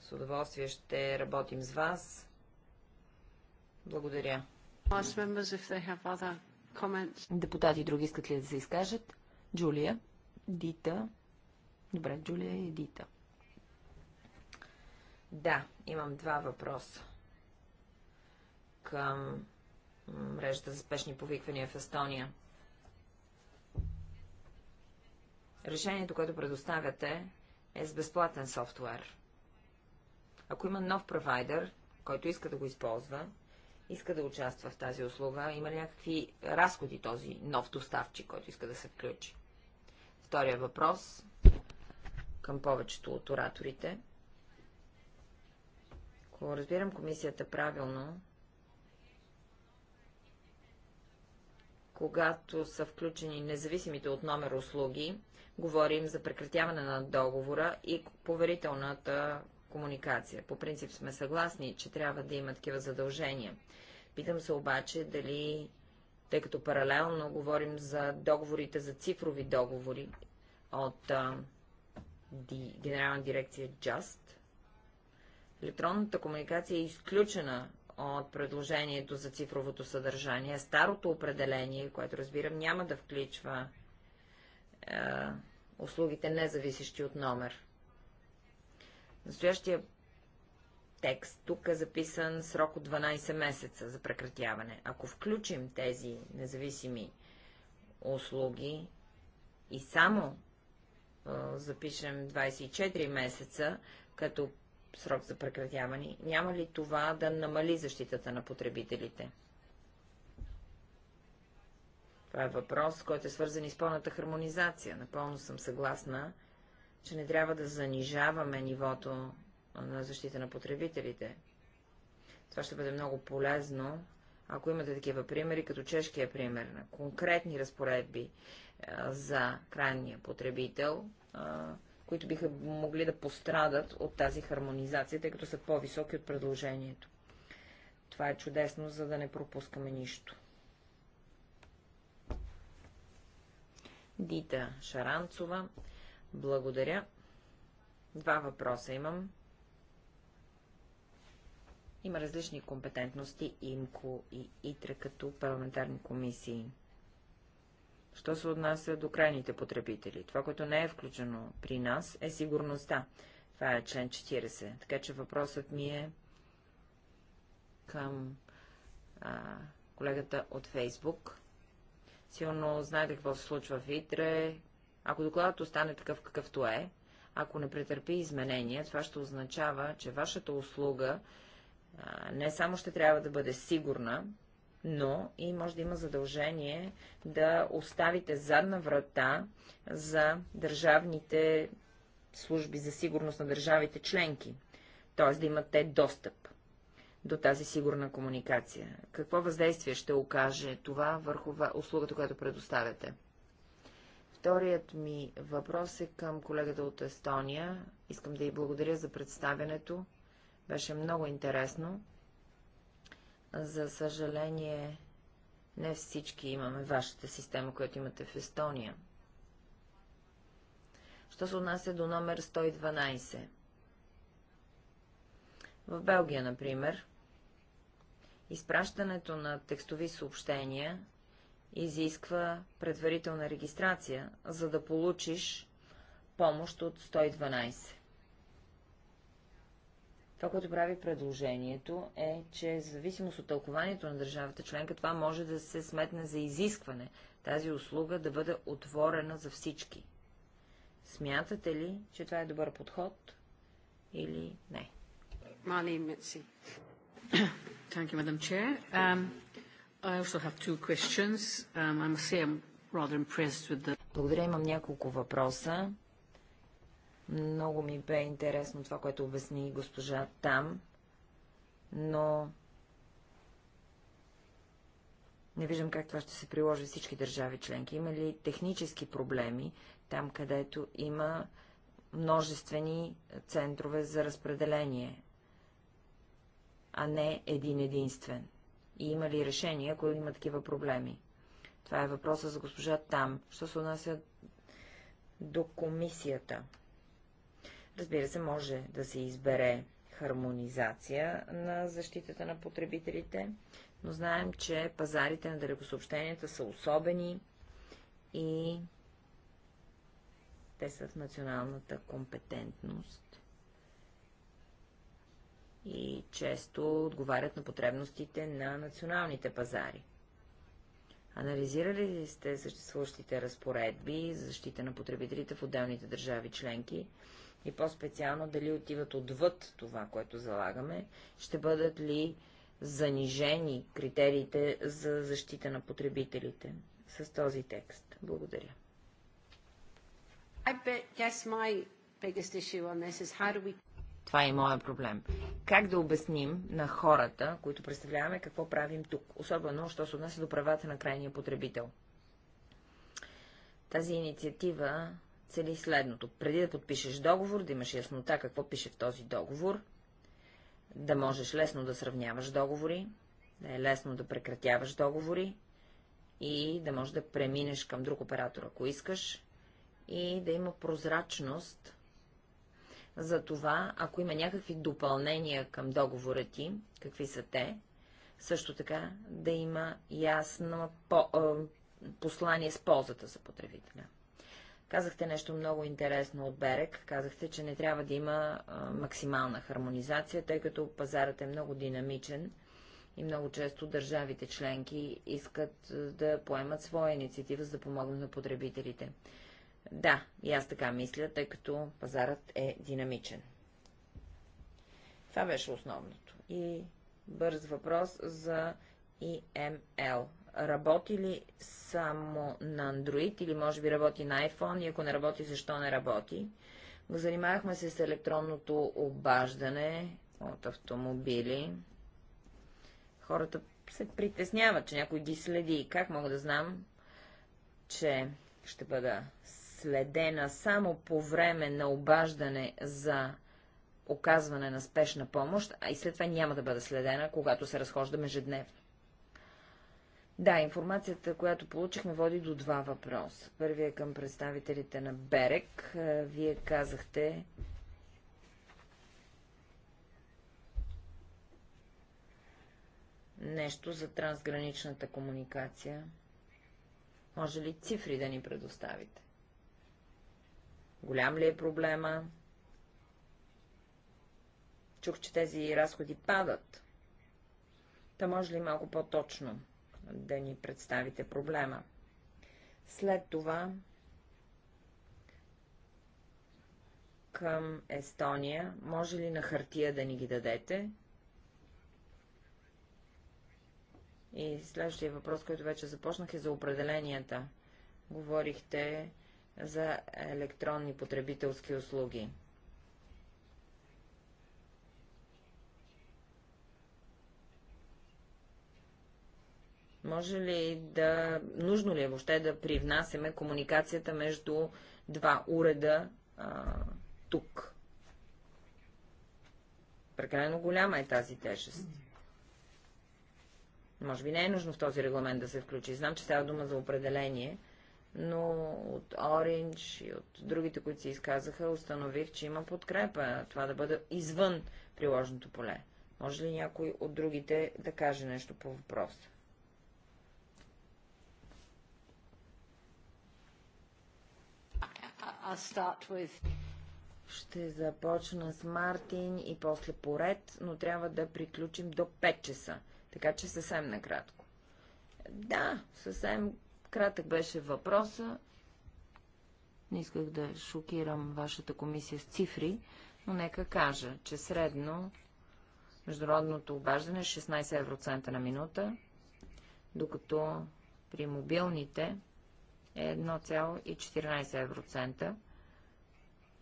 С удоволствие ще работим с вас. Благодаря. Депутати и други искат ли да се изкажат? Джулия, Дита. Добре, Джулия и Дита. Да, имам два въпроса към мрежата за спешни повиквания в Естония. Решението, което предоставяте, е с безплатен софтуер. Ако има нов провайдер, който иска да го използва, иска да участва в тази услуга? Има ли някакви разходи този нов доставчик, който иска да се включи? Втория въпрос към повечето от ораторите. Ако разбирам комисията правилно, когато са включени независимите от номер услуги, говорим за прекратяване на договора и поверителната комуникация. По принцип сме съгласни, че трябва да има такива задължения. Питам се обаче дали, тъй като паралелно говорим за договорите, за цифрови договори от а, ди, Генерална дирекция JUST, електронната комуникация е изключена от предложението за цифровото съдържание. Старото определение, което разбирам, няма да включва е, услугите, независещи от номер. Настоящия текст тук е записан срок от 12 месеца за прекратяване. Ако включим тези независими услуги и само е, запишем 24 месеца като срок за прекратяване, няма ли това да намали защитата на потребителите? Това е въпрос, който е свързан и с пълната хармонизация. Напълно съм съгласна че не трябва да занижаваме нивото на защита на потребителите. Това ще бъде много полезно, ако имате такива примери, като чешкия пример, на конкретни разпоредби за крайния потребител, които биха могли да пострадат от тази хармонизация, тъй като са по-високи от предложението. Това е чудесно, за да не пропускаме нищо. Дита Шаранцова благодаря. Два въпроса имам. Има различни компетентности ИМКО и ИТРЕ като парламентарни комисии. Що се отнася до крайните потребители? Това, което не е включено при нас, е сигурността. Това е член 40. Така че въпросът ми е към а, колегата от Фейсбук. Силно знаете какво се случва в Итре, ако докладът остане такъв какъвто е, ако не претърпи изменения, това ще означава, че вашата услуга а, не само ще трябва да бъде сигурна, но и може да има задължение да оставите задна врата за държавните служби за сигурност на държавите членки, т.е. да имат те достъп до тази сигурна комуникация. Какво въздействие ще окаже това върху услугата, която предоставяте? Вторият ми въпрос е към колегата от Естония. Искам да й благодаря за представянето. Беше много интересно. За съжаление, не всички имаме вашата система, която имате в Естония. Що се отнася до номер 112? В Белгия, например, изпращането на текстови съобщения изисква предварителна регистрация, за да получиш помощ от 112. Това, което прави предложението е, че в зависимост от тълкованието на държавата членка, това може да се сметне за изискване, тази услуга да бъде отворена за всички. Смятате ли, че това е добър подход или не? Мали Меци. Thank you, Madam Chair. Um, I also have two questions. Um, I must say I'm rather impressed with the... Благодаря, имам няколко въпроса. Много ми бе интересно това, което обясни госпожа там, но не виждам как това ще се приложи всички държави членки. Има ли технически проблеми там, където има множествени центрове за разпределение, а не един единствен? и има ли решение, ако има такива проблеми. Това е въпроса за госпожа Там. Що се отнася до комисията? Разбира се, може да се избере хармонизация на защитата на потребителите, но знаем, че пазарите на далекосъобщенията са особени и те са в националната компетентност и често отговарят на потребностите на националните пазари. Анализирали ли сте съществуващите разпоредби за защита на потребителите в отделните държави членки и по-специално дали отиват отвъд това, което залагаме, ще бъдат ли занижени критериите за защита на потребителите с този текст? Благодаря. I guess my biggest issue on this is how do we... Това е и моят проблем. Как да обясним на хората, които представляваме, какво правим тук, особено, що се отнася до правата на крайния потребител? Тази инициатива цели следното. Преди да подпишеш договор, да имаш яснота какво пише в този договор, да можеш лесно да сравняваш договори, да е лесно да прекратяваш договори и да можеш да преминеш към друг оператор, ако искаш, и да има прозрачност за това, ако има някакви допълнения към договора ти, какви са те, също така да има ясно по, е, послание с ползата за потребителя. Казахте нещо много интересно от Берек. Казахте, че не трябва да има е, максимална хармонизация, тъй като пазарът е много динамичен и много често държавите членки искат да поемат своя инициатива, за да помогнат на потребителите. Да, и аз така мисля, тъй като пазарът е динамичен. Това беше основното. И бърз въпрос за EML. Работи ли само на Android или може би работи на iPhone и ако не работи, защо не работи? Занимавахме се с електронното обаждане от автомобили. Хората се притесняват, че някой ги следи. Как мога да знам, че ще бъда следена само по време на обаждане за оказване на спешна помощ, а и след това няма да бъде следена, когато се разхождаме ежедневно. Да, информацията, която получихме, води до два въпроса. Първият е към представителите на Берек. Е, вие казахте, нещо за трансграничната комуникация. Може ли цифри да ни предоставите? Голям ли е проблема? Чух, че тези разходи падат. Та може ли малко по-точно да ни представите проблема? След това към Естония. Може ли на хартия да ни ги дадете? И следващия въпрос, който вече започнах е за определенията. Говорихте за електронни потребителски услуги. Може ли да, нужно ли е въобще да привнасяме комуникацията между два уреда а, тук? Прекалено голяма е тази тежест. Може би не е нужно в този регламент да се включи. Знам, че става дума за определение, но от Ориндж и от другите, които се изказаха, установих, че има подкрепа това да бъде извън приложното поле. Може ли някой от другите да каже нещо по въпроса? Ще започна с Мартин и после поред, но трябва да приключим до 5 часа, така че съвсем накратко. Да, съвсем Кратък беше въпроса. Не исках да шокирам вашата комисия с цифри, но нека кажа, че средно международното обаждане е 16 евроцента на минута, докато при мобилните е 1,14 евроцента,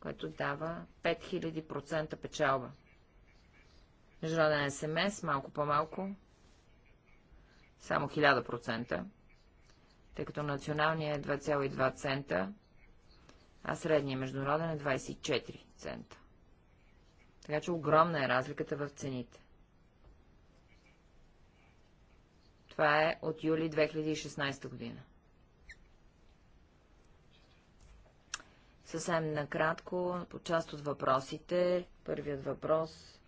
което дава 5000% печалба. Международен СМС малко по-малко, само 1000% тъй като националният е 2,2 цента, а средният международен е 24 цента. Така че огромна е разликата в цените. Това е от юли 2016 година. Съвсем накратко, по част от въпросите. Първият въпрос,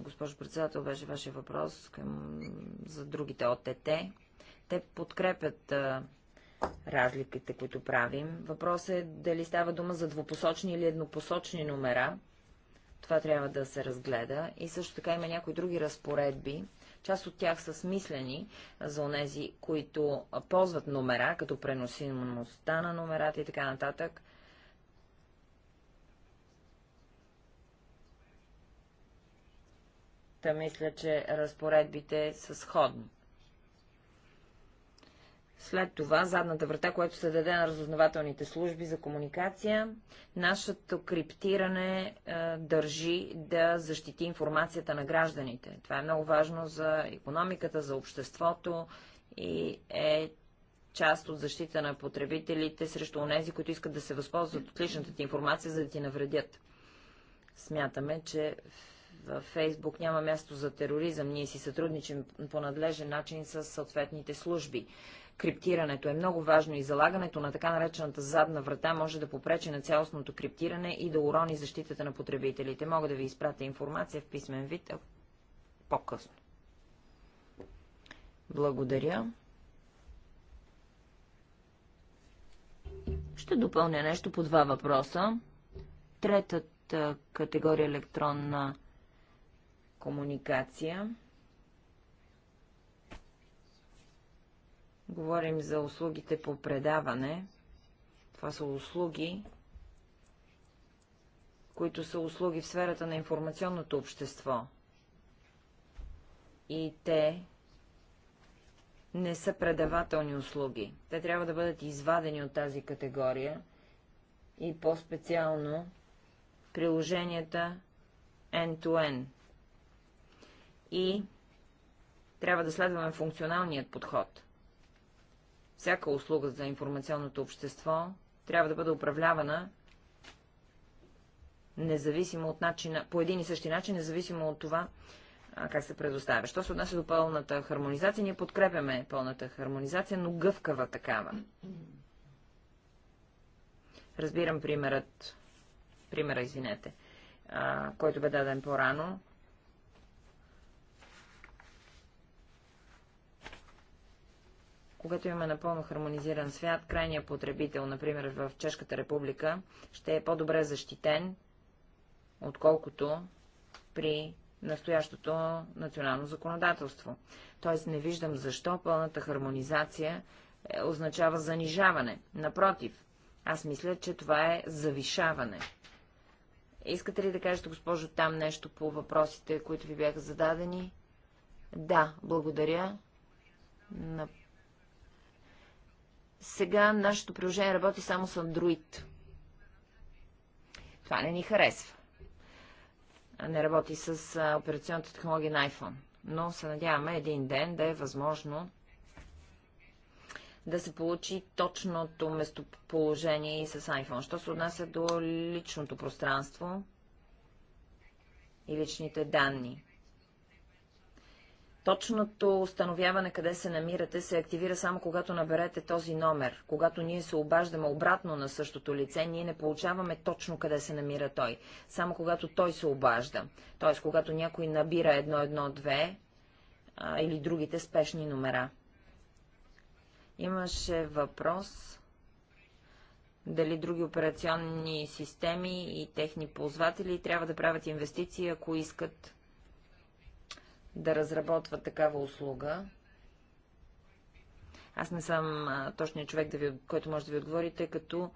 госпожо председател, беше вашия въпрос към, за другите ОТТ. Те подкрепят а, разликите, които правим. Въпросът е дали става дума за двупосочни или еднопосочни номера. Това трябва да се разгледа. И също така има някои други разпоредби. Част от тях са смислени за онези, които ползват номера, като преносимостта на номерата и така нататък. Та мисля, че разпоредбите са сходни. След това задната врата, която се даде на разузнавателните служби за комуникация, нашето криптиране е, държи да защити информацията на гражданите. Това е много важно за економиката, за обществото и е част от защита на потребителите срещу онези, които искат да се възползват от личната ти информация, за да ти навредят. Смятаме, че в Фейсбук няма място за тероризъм. Ние си сътрудничим по надлежен начин с съответните служби криптирането е много важно и залагането на така наречената задна врата може да попречи на цялостното криптиране и да урони защитата на потребителите. Мога да ви изпратя информация в писмен вид по-късно. Благодаря. Ще допълня нещо по два въпроса. Третата категория електронна комуникация – говорим за услугите по предаване, това са услуги, които са услуги в сферата на информационното общество. И те не са предавателни услуги. Те трябва да бъдат извадени от тази категория и по-специално приложенията end-to-end. И трябва да следваме функционалният подход – всяка услуга за информационното общество трябва да бъде управлявана независимо от начина, по един и същи начин, независимо от това, а, как се предоставя. Що се отнася до пълната хармонизация, ние подкрепяме пълната хармонизация, но гъвкава такава. Разбирам примерът, примера, извинете, а, който бе даден по-рано, Когато имаме напълно хармонизиран свят, крайният потребител, например в Чешката република, ще е по-добре защитен, отколкото при настоящото национално законодателство. Тоест не виждам защо пълната хармонизация е, означава занижаване. Напротив, аз мисля, че това е завишаване. Искате ли да кажете, госпожо, там нещо по въпросите, които ви бяха зададени? Да, благодаря. На сега нашето приложение работи само с Android. Това не ни харесва. Не работи с операционната технология на iPhone. Но се надяваме един ден да е възможно да се получи точното местоположение и с iPhone. Що се отнася до личното пространство и личните данни? Точното установяване къде се намирате се активира само когато наберете този номер. Когато ние се обаждаме обратно на същото лице, ние не получаваме точно къде се намира той. Само когато той се обажда. Т.е. когато някой набира 112 а, или другите спешни номера. Имаше въпрос дали други операционни системи и техни ползватели трябва да правят инвестиции, ако искат да разработва такава услуга. Аз не съм точният човек, да ви, който може да ви отговори, тъй като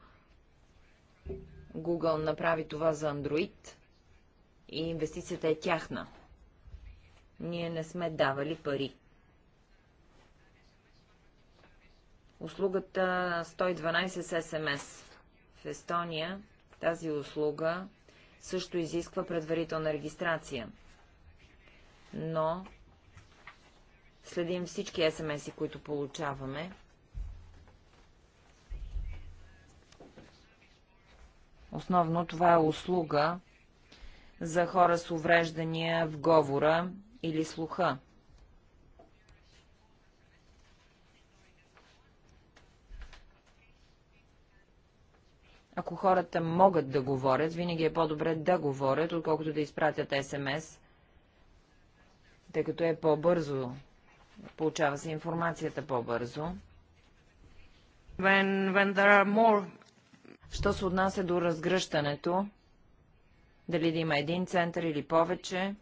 Google направи това за Android и инвестицията е тяхна. Ние не сме давали пари. Услугата 112 с СМС. В Естония тази услуга също изисква предварителна регистрация но следим всички СМС-и, които получаваме. Основно това е услуга за хора с увреждания в говора или слуха. Ако хората могат да говорят, винаги е по-добре да говорят, отколкото да изпратят СМС тъй като е по-бързо, получава се информацията по-бързо. When, when there are more... Що се отнася до разгръщането, дали да има един център или повече,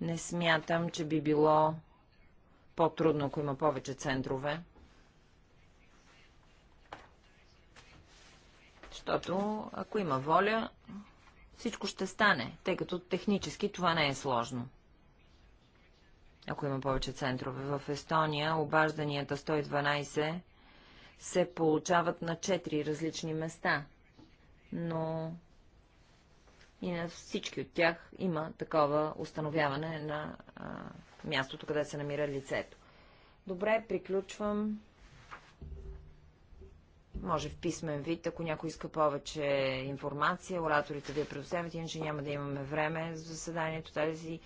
не смятам, че би било по-трудно, ако има повече центрове. Защото, ако има воля, всичко ще стане, тъй като технически това не е сложно ако има повече центрове. В Естония обажданията 112 се получават на 4 различни места, но и на всички от тях има такова установяване на а, мястото, къде се намира лицето. Добре, приключвам. Може в писмен вид, ако някой иска повече информация, ораторите ви я предоставят, иначе няма да имаме време за заседанието тази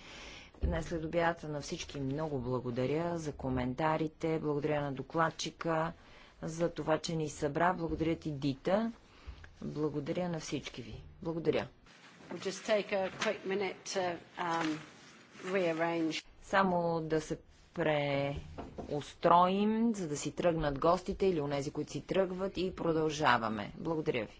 днес след обяд. На всички много благодаря за коментарите, благодаря на докладчика за това, че ни събра. Благодаря ти, Дита. Благодаря на всички ви. Благодаря. We'll to, um, Само да се преустроим, за да си тръгнат гостите или онези, които си тръгват и продължаваме. Благодаря ви.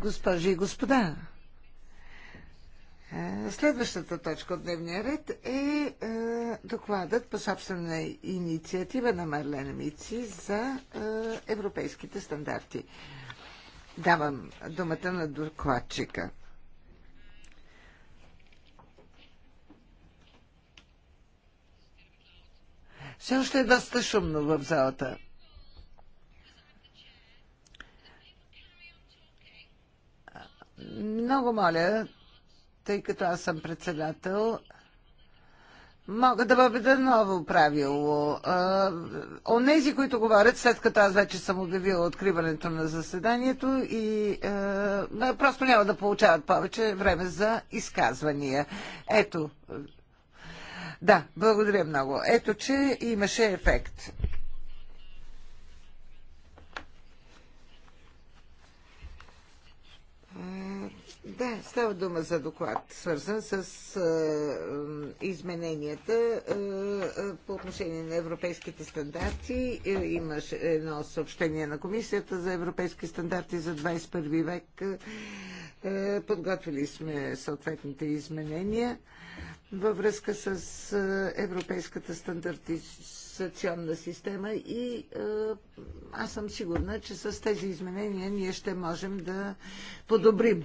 Госпожи и господа, е, следващата точка от дневния ред е, е докладът по собствена инициатива на Марлена Мици за е, европейските стандарти. Давам думата на докладчика. Все още е доста шумно в залата. Много моля, тъй като аз съм председател, Мога да въведа ново правило. Онези, които говорят, след като аз вече съм обявила откриването на заседанието и а, просто няма да получават повече време за изказвания. Ето. Да, благодаря много. Ето, че имаше ефект. Да, става дума за доклад, свързан с е, измененията е, е, по отношение на европейските стандарти. Е, имаше едно съобщение на Комисията за европейски стандарти за 21 век. Е, е, подготвили сме съответните изменения във връзка с е, европейската стандартизационна система и е, аз съм сигурна, че с тези изменения ние ще можем да подобрим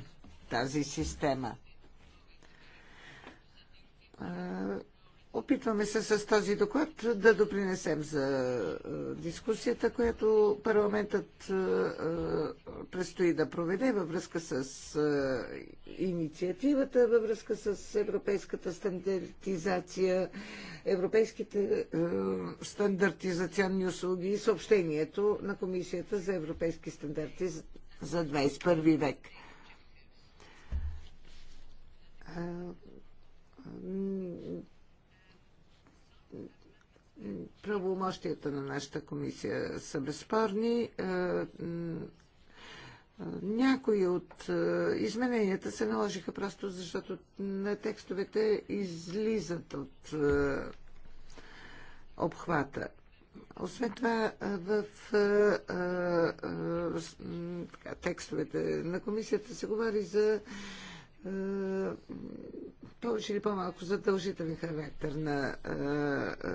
тази система. Опитваме се с този доклад да допринесем за дискусията, която парламентът предстои да проведе във връзка с инициативата, във връзка с европейската стандартизация, европейските стандартизационни услуги и съобщението на Комисията за европейски стандарти за 21 век правомощията на нашата комисия са безспорни. Е, е, някои от е, измененията се наложиха просто защото на текстовете излизат от обхвата. Освен това, в така, текстовете на комисията се говори за е, повече или по-малко задължителен характер на е,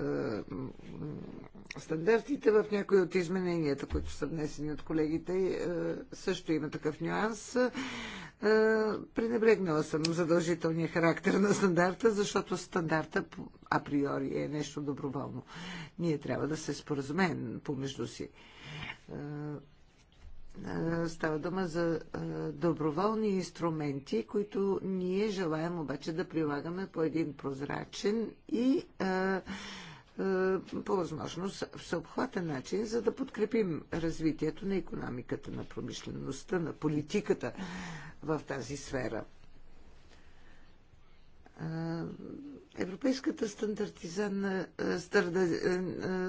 е, стандартите в някои от измененията, които са внесени от колегите. също има такъв нюанс. пренебрегнала съм задължителния характер на стандарта, защото стандарта априори е нещо доброволно. Ние трябва да се споразумеем помежду си. Е, става дума за е, доброволни инструменти, които ние желаем обаче да прилагаме по един прозрачен и е, по възможност всеобхватен начин, за да подкрепим развитието на економиката, на промишлеността, на политиката в тази сфера Европейската е, е,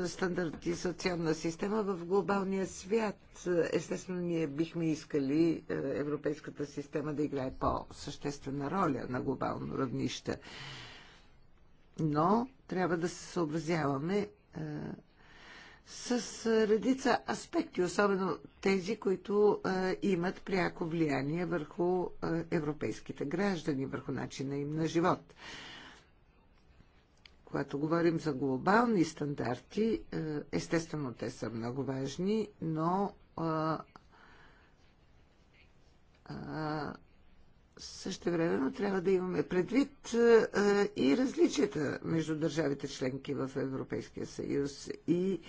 е, стандартизационна система в глобалния свят. Естествено, ние бихме искали европейската система да играе по-съществена роля на глобално равнище. Но трябва да се съобразяваме с редица аспекти, особено тези, които а, имат пряко влияние върху а, европейските граждани, върху начина им на живот. А, когато говорим за глобални стандарти, е, естествено те са много важни, но също времено трябва да имаме предвид е, е, и различията между държавите членки в Европейския съюз и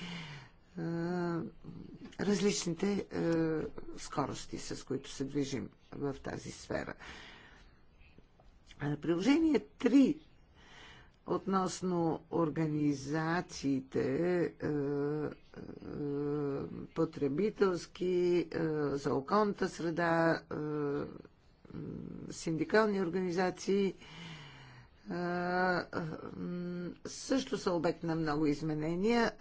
различните скорости, с които се движим в тази сфера. Приложение 3 Относно организациите е, е, потребителски, е, за околната среда, синдикални организации също са обект на много изменения,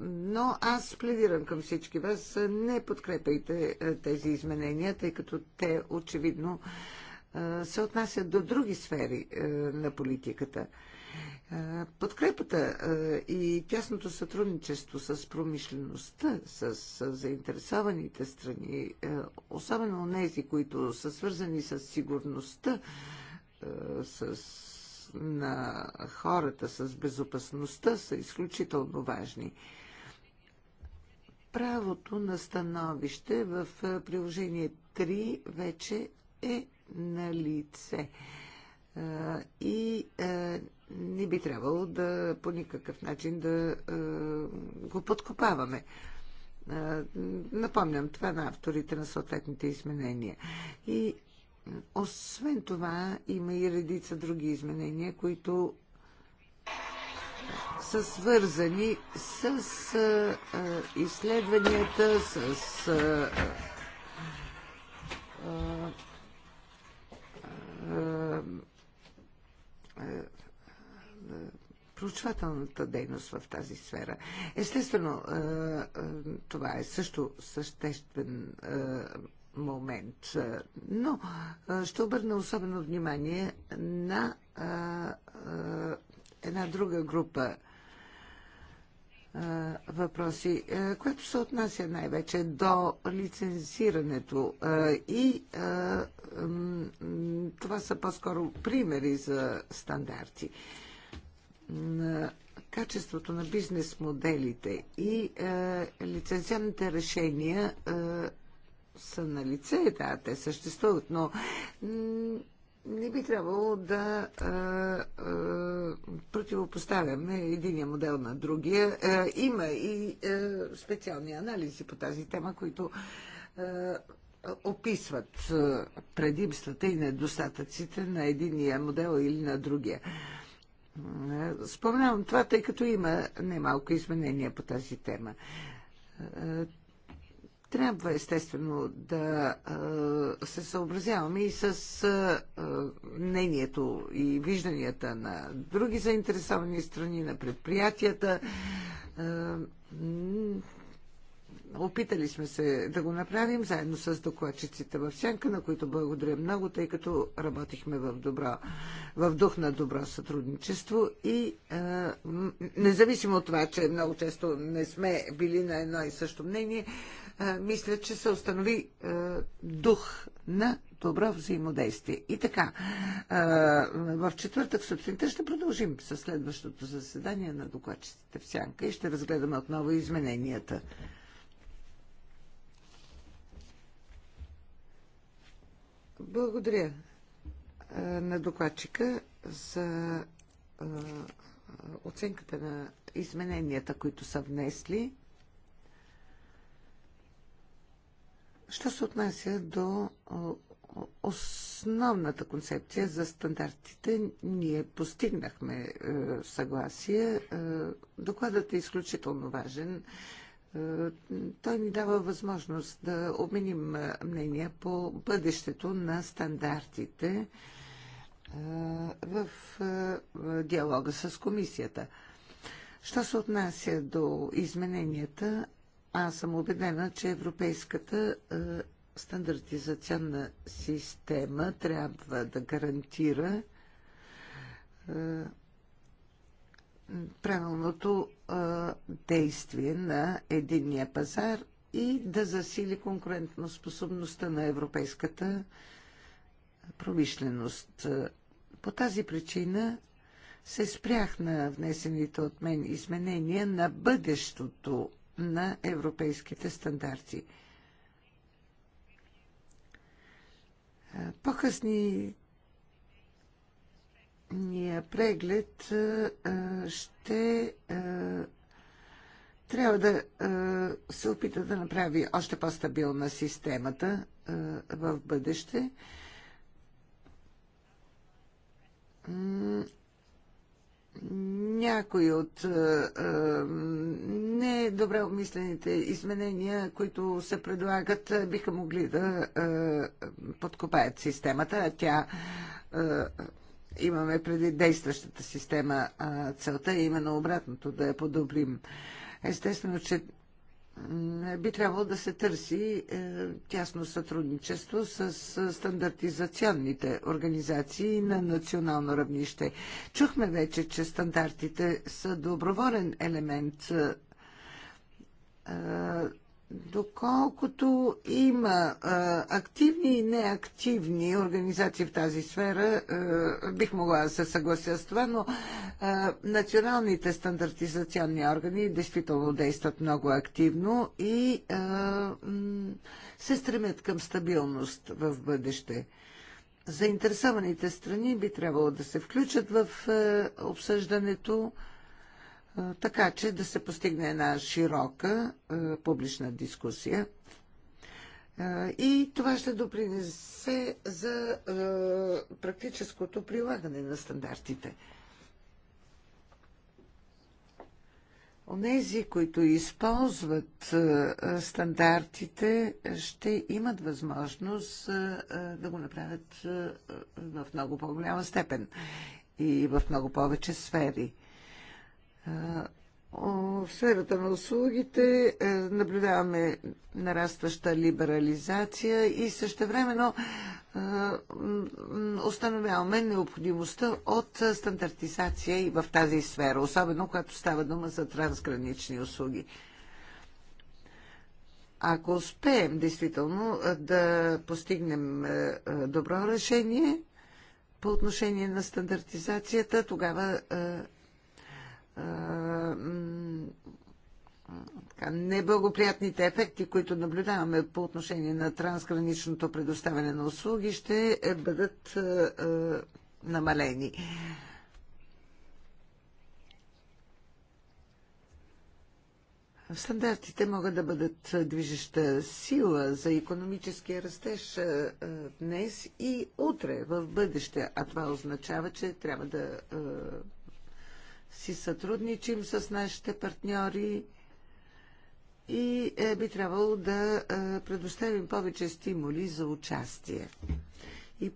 но аз пледирам към всички вас, не подкрепайте тези изменения, тъй като те очевидно се отнасят до други сфери на политиката подкрепата и тясното сътрудничество с промишлеността, с заинтересованите страни, особено тези, които са свързани с сигурността с, на хората, с безопасността, са изключително важни. Правото на становище в приложение 3 вече е на лице и не би трябвало да по никакъв начин да го подкопаваме. Напомням това на авторите на съответните изменения. И освен това има и редица други изменения, които са свързани с а, изследванията, с а, а, е, е, проучвателната дейност в тази сфера. Естествено, е, това е също съществен момент, но ще обърна особено внимание на една друга група въпроси, което се отнася най-вече до лицензирането. И това са по-скоро примери за стандарти. Качеството на бизнес моделите и лицензионните решения са на лице, да, те съществуват, но не би трябвало да а, а, противопоставяме единия модел на другия. А, има и а, специални анализи по тази тема, които а, описват а, предимствата и недостатъците на единия модел или на другия. Споменавам това, тъй като има немалко изменения по тази тема. Трябва естествено да се съобразяваме и с мнението и вижданията на други заинтересовани страни, на предприятията. Опитали сме се да го направим заедно с докладчиците в Сянка, на които благодаря много, тъй като работихме в, добро, в дух на добро сътрудничество и е, независимо от това, че много често не сме били на едно и също мнение, мисля, че се установи дух на добро взаимодействие. И така, в четвъртък сутринта ще продължим с следващото заседание на докладчиците в Сянка и ще разгледаме отново измененията. Благодаря на докладчика за оценката на измененията, които са внесли. Що се отнася до основната концепция за стандартите, ние постигнахме е, съгласие. Е, докладът е изключително важен. Е, той ни дава възможност да обменим мнения по бъдещето на стандартите в диалога с комисията. Що се отнася до измененията, аз съм убедена, че европейската е, стандартизационна система трябва да гарантира е, правилното е, действие на единния пазар и да засили конкурентноспособността на европейската промишленост. По тази причина се спрях на внесените от мен изменения на бъдещото на европейските стандарти. По-късни ния преглед ще трябва да се опита да направи още по-стабилна системата в бъдеще някои от е, е, недобре обмислените изменения, които се предлагат, е, биха могли да подкопаят системата, а тя имаме преди действащата система. Целта е именно обратното да я подобрим. Естествено, че би трябвало да се търси е, тясно сътрудничество с стандартизационните организации на национално равнище. Чухме вече, че стандартите са доброволен елемент е, е, Доколкото има а, активни и неактивни организации в тази сфера, а, бих могла да се съглася с това, но а, националните стандартизационни органи действително действат много активно и а, се стремят към стабилност в бъдеще. Заинтересованите страни би трябвало да се включат в а, обсъждането така че да се постигне една широка публична дискусия. И това ще допринесе за практическото прилагане на стандартите. Онези, които използват стандартите, ще имат възможност да го направят в много по-голяма степен и в много повече сфери. В сферата на услугите е, наблюдаваме нарастваща либерализация и същевременно е, установяваме необходимостта от стандартизация и в тази сфера, особено когато става дума за трансгранични услуги. Ако успеем действително е, да постигнем добро решение по отношение на стандартизацията, тогава неблагоприятните ефекти, които наблюдаваме по отношение на трансграничното предоставяне на услуги, ще бъдат намалени. Стандартите могат да бъдат движеща сила за економическия растеж днес и утре в бъдеще, а това означава, че трябва да си сътрудничим с нашите партньори и е, би трябвало да е, предоставим повече стимули за участие и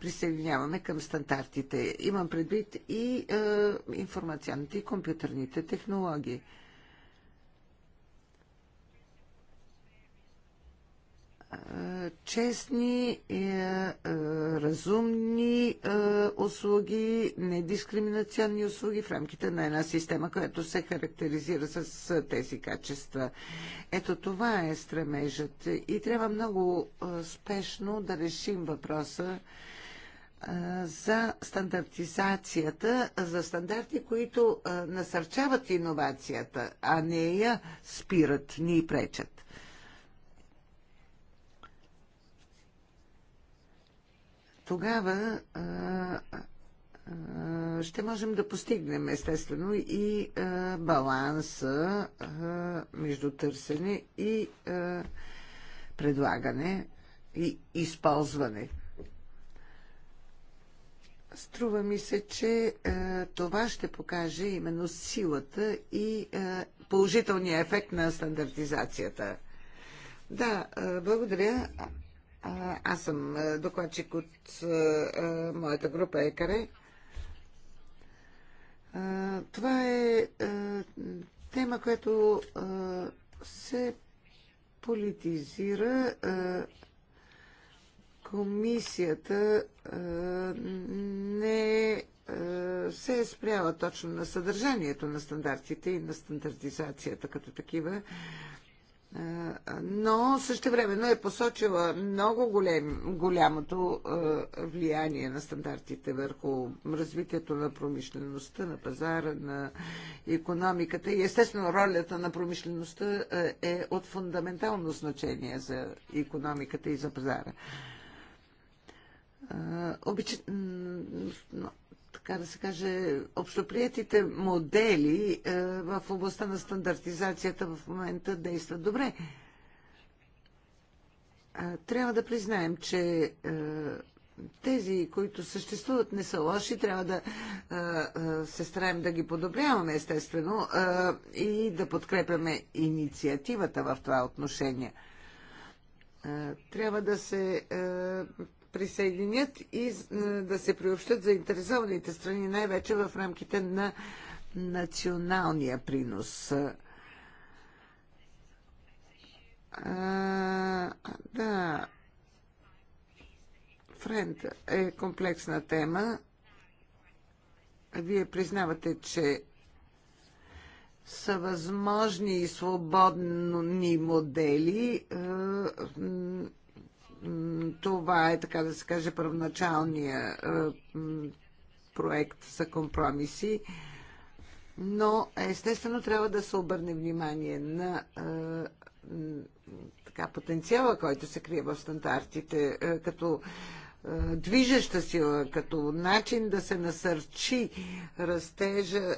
присъединяваме към стандартите. Имам предвид и е, информационните и компютърните технологии. честни, е, е, разумни е, услуги, недискриминационни услуги в рамките на една система, която се характеризира с тези качества. Ето това е стремежът и трябва много спешно да решим въпроса за стандартизацията, за стандарти, които насърчават иновацията, а не я спират, ни пречат. тогава а, а, ще можем да постигнем естествено и а, баланса а, между търсене и а, предлагане и използване. Струва ми се, че е, това ще покаже именно силата и е, положителния ефект на стандартизацията. Да, е, благодаря. Аз съм докладчик от моята група ЕКАРЕ. Това е тема, която се политизира. Комисията не се е спряла точно на съдържанието на стандартите и на стандартизацията като такива но същевременно е посочила много голем, голямото влияние на стандартите върху развитието на промишлеността, на пазара, на економиката и естествено ролята на промишлеността е от фундаментално значение за економиката и за пазара. Обич така да се каже, общоприятите модели е, в областта на стандартизацията в момента действат добре. Е, трябва да признаем, че е, тези, които съществуват, не са лоши, трябва да се стараем да ги подобряваме, естествено, и да подкрепяме инициативата в това отношение трябва да се присъединят и е, да се приобщат заинтересованите страни, най-вече в рамките на националния принос. А, е, да. Френд е комплексна тема. Вие признавате, че са възможни и свободни модели. Е, това е, така да се каже, първоначалния е, проект за компромиси. Но естествено трябва да се обърне внимание на е, така, потенциала, който се крие в стандартите, е, като движеща сила, като начин да се насърчи растежа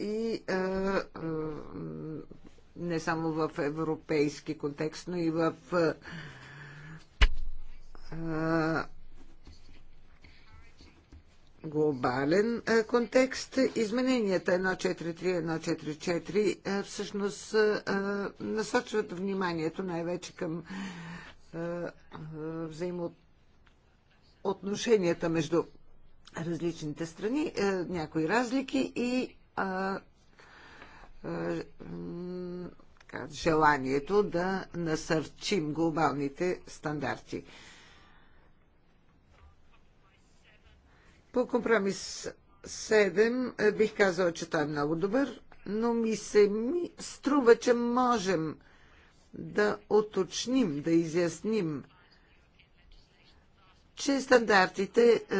и не само в европейски контекст, но и в глобален контекст. Измененията 1.4.3.1.4.4 всъщност насочват вниманието най-вече към взаимоотношенията между различните страни, някои разлики и желанието да насърчим глобалните стандарти. По компромис 7 е, бих казала, че той е много добър, но ми се ми струва, че можем да уточним, да изясним, че стандартите е,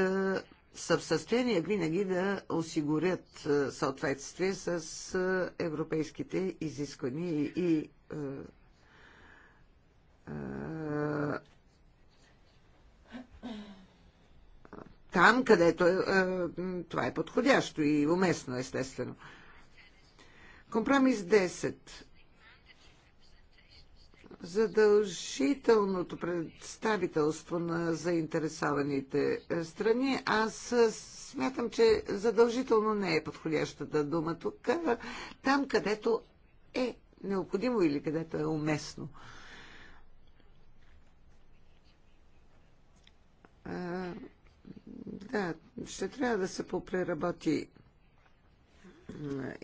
са в състояние винаги да осигурят е, съответствие с е, европейските изисквания и е, е, там, където е, е това е подходящо и уместно, естествено. Компромис 10 задължителното представителство на заинтересованите е, страни. Аз е, смятам, че задължително не е подходящата дума тук. Там, където е необходимо или където е уместно. Да, ще трябва да се попреработи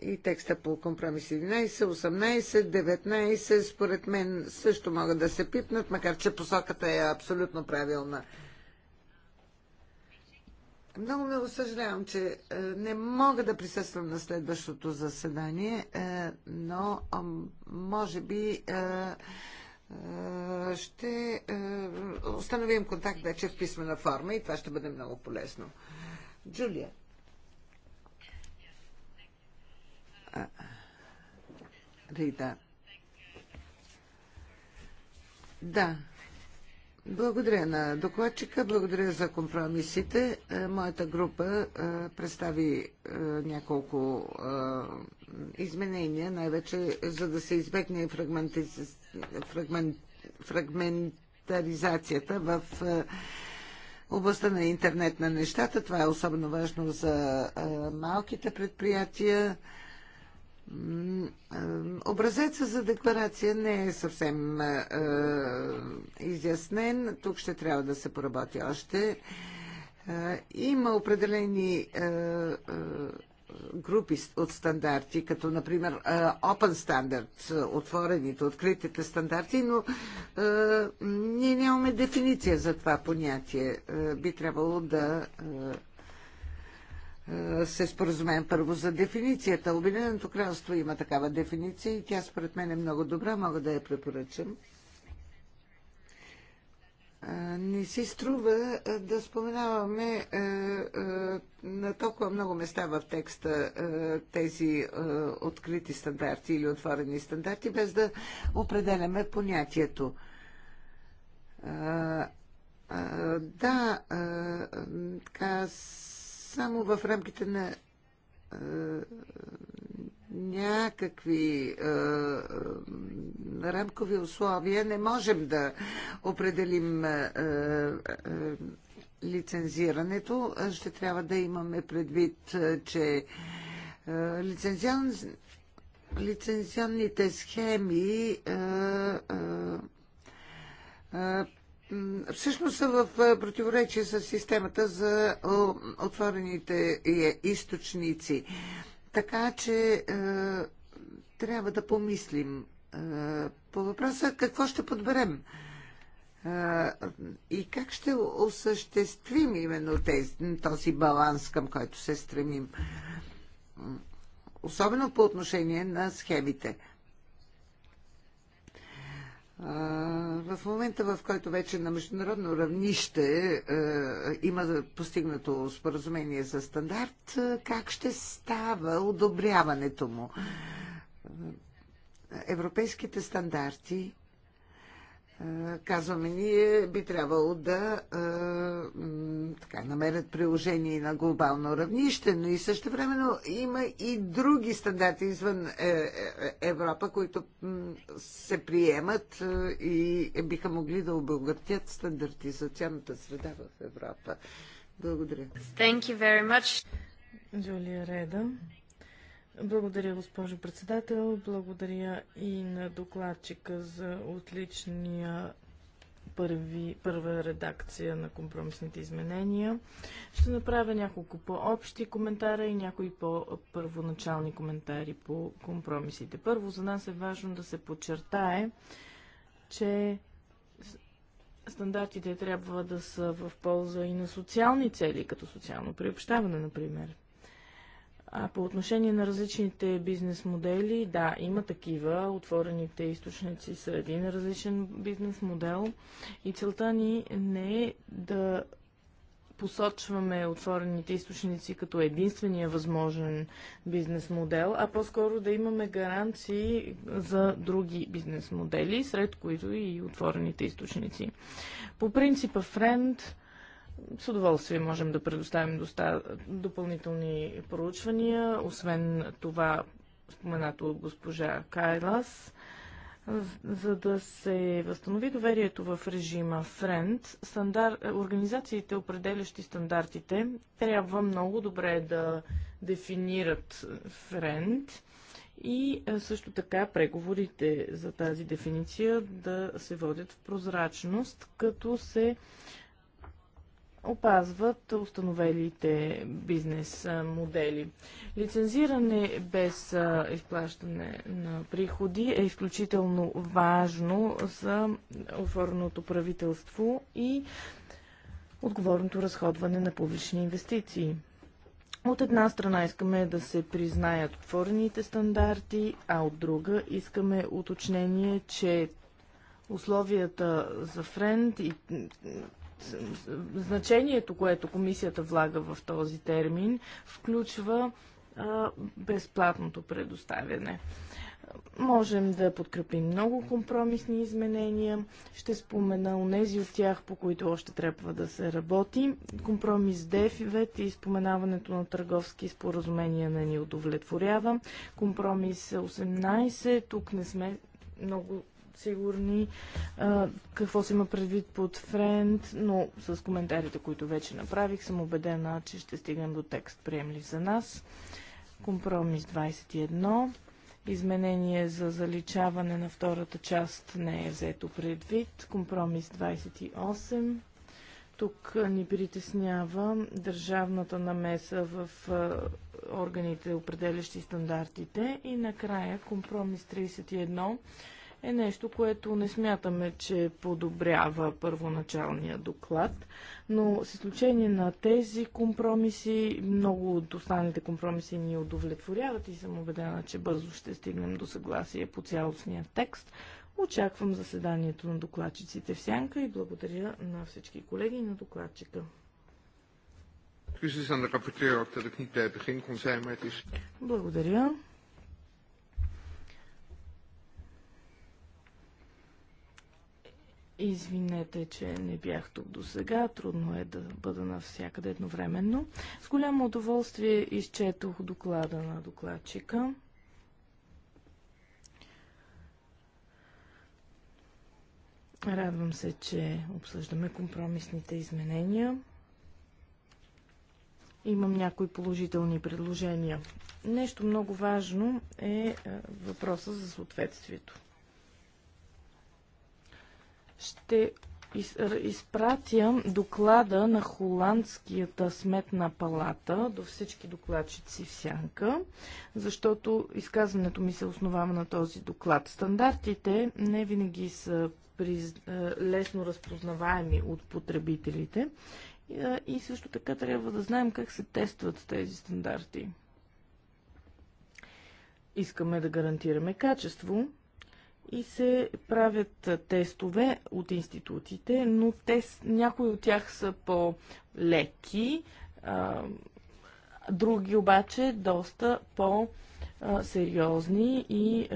и текста по компромис 11, 18, 19, според мен също могат да се пипнат, макар че посоката е абсолютно правилна. Много ме съжалявам, че не мога да присъствам на следващото заседание, но може би е, ще е, установим контакт вече в писмена форма и това ще бъде много полезно. Джулия. Рида. Да. Благодаря на докладчика, благодаря за компромисите. Е, моята група е, представи е, няколко изменения, най-вече за да се избегне фрагментаризацията в областта на интернет на нещата. Това е особено важно за малките предприятия. Образеца за декларация не е съвсем е, изяснен. Тук ще трябва да се поработи още. Е, има определени е, е, групи от стандарти, като например е, Open Standard, отворените, откритите стандарти, но е, ние нямаме дефиниция за това понятие. Е, би трябвало да. Е, е, се споразумеем първо за дефиницията. Обединеното кралство има такава дефиниция и тя според мен е много добра, мога да я препоръчам. Не си струва е, да споменаваме е, на толкова много места в текста тези открити стандарти или отворени стандарти, без да определяме понятието. Да, така само в рамките на е, някакви е, е, рамкови условия не можем да определим е, е, лицензирането. Ще трябва да имаме предвид, е, че е, лицензион, лицензионните схеми е, е, всъщност са в противоречие с системата за отворените е, източници. Така че трябва да помислим по въпроса какво ще подберем и как ще осъществим именно тези, този баланс, към който се стремим. Особено по отношение на схемите. В момента, в който вече на международно равнище е, има постигнато споразумение за стандарт, е, как ще става одобряването му? Европейските стандарти казваме ние, би трябвало да така, намерят приложение на глобално равнище, но и също времено има и други стандарти извън е, е, е, Европа, които се приемат и биха могли да обогатят стандартизационната среда в Европа. Благодаря. Thank you very much. Джулия Реда. Благодаря, госпожо председател. Благодаря и на докладчика за отличния първи, първа редакция на компромисните изменения. Ще направя няколко по-общи коментара и някои по-първоначални коментари по компромисите. Първо, за нас е важно да се подчертае, че стандартите трябва да са в полза и на социални цели, като социално приобщаване, например. А по отношение на различните бизнес модели, да, има такива. Отворените източници са един различен бизнес модел. И целта ни не е да посочваме отворените източници като единствения възможен бизнес модел, а по-скоро да имаме гаранции за други бизнес модели, сред които и отворените източници. По принципа Friend, с удоволствие можем да предоставим доста... допълнителни проучвания, освен това споменато от госпожа Кайлас, за да се възстанови доверието в режима Френд, стандар... организациите, определящи стандартите, трябва много добре да дефинират Френд и също така преговорите за тази дефиниция да се водят в прозрачност, като се опазват установелите бизнес модели. Лицензиране без изплащане на приходи е изключително важно за оформеното правителство и отговорното разходване на публични инвестиции. От една страна искаме да се признаят отворените стандарти, а от друга искаме уточнение, че условията за френд и значението, което комисията влага в този термин, включва безплатното предоставяне. Можем да подкрепим много компромисни изменения. Ще спомена у нези от тях, по които още трябва да се работи. Компромис 9 и споменаването на търговски споразумения не ни удовлетворява. Компромис 18, тук не сме много сигурни а, какво се има предвид под френд, но с коментарите, които вече направих, съм убедена, че ще стигнем до текст приемлив за нас. Компромис 21. Изменение за заличаване на втората част не е взето предвид. Компромис 28. Тук ни притеснява държавната намеса в органите, определящи стандартите. И накрая компромис 31 е нещо, което не смятаме, че подобрява първоначалния доклад, но с изключение на тези компромиси, много от останалите компромиси ни удовлетворяват и съм убедена, че бързо ще стигнем до съгласие по цялостния текст. Очаквам заседанието на докладчиците в Сянка и благодаря на всички колеги и на докладчика. Благодаря. Извинете, че не бях тук до сега. Трудно е да бъда навсякъде едновременно. С голямо удоволствие изчетох доклада на докладчика. Радвам се, че обсъждаме компромисните изменения. Имам някои положителни предложения. Нещо много важно е, е въпроса за съответствието. Ще изпратя доклада на Холандската сметна палата до всички докладчици в сянка, защото изказването ми се основава на този доклад. Стандартите не винаги са приз... Е, лесно разпознаваеми от потребителите е, и също така трябва да знаем как се тестват тези стандарти. Искаме да гарантираме качество, и се правят тестове от институтите, но те, някои от тях са по-леки, други обаче доста по-сериозни и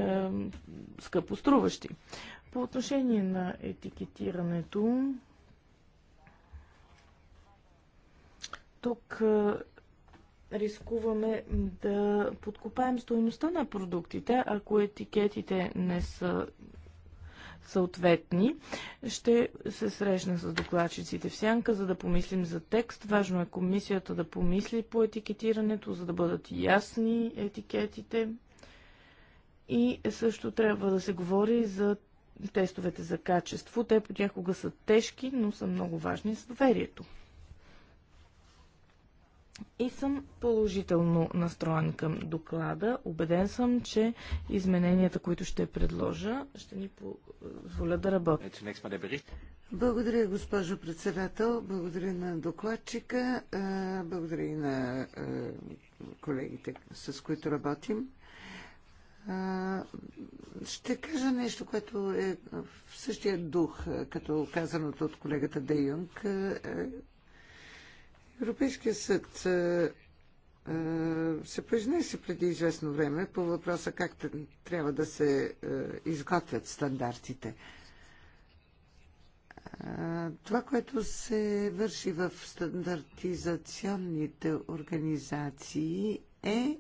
скъпоструващи. По отношение на етикетирането, тук рискуваме да подкопаем стоеността на продуктите, ако етикетите не са съответни. Ще се срещна с докладчиците в сянка, за да помислим за текст. Важно е комисията да помисли по етикетирането, за да бъдат ясни етикетите. И също трябва да се говори за тестовете за качество. Те понякога са тежки, но са много важни за доверието и съм положително настроен към доклада. Обеден съм, че измененията, които ще предложа, ще ни позволя да работи. Благодаря, госпожо председател. Благодаря на докладчика. Благодаря и на колегите, с които работим. Ще кажа нещо, което е в същия дух, като казаното от колегата Де Юнг. Европейският съд се произнесе преди известно време по въпроса как трябва да се изготвят стандартите. Това, което се върши в стандартизационните организации е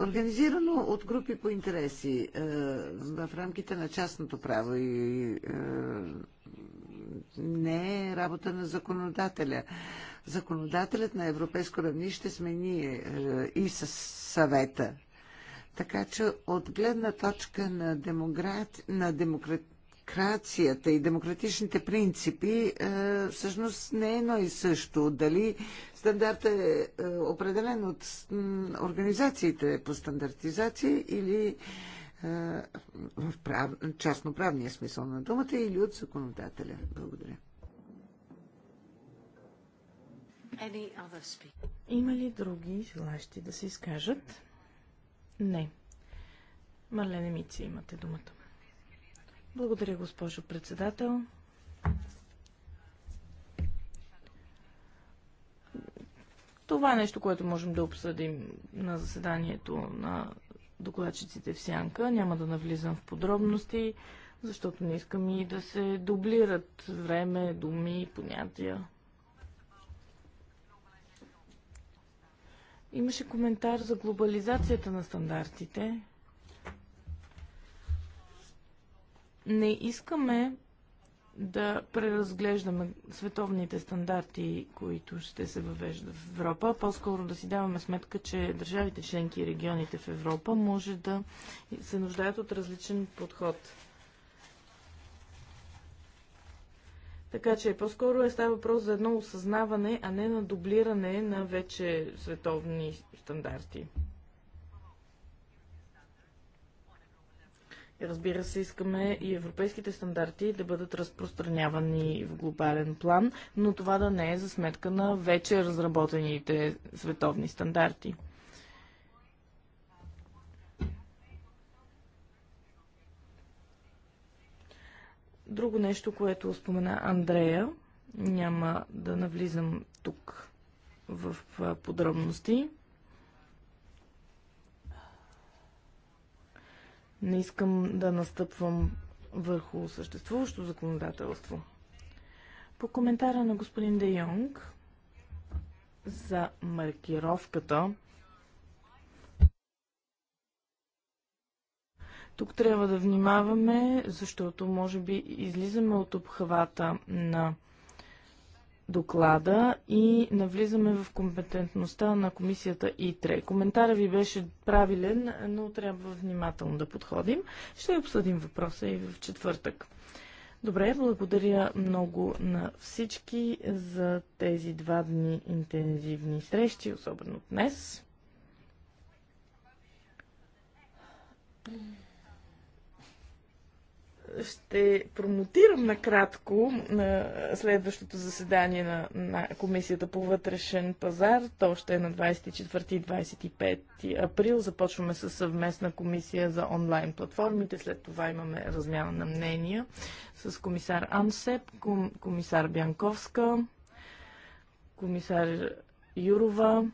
организирано от групи по интереси в рамките на частното право и не е работа на законодателя. Законодателят на европейско равнище сме ние е, и с съвета. Така че от гледна точка на, демократ... на демокрацията и демократичните принципи е, всъщност не е едно и също. Дали стандартът е, е, определен от организациите по стандартизация или в прав... частноправния смисъл на думата или от законодателя. Благодаря. Има ли други желащи да се изкажат? Не. Марлене Мици, имате думата. Благодаря, госпожо председател. Това е нещо, което можем да обсъдим на заседанието на докладчиците в сянка. Няма да навлизам в подробности, защото не искам и да се дублират време, думи, понятия. Имаше коментар за глобализацията на стандартите. Не искаме да преразглеждаме световните стандарти, които ще се въвеждат в Европа, по-скоро да си даваме сметка, че държавите членки и регионите в Европа може да се нуждаят от различен подход. Така че по-скоро е става въпрос за едно осъзнаване, а не на дублиране на вече световни стандарти. Разбира се, искаме и европейските стандарти да бъдат разпространявани в глобален план, но това да не е за сметка на вече разработените световни стандарти. Друго нещо, което спомена Андрея, няма да навлизам тук в подробности. Не искам да настъпвам върху съществуващо законодателство. По коментара на господин Де Йонг за маркировката, Тук трябва да внимаваме, защото може би излизаме от обхвата на доклада и навлизаме в компетентността на комисията ИТРЕ. Коментара ви беше правилен, но трябва внимателно да подходим. Ще обсъдим въпроса и в четвъртък. Добре, благодаря много на всички за тези два дни интензивни срещи, особено днес ще промотирам накратко на следващото заседание на, на Комисията по вътрешен пазар. То ще е на 24 и 25 април. Започваме с съвместна комисия за онлайн платформите. След това имаме размяна на мнения с комисар Ансеп, комисар Бянковска, комисар Юрова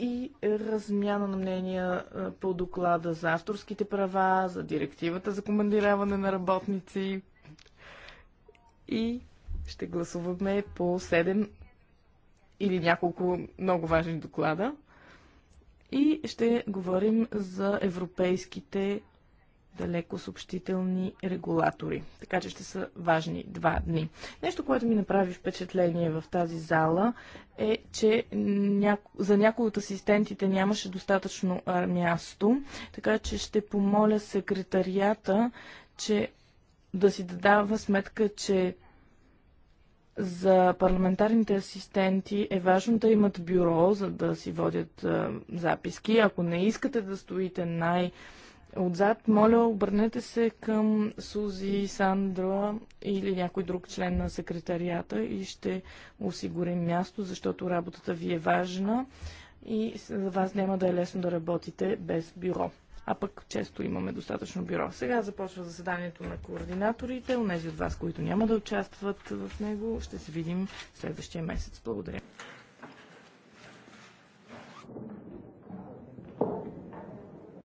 и размяна на мнения е, по доклада за авторските права, за директивата за командираване на работници и ще гласуваме по 7 или няколко много важни доклада и ще говорим за европейските далеко съобщителни регулатори. Така че ще са важни два дни. Нещо, което ми направи впечатление в тази зала е, че няко... за някои от асистентите нямаше достатъчно място, така че ще помоля секретарията, че да си дава сметка, че за парламентарните асистенти е важно да имат бюро, за да си водят записки. Ако не искате да стоите най- отзад, моля, обърнете се към Сузи, Сандра или някой друг член на секретарията и ще осигурим място, защото работата ви е важна и за вас няма да е лесно да работите без бюро. А пък често имаме достатъчно бюро. Сега започва заседанието на координаторите. Унези от вас, които няма да участват в него, ще се видим следващия месец. Благодаря.